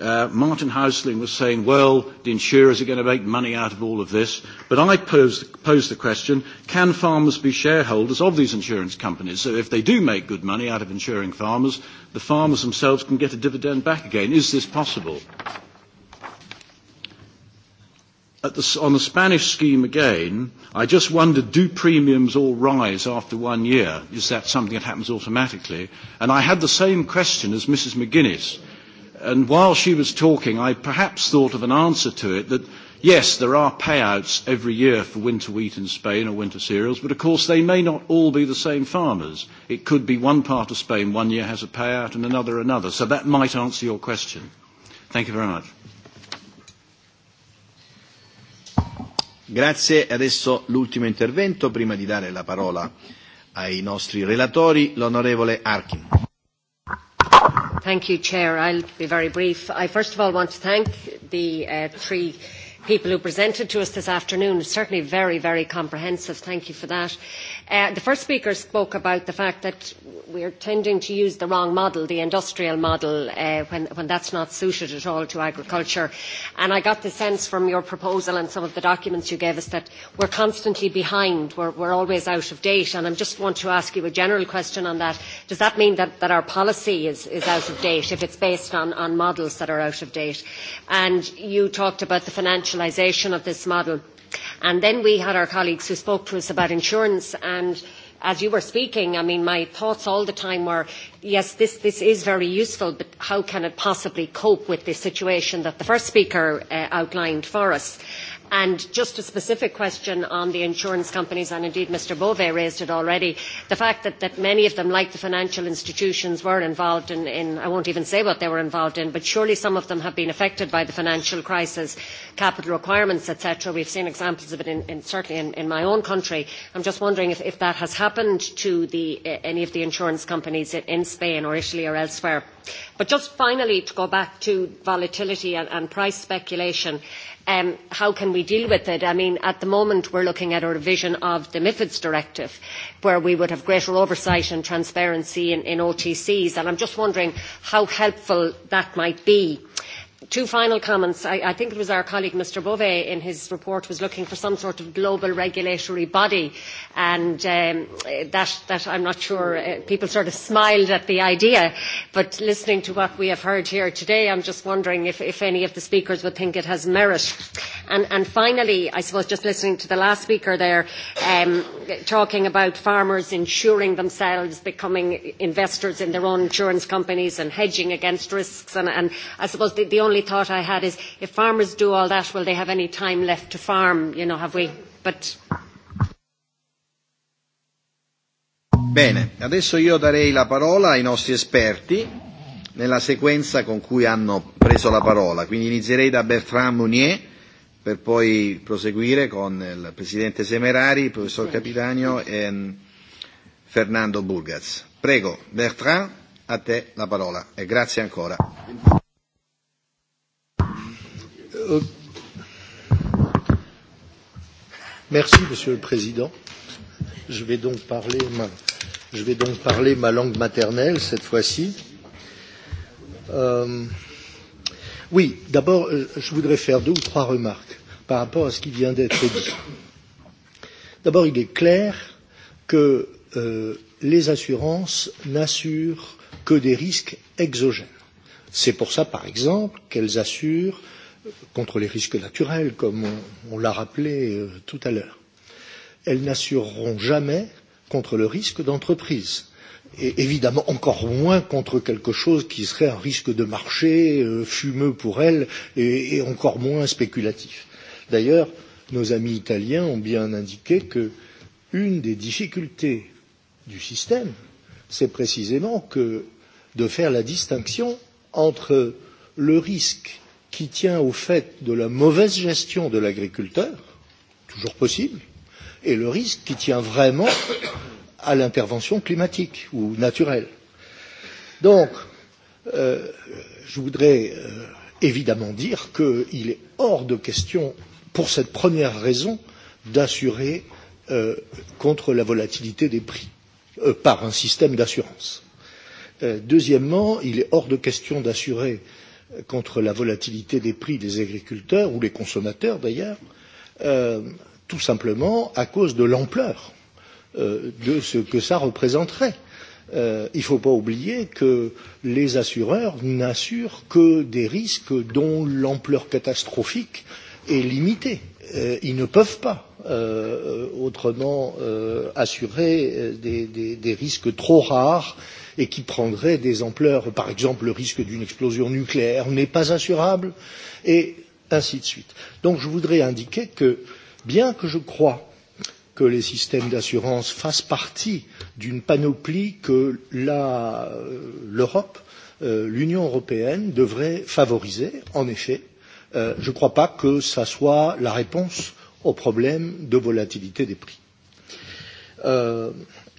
Speaker 12: uh, Martin Hausling was saying, well, the insurers are going to make money out of all of this. But I posed, posed the question, can farmers be shareholders of these insurance companies? So if they do make good money out of insuring farmers, the farmers themselves can get a dividend back again. Is this possible? Uh, the, on the Spanish scheme again, I just wonder, do premiums all rise after one year? Is that something that happens automatically? And I had the same question as Mrs. McGuinness. And while she was talking, I perhaps thought of an answer to it that, yes, there are payouts every year for winter wheat in Spain or winter cereals, but of course they may not all be the same farmers. It could be one part of Spain one year has a payout and another another. So that might answer your question. Thank you very much.
Speaker 1: Grazie. Adesso l'ultimo intervento prima di dare la parola ai nostri relatori, l'onorevole Arkin.
Speaker 13: Thank you, Chair. I'll be very brief. I first of all want to thank the uh, three people who presented to us this afternoon. Certainly very, very comprehensive. Thank you for that. Uh, the first speaker spoke about the fact that we are tending to use the wrong model, the industrial model, uh, when, when that's not suited at all to agriculture. And I got the sense from your proposal and some of the documents you gave us that we're constantly behind, we're, we're always out of date. And I just want to ask you a general question on that. Does that mean that, that our policy is, is out of date if it's based on, on models that are out of date? And you talked about the financialisation of this model And then we had our colleagues who spoke to us about insurance and as you were speaking, I mean, my thoughts all the time were, yes, this, this is very useful, but how can it possibly cope with the situation that the first speaker uh, outlined for us? And just a specific question on the insurance companies, and indeed Mr. Bove raised it already, the fact that, that many of them, like the financial institutions, were involved in, in, I won't even say what they were involved in, but surely some of them have been affected by the financial crisis, capital requirements, etc. We've seen examples of it in, in, certainly in, in my own country. I'm just wondering if, if that has happened to the, eh, any of the insurance companies in, in Spain or Italy or elsewhere. But just finally, to go back to volatility and, and price speculation, um, how can we deal with it? I mean, at the moment, we're looking at a revision of the MIFIDs directive, where we would have greater oversight and transparency in, in OTCs, and I'm just wondering how helpful that might be. Uh, two final comments. I, I think it was our colleague Mr Bove in his report was looking for some sort of global regulatory body and um, that, that I'm not sure, uh, people sort of smiled at the idea but listening to what we have heard here today I'm just wondering if, if any of the speakers would think it has merit. And, and finally, I suppose just listening to the last speaker there um, talking about farmers insuring themselves, becoming investors in their own insurance companies and hedging against risks and, and I suppose the, the only only thought I had is if farmers do all that, will they have any time left to farm? You know, have we? But
Speaker 1: Bene, adesso io darei la parola ai nostri esperti nella sequenza con cui hanno preso la parola, quindi inizierei da Bertrand Mounier per poi proseguire con il Presidente Semerari, il Professor Capitanio e mm, Fernando Burgaz. Prego, Bertrand, a te la parola e grazie ancora.
Speaker 2: Euh, merci, Monsieur le Président. Je vais donc parler ma, je vais donc parler ma langue maternelle cette fois-ci. Euh, oui, d'abord, euh, je voudrais faire deux ou trois remarques par rapport à ce qui vient d'être dit. D'abord, il est clair que euh, les assurances n'assurent que des risques exogènes. C'est pour ça, par exemple, qu'elles assurent contre les risques naturels, comme on, on l'a rappelé euh, tout à l'heure. Elles n'assureront jamais contre le risque d'entreprise et évidemment encore moins contre quelque chose qui serait un risque de marché euh, fumeux pour elle et, et encore moins spéculatif. D'ailleurs, nos amis italiens ont bien indiqué que une des difficultés du système, c'est précisément que de faire la distinction entre le risque qui tient au fait de la mauvaise gestion de l'agriculteur, toujours possible, et le risque qui tient vraiment à l'intervention climatique ou naturelle. Donc, euh, je voudrais euh, évidemment dire qu'il est hors de question, pour cette première raison, d'assurer euh, contre la volatilité des prix euh, par un système d'assurance. Euh, deuxièmement, il est hors de question d'assurer euh, contre la volatilité des prix des agriculteurs ou les consommateurs d'ailleurs, euh, tout simplement à cause de l'ampleur euh, de ce que ça représenterait. Euh, il ne faut pas oublier que les assureurs n'assurent que des risques dont l'ampleur catastrophique est limitée. Euh, ils ne peuvent pas euh, autrement euh, assurer euh, des, des, des risques trop rares euh, et qui prendrait des ampleurs, par exemple le risque d'une explosion nucléaire n'est pas assurable, et ainsi de suite. Donc je voudrais indiquer que, bien que je crois que les systèmes d'assurance fassent partie d'une panoplie que euh, l'Europe, euh, l'Union européenne devrait favoriser, en effet, euh, je ne crois pas que ça soit la réponse au problème de volatilité des prix. Euh,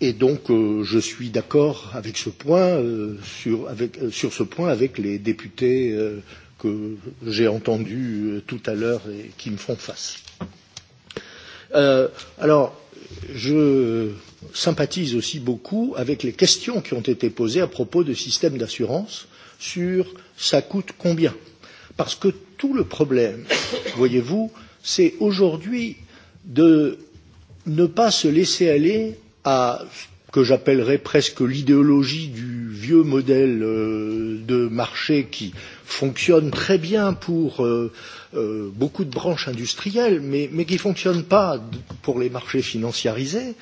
Speaker 2: et donc, euh, je suis d'accord avec ce point, euh, sur, avec, euh, sur ce point avec les députés euh, que j'ai entendus euh, tout à l'heure et qui me font face. Euh, alors, je sympathise aussi beaucoup avec les questions qui ont été posées à propos de systèmes d'assurance sur ça coûte combien. Parce que tout le problème, voyez-vous, c'est aujourd'hui de ne pas se laisser aller à ce que j'appellerais presque l'idéologie du vieux modèle euh, de marché qui fonctionne très bien pour euh, euh, beaucoup de branches industrielles, mais, mais qui ne fonctionne pas pour les marchés financiarisés,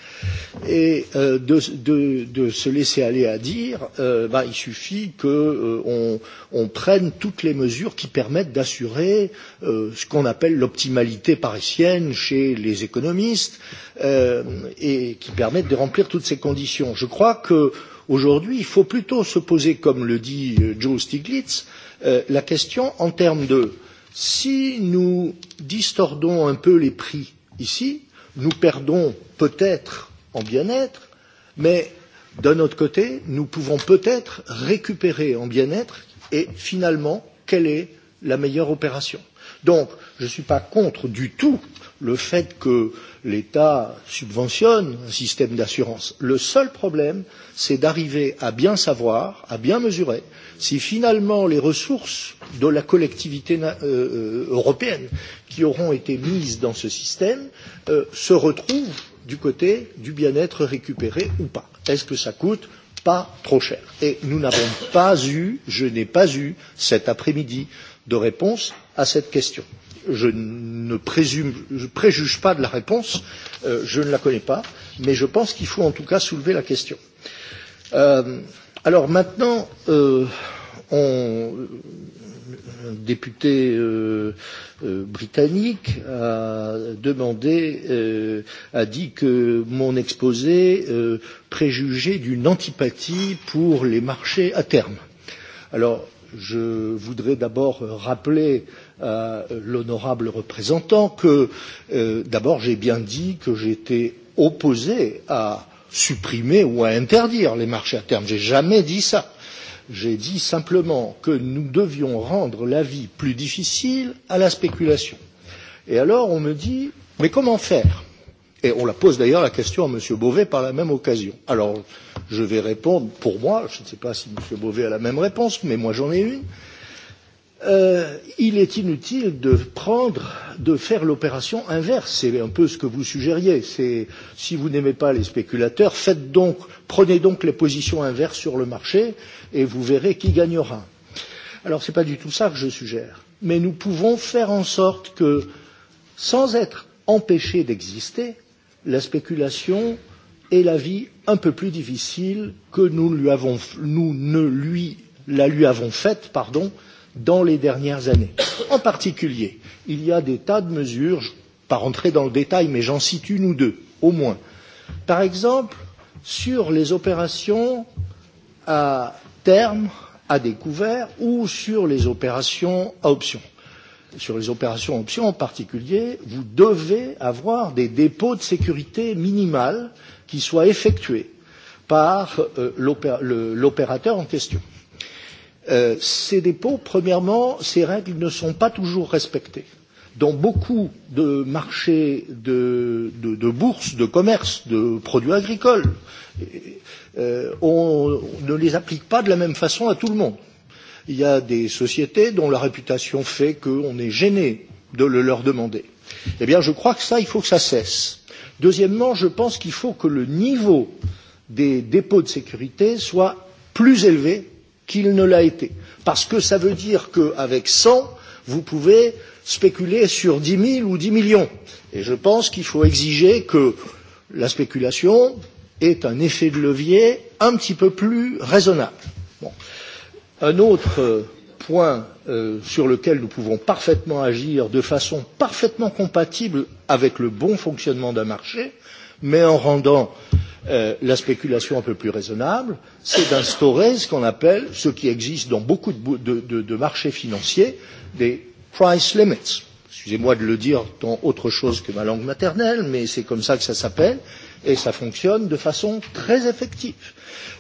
Speaker 2: et euh, de, de, de se laisser aller à dire euh, bah, il suffit qu'on euh, on, on prenne toutes les mesures qui permettent d'assurer euh, ce qu'on appelle l'optimalité parisienne chez les économistes, euh, et qui permettent de remplir toutes ces conditions. Je crois que Aujourd'hui, il faut plutôt se poser, comme le dit euh, Joe Stiglitz, euh, euh, la question en termes de si nous distordons un peu les prix ici, nous perdons peut-être en bien-être, mais d'un autre côté, nous pouvons peut-être récupérer en bien-être et finalement, quelle est la meilleure opération Donc, je ne suis pas contre du tout le fait que l'État subventionne un système d'assurance. Le seul problème, c'est d'arriver à bien savoir, à bien mesurer si finalement les ressources de la collectivité euh, euh, européenne qui auront été mises dans ce système euh, se retrouvent du côté du bien-être récupéré ou pas. Est-ce que ça coûte pas trop cher Et nous n'avons pas eu, je n'ai pas eu cet après-midi de réponse à cette question. Je ne présume, je préjuge pas de la réponse, euh, je ne la connais pas, mais je pense qu'il faut en tout cas soulever la question. Euh, Alors maintenant, euh, on, un député euh, euh, britannique a demandé, euh, a dit que mon exposé euh, préjugeait d'une antipathie pour les marchés à terme. Alors, je voudrais d'abord rappeler à l'honorable représentant que, euh, d'abord, j'ai bien dit que j'étais opposé à supprimer ou à interdire les marchés à terme. J'ai jamais dit ça. J'ai dit simplement que nous devions rendre la vie plus difficile à la spéculation. Et alors on me dit mais comment faire Et on la pose d'ailleurs la question à M. Beauvais par la même occasion. Alors je vais répondre pour moi, je ne sais pas si M. Beauvais a la même réponse, mais moi j'en ai une. Euh, euh, il est inutile de prendre, de faire l'opération inverse. C'est un peu ce que vous suggériez. C'est si vous n'aimez pas les spéculateurs, faites donc, prenez donc les positions inverses sur le marché et vous verrez qui gagnera. Alors ce n'est pas du tout ça que je suggère. Mais nous pouvons faire en sorte que, sans être empêchés d'exister, la spéculation et la vie un peu plus difficile que nous, lui avons, nous ne lui, la lui avons faite, pardon, euh, dans les dernières années. En particulier, il y a des tas de mesures, je ne vais pas rentrer dans le détail, mais j'en cite une ou deux, au moins. Par exemple, sur les opérations à terme, à découvert, ou sur les opérations à option. Sur les opérations à option en particulier, vous devez avoir des dépôts de sécurité minimales qui soient effectués par euh, l'opérateur en question euh, ces dépôts, premièrement, ces règles ne sont pas toujours respectées. Dans beaucoup de marchés de, de, de bourses, de commerce, de produits agricoles, euh, on, on ne les applique pas de la même façon à tout le monde. Il y a des sociétés dont la réputation fait qu'on est gêné de le leur demander. Eh bien, je crois que ça, il faut que ça cesse. Deuxièmement, je pense qu'il faut que le niveau des dépôts de sécurité soit plus élevé qu'il ne l'a été. Parce que ça veut dire qu'avec 100, vous pouvez spéculer sur 10 000 ou 10 millions. Et je pense qu'il faut exiger que la spéculation ait un effet de levier un petit peu plus raisonnable. Bon. Un autre euh, point euh, sur lequel nous pouvons parfaitement agir de façon parfaitement compatible avec le bon fonctionnement d'un marché, mais en rendant euh, euh, la spéculation un peu plus raisonnable, c'est d'instaurer ce qu'on appelle, ce qui existe dans beaucoup de, de, de, de marchés financiers, des price limits. Excusez-moi de le dire dans autre chose que ma langue maternelle, mais c'est comme ça que ça s'appelle et ça fonctionne de façon très effective.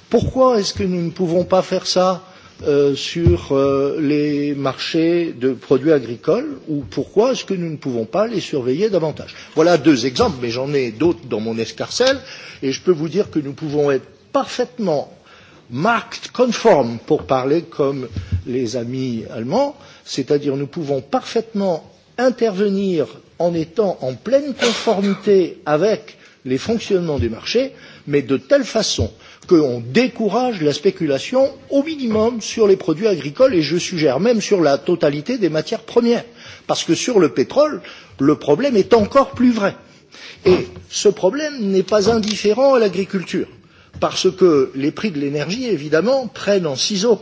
Speaker 2: Pourquoi est-ce que nous ne pouvons pas faire ça euh, sur euh, les marchés de produits agricoles ou pourquoi est-ce que nous ne pouvons pas les surveiller davantage Voilà deux exemples, mais j'en ai d'autres dans mon escarcelle et je peux vous dire que nous pouvons être parfaitement market conforme pour parler comme les amis allemands, c'est-à-dire nous pouvons parfaitement intervenir en étant en pleine conformité avec les fonctionnements du marché, mais de telle façon qu'on décourage la spéculation au minimum sur les produits agricoles et je suggère même sur la totalité des matières premières parce que sur le pétrole le problème est encore plus vrai et ce problème n'est pas indifférent à l'agriculture parce que les prix de l'énergie évidemment prennent en ciseaux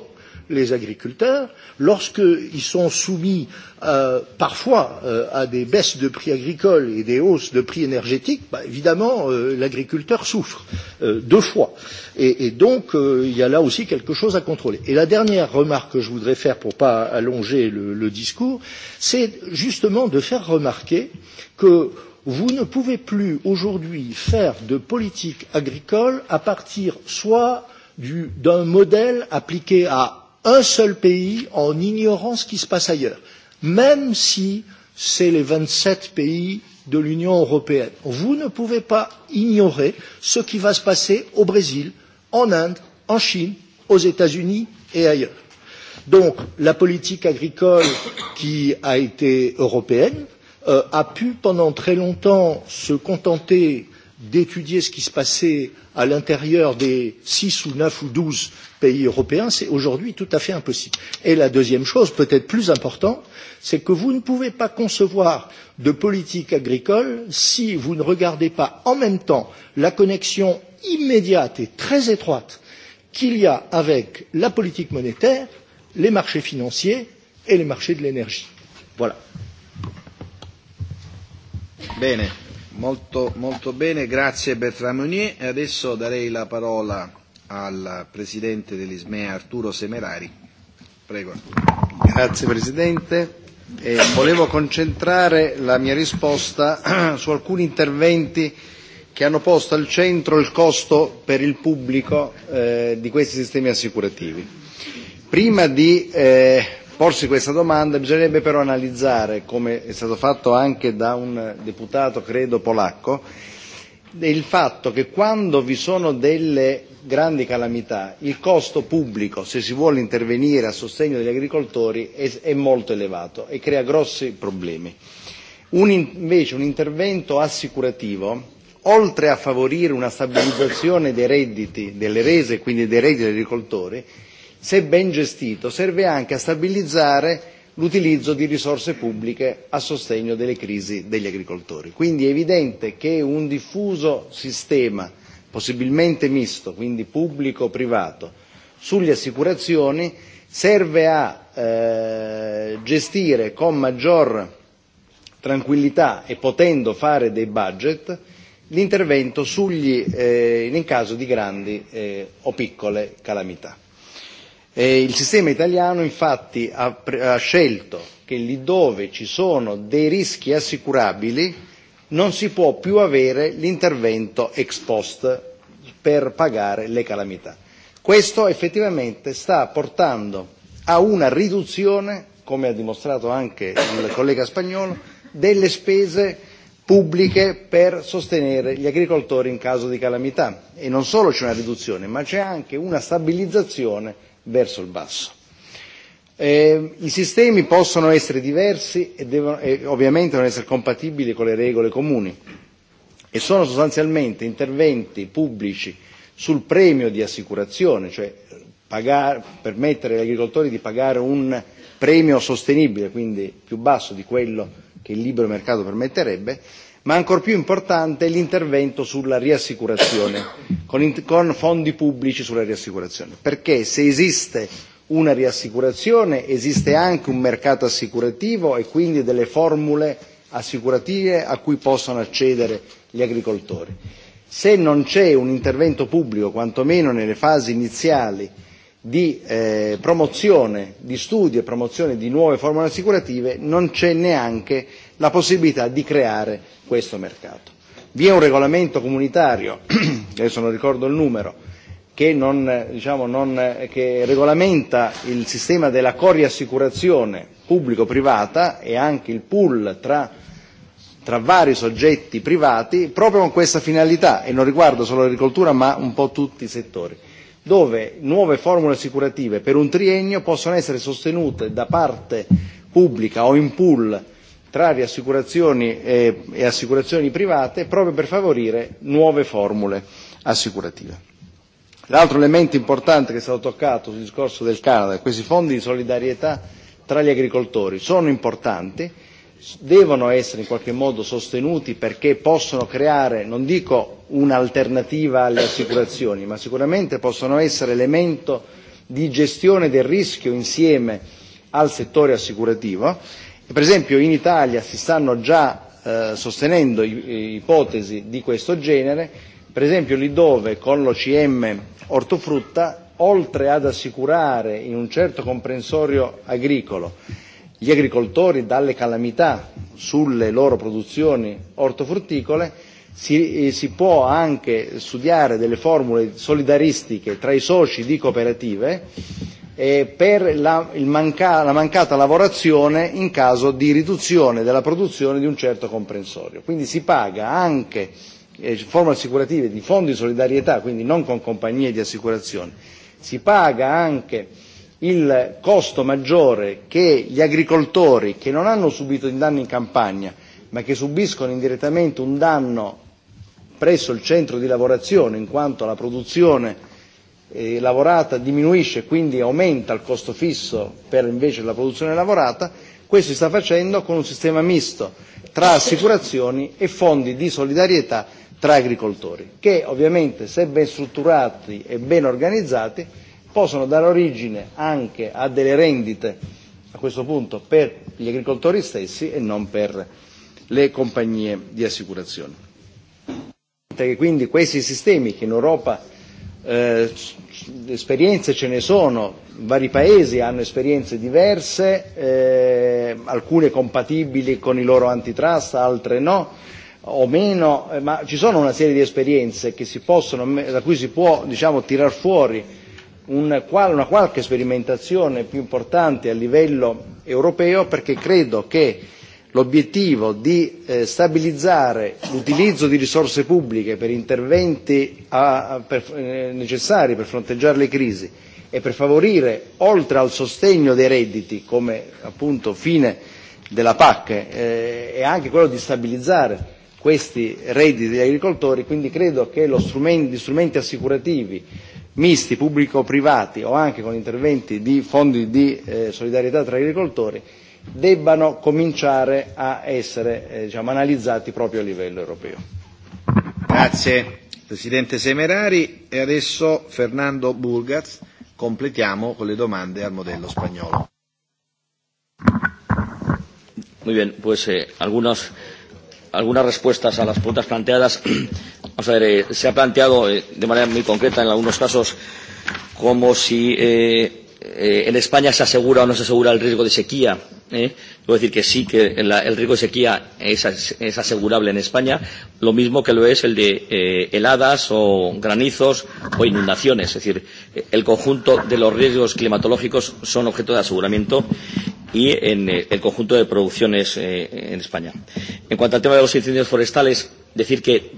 Speaker 2: les agriculteurs lorsqu'ils sont soumis euh, parfois euh, à des baisses de prix agricoles et des hausses de prix énergétiques, bah, évidemment euh, l'agriculteur souffre euh, deux fois. Et, et donc euh, il y a là aussi quelque chose à contrôler. Et la dernière remarque que je voudrais faire pour ne pas allonger le, le discours, c'est justement de faire remarquer que vous ne pouvez plus aujourd'hui faire de politique agricole à partir soit d'un du, modèle appliqué à un seul pays en ignorant ce qui se passe ailleurs, même si c'est les 27 pays de l'Union européenne. Vous ne pouvez pas ignorer ce qui va se passer au Brésil, en Inde, en Chine, aux États-Unis et ailleurs. Donc la politique agricole qui a été européenne euh, a pu pendant très longtemps se contenter d'étudier ce qui se passait à l'intérieur des six ou neuf ou douze pays européens, c'est aujourd'hui tout à fait impossible. Et la deuxième chose, peut être plus importante, c'est que vous ne pouvez pas concevoir de politique agricole si vous ne regardez pas en même temps la connexion immédiate et très étroite qu'il y a avec la politique monétaire, les marchés financiers et les marchés de l'énergie. Voilà.
Speaker 1: Bene Molto, molto bene, grazie Bertrand Meunier. E adesso darei la parola al Presidente dell'ISMEA Arturo Semerari. Prego Arturo. Grazie Presidente. Eh, volevo concentrare la mia risposta su alcuni interventi che hanno posto al centro il costo per il pubblico eh, di questi sistemi assicurativi. Prima di eh, porsi questa domanda, bisognerebbe però analizzare, come è stato fatto anche da un deputato, credo polacco, il fatto che quando vi sono delle grandi calamità il costo pubblico, se si vuole intervenire a sostegno degli agricoltori, è, è molto elevato e crea grossi problemi. Un, invece un intervento assicurativo, oltre a favorire una stabilizzazione dei redditi, delle rese e quindi dei redditi degli agricoltori, se ben gestito, serve anche a stabilizzare l'utilizzo di risorse pubbliche a sostegno delle crisi degli agricoltori. Quindi è evidente che un diffuso sistema, possibilmente misto, quindi pubblico-privato, sulle assicurazioni serve a eh, gestire con maggior tranquillità e potendo fare dei budget l'intervento sugli, eh, in caso di grandi eh, o piccole calamità. Eh, il sistema italiano infatti ha, pre- ha scelto che lì dove ci sono dei rischi assicurabili non si può più avere l'intervento ex post per pagare le calamità. Questo effettivamente sta portando a una riduzione, come ha dimostrato anche il collega spagnolo, delle spese pubbliche per sostenere gli agricoltori in caso di calamità. E non solo c'è una riduzione, ma c'è anche una stabilizzazione verso il basso. Eh, I sistemi possono essere diversi e, devono, e ovviamente devono essere compatibili con le regole comuni e sono sostanzialmente interventi pubblici sul premio di assicurazione, cioè pagare, permettere agli agricoltori di pagare un premio sostenibile, quindi più basso di quello che il libero mercato permetterebbe, ma ancor più importante è l'intervento sulla riassicurazione, con, con fondi pubblici sulla riassicurazione, perché se esiste una riassicurazione esiste anche un mercato assicurativo e quindi delle formule assicurative a cui possono accedere gli agricoltori. Se non c'è un intervento pubblico, quantomeno nelle fasi iniziali, di eh, promozione, di studio e promozione di nuove formule assicurative, non c'è neanche la possibilità di creare questo mercato. Vi è un regolamento comunitario, adesso non ricordo il numero, che, non, diciamo, non, che regolamenta il sistema della coreassicurazione pubblico-privata e anche il pool tra, tra vari soggetti privati proprio con questa finalità e non riguarda solo l'agricoltura ma un po' tutti i settori dove nuove formule assicurative per un triennio possono essere sostenute da parte pubblica o in pool tra riassicurazioni e, eh, e assicurazioni private proprio per favorire nuove formule assicurative. L'altro elemento importante che è stato toccato sul discorso del Canada, questi fondi di solidarietà tra gli agricoltori sono importanti, devono essere in qualche modo sostenuti perché possono creare, non dico un'alternativa alle assicurazioni, ma sicuramente possono essere elemento di gestione del rischio insieme al settore assicurativo E, per esempio in Italia si stanno già eh, sostenendo ipotesi di questo genere, per esempio lì dove con l'OCM ortofrutta, oltre ad assicurare in un certo comprensorio agricolo gli agricoltori dalle calamità sulle loro produzioni ortofrutticole, si, eh, si può anche studiare delle formule solidaristiche tra i soci di cooperative eh, per la, il manca, la mancata lavorazione in caso di riduzione della produzione di un certo comprensorio. Quindi si paga anche eh, forme assicurative di fondi di solidarietà, quindi non con compagnie di assicurazione, si paga anche il costo maggiore che gli agricoltori che non hanno subito un danno in campagna ma che subiscono indirettamente un danno presso il centro di lavorazione in quanto la produzione eh, lavorata diminuisce, quindi aumenta il costo fisso per invece la produzione lavorata, questo si sta facendo con un sistema misto tra assicurazioni e fondi di solidarietà tra agricoltori, che ovviamente se ben strutturati e ben organizzati possono dare origine anche a delle rendite a questo punto per gli agricoltori stessi e non per le compagnie di assicurazione. Quindi questi sistemi che in Europa eh, esperienze ce ne sono, vari paesi hanno esperienze diverse, eh, alcune compatibili con i loro antitrust, altre no o meno, eh, ma ci sono una serie di esperienze che si possono, da cui si può diciamo, tirar fuori un, una qualche sperimentazione più importante a livello europeo perché credo che eh, l'obiettivo di eh, stabilizzare l'utilizzo di risorse pubbliche per interventi a, per, eh, necessari per fronteggiare le crisi e per favorire, oltre al sostegno dei redditi come appunto fine della PAC, eh, è e anche quello di stabilizzare questi redditi degli agricoltori, quindi credo che lo strumenti, gli strumenti assicurativi misti pubblico-privati o anche con interventi di fondi di eh, solidarietà tra agricoltori debbano cominciare a essere eh, diciamo, analizzati proprio a livello europeo. Grazie Presidente Semerari e adesso Fernando Burgaz.
Speaker 4: Completiamo con le domande al modello spagnolo. Muy bien, pues eh, algunos, algunas respuestas a las preguntas planteadas. Vamos a ver, eh, se ha planteado eh, de manera muy concreta en algunos casos como si eh, eh, en España se asegura o no se asegura el riesgo de sequía. ¿eh? Debo decir que sí, que la, el riesgo de sequía es, es asegurable en España, lo mismo que lo es el de eh, heladas o granizos o inundaciones. Es decir, el conjunto de los riesgos climatológicos son objeto de aseguramiento y en eh, el conjunto de producciones eh, en España. En cuanto al tema de los incendios forestales, decir que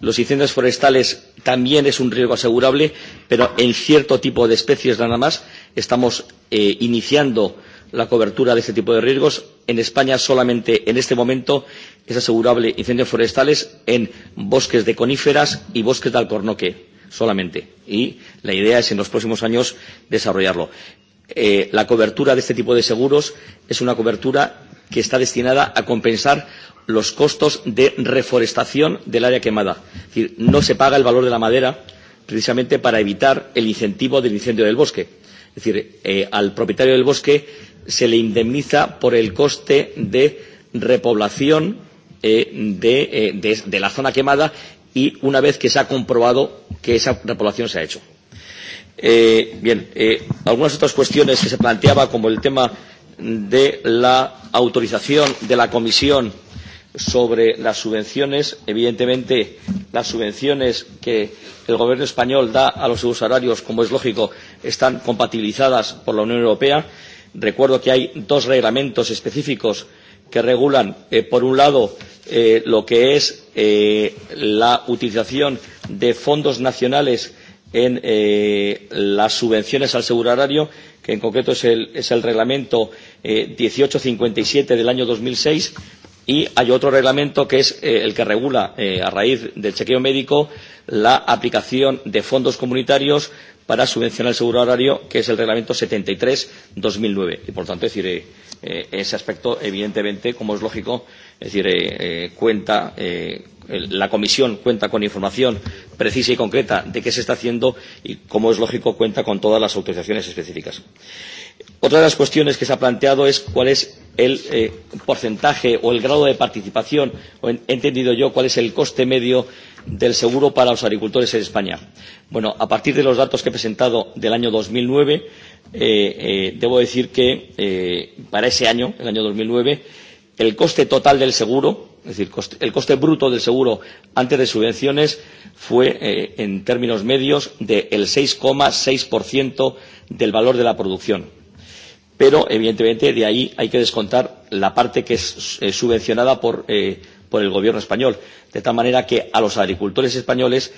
Speaker 4: los incendios forestales también es un riesgo asegurable, pero en cierto tipo de especies nada más estamos eh, iniciando eh, la cobertura de este tipo de riesgos. En España solamente en este momento es asegurable incendios forestales en bosques de coníferas y bosques de alcornoque solamente. Y la idea es en los próximos años desarrollarlo. Eh, la cobertura de este tipo de seguros es una cobertura que está destinada a compensar los costos de reforestación del área quemada. Es decir, no se paga el valor de la madera precisamente para evitar el incentivo del incendio del bosque. Es decir, eh, al propietario del bosque se le indemniza por el coste de repoblación eh, de, eh, de, de la zona quemada y una vez que se ha comprobado que esa repoblación se ha hecho. Eh, bien, eh, algunas otras cuestiones que se planteaba, como el tema de la autorización de la Comisión sobre las subvenciones. Evidentemente, las subvenciones que el Gobierno español da a los subsaharios, como es lógico, están compatibilizadas por la Unión Europea. Eh, Recuerdo que hay dos reglamentos específicos que regulan, eh, por un lado, eh, lo que es eh, la utilización de fondos nacionales en eh, las subvenciones al seguro agrario, que en concreto es el, es el reglamento eh, 1857 del año 2006, y hay otro reglamento que es eh, el que regula, eh, a raíz del chequeo médico, la aplicación de fondos comunitarios para subvencionar el seguro horario, que es el reglamento 73-2009. Y por tanto, es decir, eh, eh, ese aspecto, evidentemente, como es lógico, es decir, eh, eh, cuenta, eh, la comisión cuenta con información precisa y concreta de qué se está haciendo y, como es lógico, cuenta con todas las autorizaciones específicas. Otra de las cuestiones que se ha planteado es cuál es el eh, porcentaje o el grado de participación, o en, he entendido yo cuál es el coste medio del seguro para los agricultores en España. Bueno, a partir de los datos que he presentado del año 2009, eh, eh, debo decir que eh, para ese año, el año 2009, el coste total del seguro, es decir, coste, el coste bruto del seguro antes de subvenciones fue, eh, en términos medios, del de 6,6% del valor de la producción. Pero, evidentemente, de ahí hay que descontar la parte que es eh, subvencionada por eh, por el gobierno español. De tal manera que a los agricultores españoles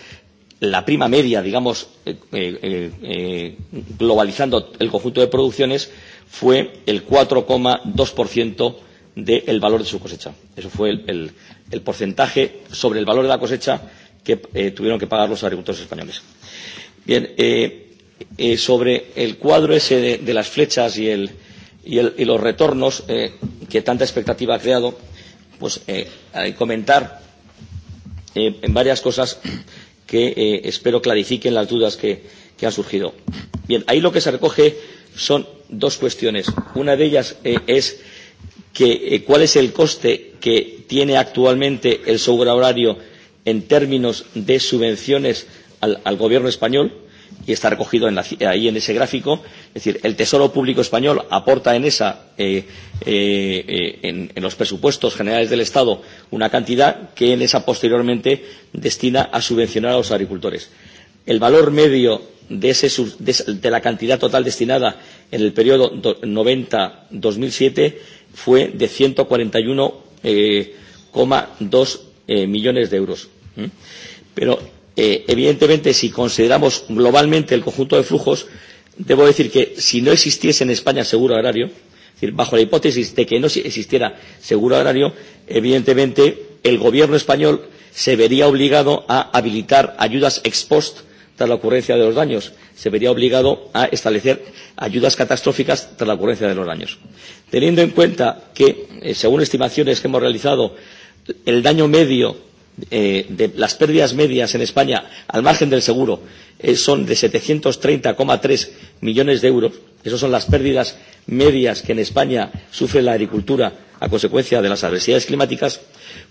Speaker 4: la prima media, digamos, eh, eh, eh, globalizando el conjunto de producciones, fue el 4,2% del valor de su cosecha. Eso fue el, el, el porcentaje sobre el valor de la cosecha que eh, tuvieron que pagar los agricultores españoles. Bien, eh, eh, sobre el cuadro ese de, de las flechas y, el, y, el, y los retornos eh, que tanta expectativa ha creado, pues, eh, comentar eh, en varias cosas que eh, espero clarifiquen las dudas que, que han surgido. Bien, ahí lo que se recoge son dos cuestiones. Una de ellas eh, es que, eh, cuál es el coste que tiene actualmente el seguro horario en términos de subvenciones al, al gobierno español y está recogido en la, ahí en ese gráfico. Es decir, el Tesoro Público Español aporta en esa, eh, eh, eh, en, en los presupuestos generales del Estado una cantidad que en esa posteriormente destina a subvencionar a los agricultores. El valor medio de, ese, de, de la cantidad total destinada en el periodo 90-2007 fue de 141,2 eh, eh, millones de euros. ¿Mm? Pero eh, evidentemente, si consideramos globalmente el conjunto de flujos, debo decir que si no existiese en España seguro agrario, es decir, bajo la hipótesis de que no existiera seguro agrario, evidentemente el gobierno español se vería obligado a habilitar ayudas ex post tras la ocurrencia de los daños. Se vería obligado a establecer ayudas catastróficas tras la ocurrencia de los daños. Teniendo en cuenta que, eh, según estimaciones que hemos realizado, el daño medio eh, de las pérdidas medias en España, al margen del seguro, eh, son de 730,3 millones de euros. Esas son las pérdidas medias que en España sufre la agricultura a consecuencia de las adversidades climáticas.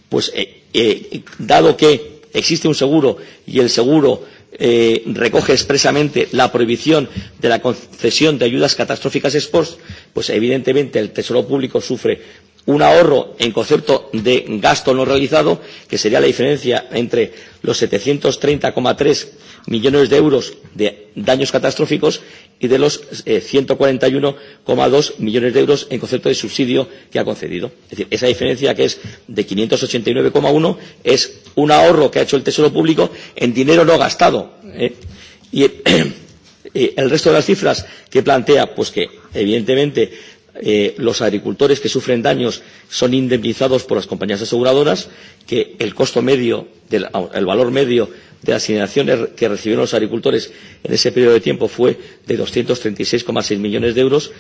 Speaker 4: Pues, eh, eh, dado que existe un seguro y el seguro eh, recoge expresamente la prohibición de la concesión de ayudas catastróficas ex post, pues evidentemente el Tesoro Público sufre un ahorro en concepto de gasto no realizado, que sería la diferencia entre los 730,3 millones de euros de daños catastróficos y de los eh, 141,2 millones de euros en concepto de subsidio que ha concedido. Es decir, esa diferencia que es de 589,1 es un ahorro que ha hecho el Tesoro Público en dinero no gastado. ¿eh? Y eh, el resto de las cifras que plantea, pues que evidentemente eh, los agricultores que sufren daños son indemnizados por las compañías aseguradoras, que el costo medio, del, el valor medio de las indemnizaciones que recibieron los agricultores en ese periodo de tiempo fue de 236,6 millones de euros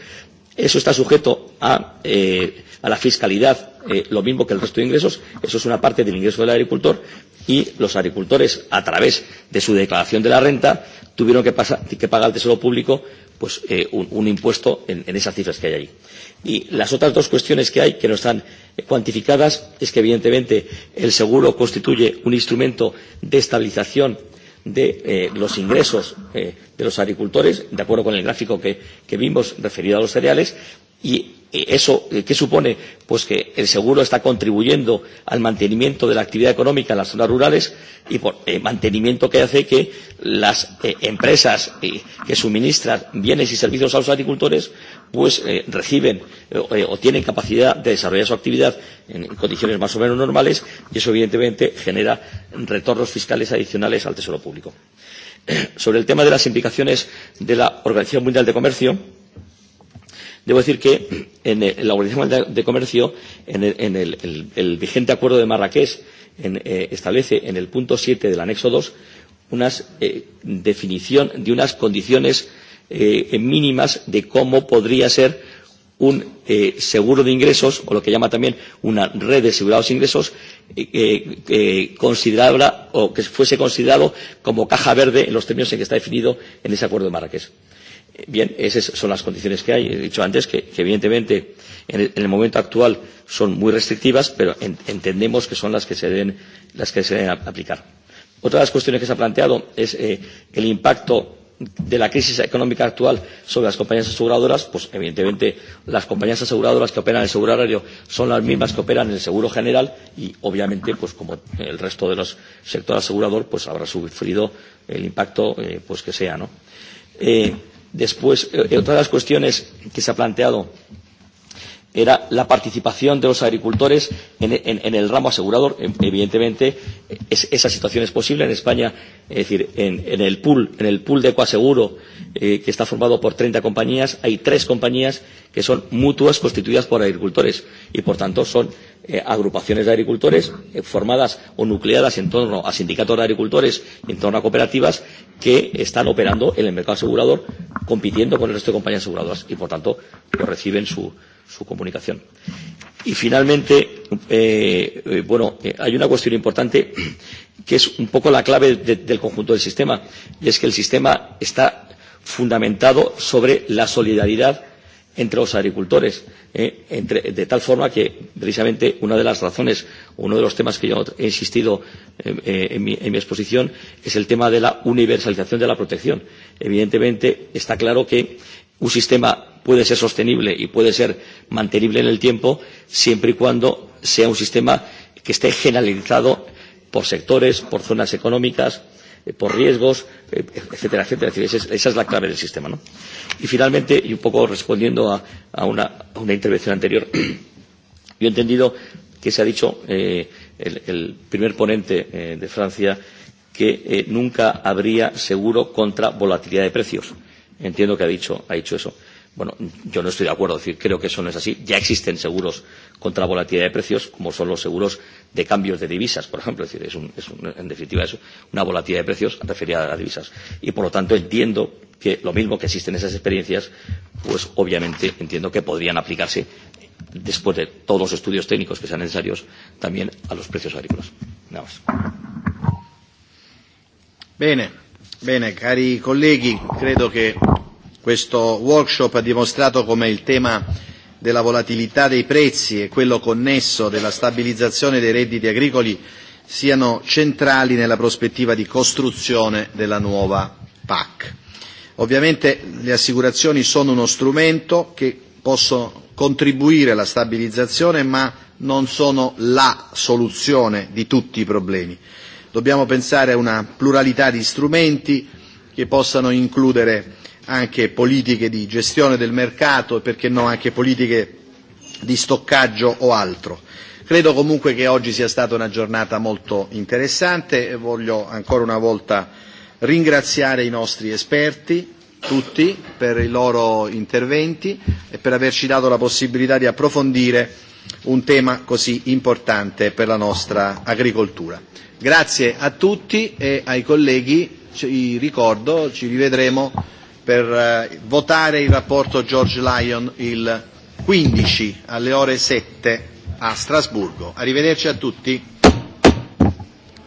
Speaker 4: Eso está sujeto a, eh, a la fiscalidad, eh, lo mismo que el resto de ingresos. Eso es una parte del ingreso del agricultor y los agricultores, a través de su declaración de la renta, tuvieron que, pasar, que pagar al Tesoro Público pues, eh, un, un impuesto en, en esas cifras que hay allí. Y las otras dos cuestiones que hay que no están eh, cuantificadas es que, evidentemente, el seguro constituye un instrumento de estabilización eh, de eh, los ingresos eh, de los agricultores, de acuerdo con el gráfico que, que vimos referido a los cereales, y eh, eso eh, qué supone pues que el seguro está contribuyendo al mantenimiento de la actividad económica en las zonas rurales y por eh, mantenimiento que hace que las eh, empresas eh, que suministran bienes y servicios a los agricultores pues eh, reciben eh, eh, o tienen capacidad de desarrollar su actividad en condiciones más o menos normales y eso evidentemente genera retornos fiscales adicionales al Tesoro Público. Sobre el tema de las implicaciones de la Organización Mundial de Comercio, Debo decir que en eh, la Organización Mundial de Comercio, en el, en el, el, el vigente acuerdo de Marrakech, en, eh, establece en el punto 7 del anexo 2 una eh, definición de unas condiciones eh, mínimas de cómo podría ser un eh, seguro de ingresos, o lo que llama también una red de asegurados ingresos, eh, eh, eh considerabla o que fuese considerado como caja verde en los términos en que está definido en ese acuerdo de Marrakech. Eh, bien, esas son las condiciones que hay. He dicho antes que, que evidentemente, en el, en el momento actual son muy restrictivas, pero en, entendemos que son las que se deben, las que se deben aplicar. Otra de las cuestiones que se ha planteado es eh, el impacto de la crisis económica actual sobre las compañías aseguradoras, pues evidentemente las compañías aseguradoras que operan en el seguro agrario son las mismas que operan en el seguro general y obviamente, pues como el resto del sector asegurador, pues habrá sufrido el impacto eh, pues que sea. ¿no? Eh, después, eh, otra de las cuestiones que se ha planteado era la participación de los agricultores en, en, en el ramo asegurador. Evidentemente, es, esa situación es posible en España, es decir, en, en el pool, en el pool de Ecoaseguro, eh, que está formado por 30 compañías, hay tres compañías que son mutuas constituidas por agricultores y, por tanto, son eh, agrupaciones de agricultores eh, formadas o nucleadas en torno a sindicatos de agricultores y en torno a cooperativas que están operando en el mercado asegurador, compitiendo con el resto de compañías aseguradoras y, por tanto, pues reciben su, su comunicación. Y finalmente, eh, eh, bueno, eh, hay una cuestión importante que es un poco la clave de, del conjunto del sistema, y es que el sistema está fundamentado sobre la solidaridad entre los agricultores, eh, entre, de tal forma que precisamente una de las razones, uno de los temas que yo he insistido eh, eh, en, mi, en mi exposición es el tema de la universalización de la protección. Evidentemente está claro que un sistema puede ser sostenible y puede ser mantenible en el tiempo siempre y cuando sea un sistema que esté generalizado por sectores, por zonas económicas, eh, por riesgos, eh, etcétera, etcétera. Es decir, esa, esa es la clave del sistema. ¿no? Y finalmente, y un poco respondiendo a, a, una, a una intervención anterior, yo he entendido que se ha dicho eh, el, el primer ponente eh, de Francia que eh, nunca habría seguro contra volatilidad de precios. Entiendo que ha dicho, ha dicho eso. Eh, Bueno, yo no estoy de acuerdo, es decir, creo que eso no es así. Ya existen seguros contra la volatilidad de precios, como son los seguros de cambios de divisas, por ejemplo. Es decir, es un, es un, en definitiva es una volatilidad de precios referida a las divisas. Y por lo tanto entiendo que lo mismo que existen esas experiencias, pues obviamente entiendo que podrían aplicarse después de todos los estudios técnicos que sean necesarios también a los precios agrícolas. Nada más.
Speaker 1: Bene, bene, cari colleghi, credo che que Questo workshop ha dimostrato come il tema della volatilità dei prezzi e quello connesso della stabilizzazione dei redditi agricoli siano centrali nella prospettiva di costruzione della nuova PAC. Ovviamente le assicurazioni sono uno strumento che possono contribuire alla stabilizzazione ma non sono la soluzione di tutti i problemi. Dobbiamo pensare a una pluralità di strumenti che possano includere anche politiche di gestione del mercato e perché no anche politiche di stoccaggio o altro. Credo comunque che oggi sia stata una giornata molto interessante e voglio ancora una volta ringraziare i nostri esperti, tutti, per i loro interventi e per averci dato la possibilità di approfondire un tema così importante per la nostra agricoltura. Grazie a tutti e ai colleghi, ci ricordo, ci rivedremo per eh, votare il rapporto George Lyon il 15 alle ore 7 a Strasburgo. Arrivederci a tutti.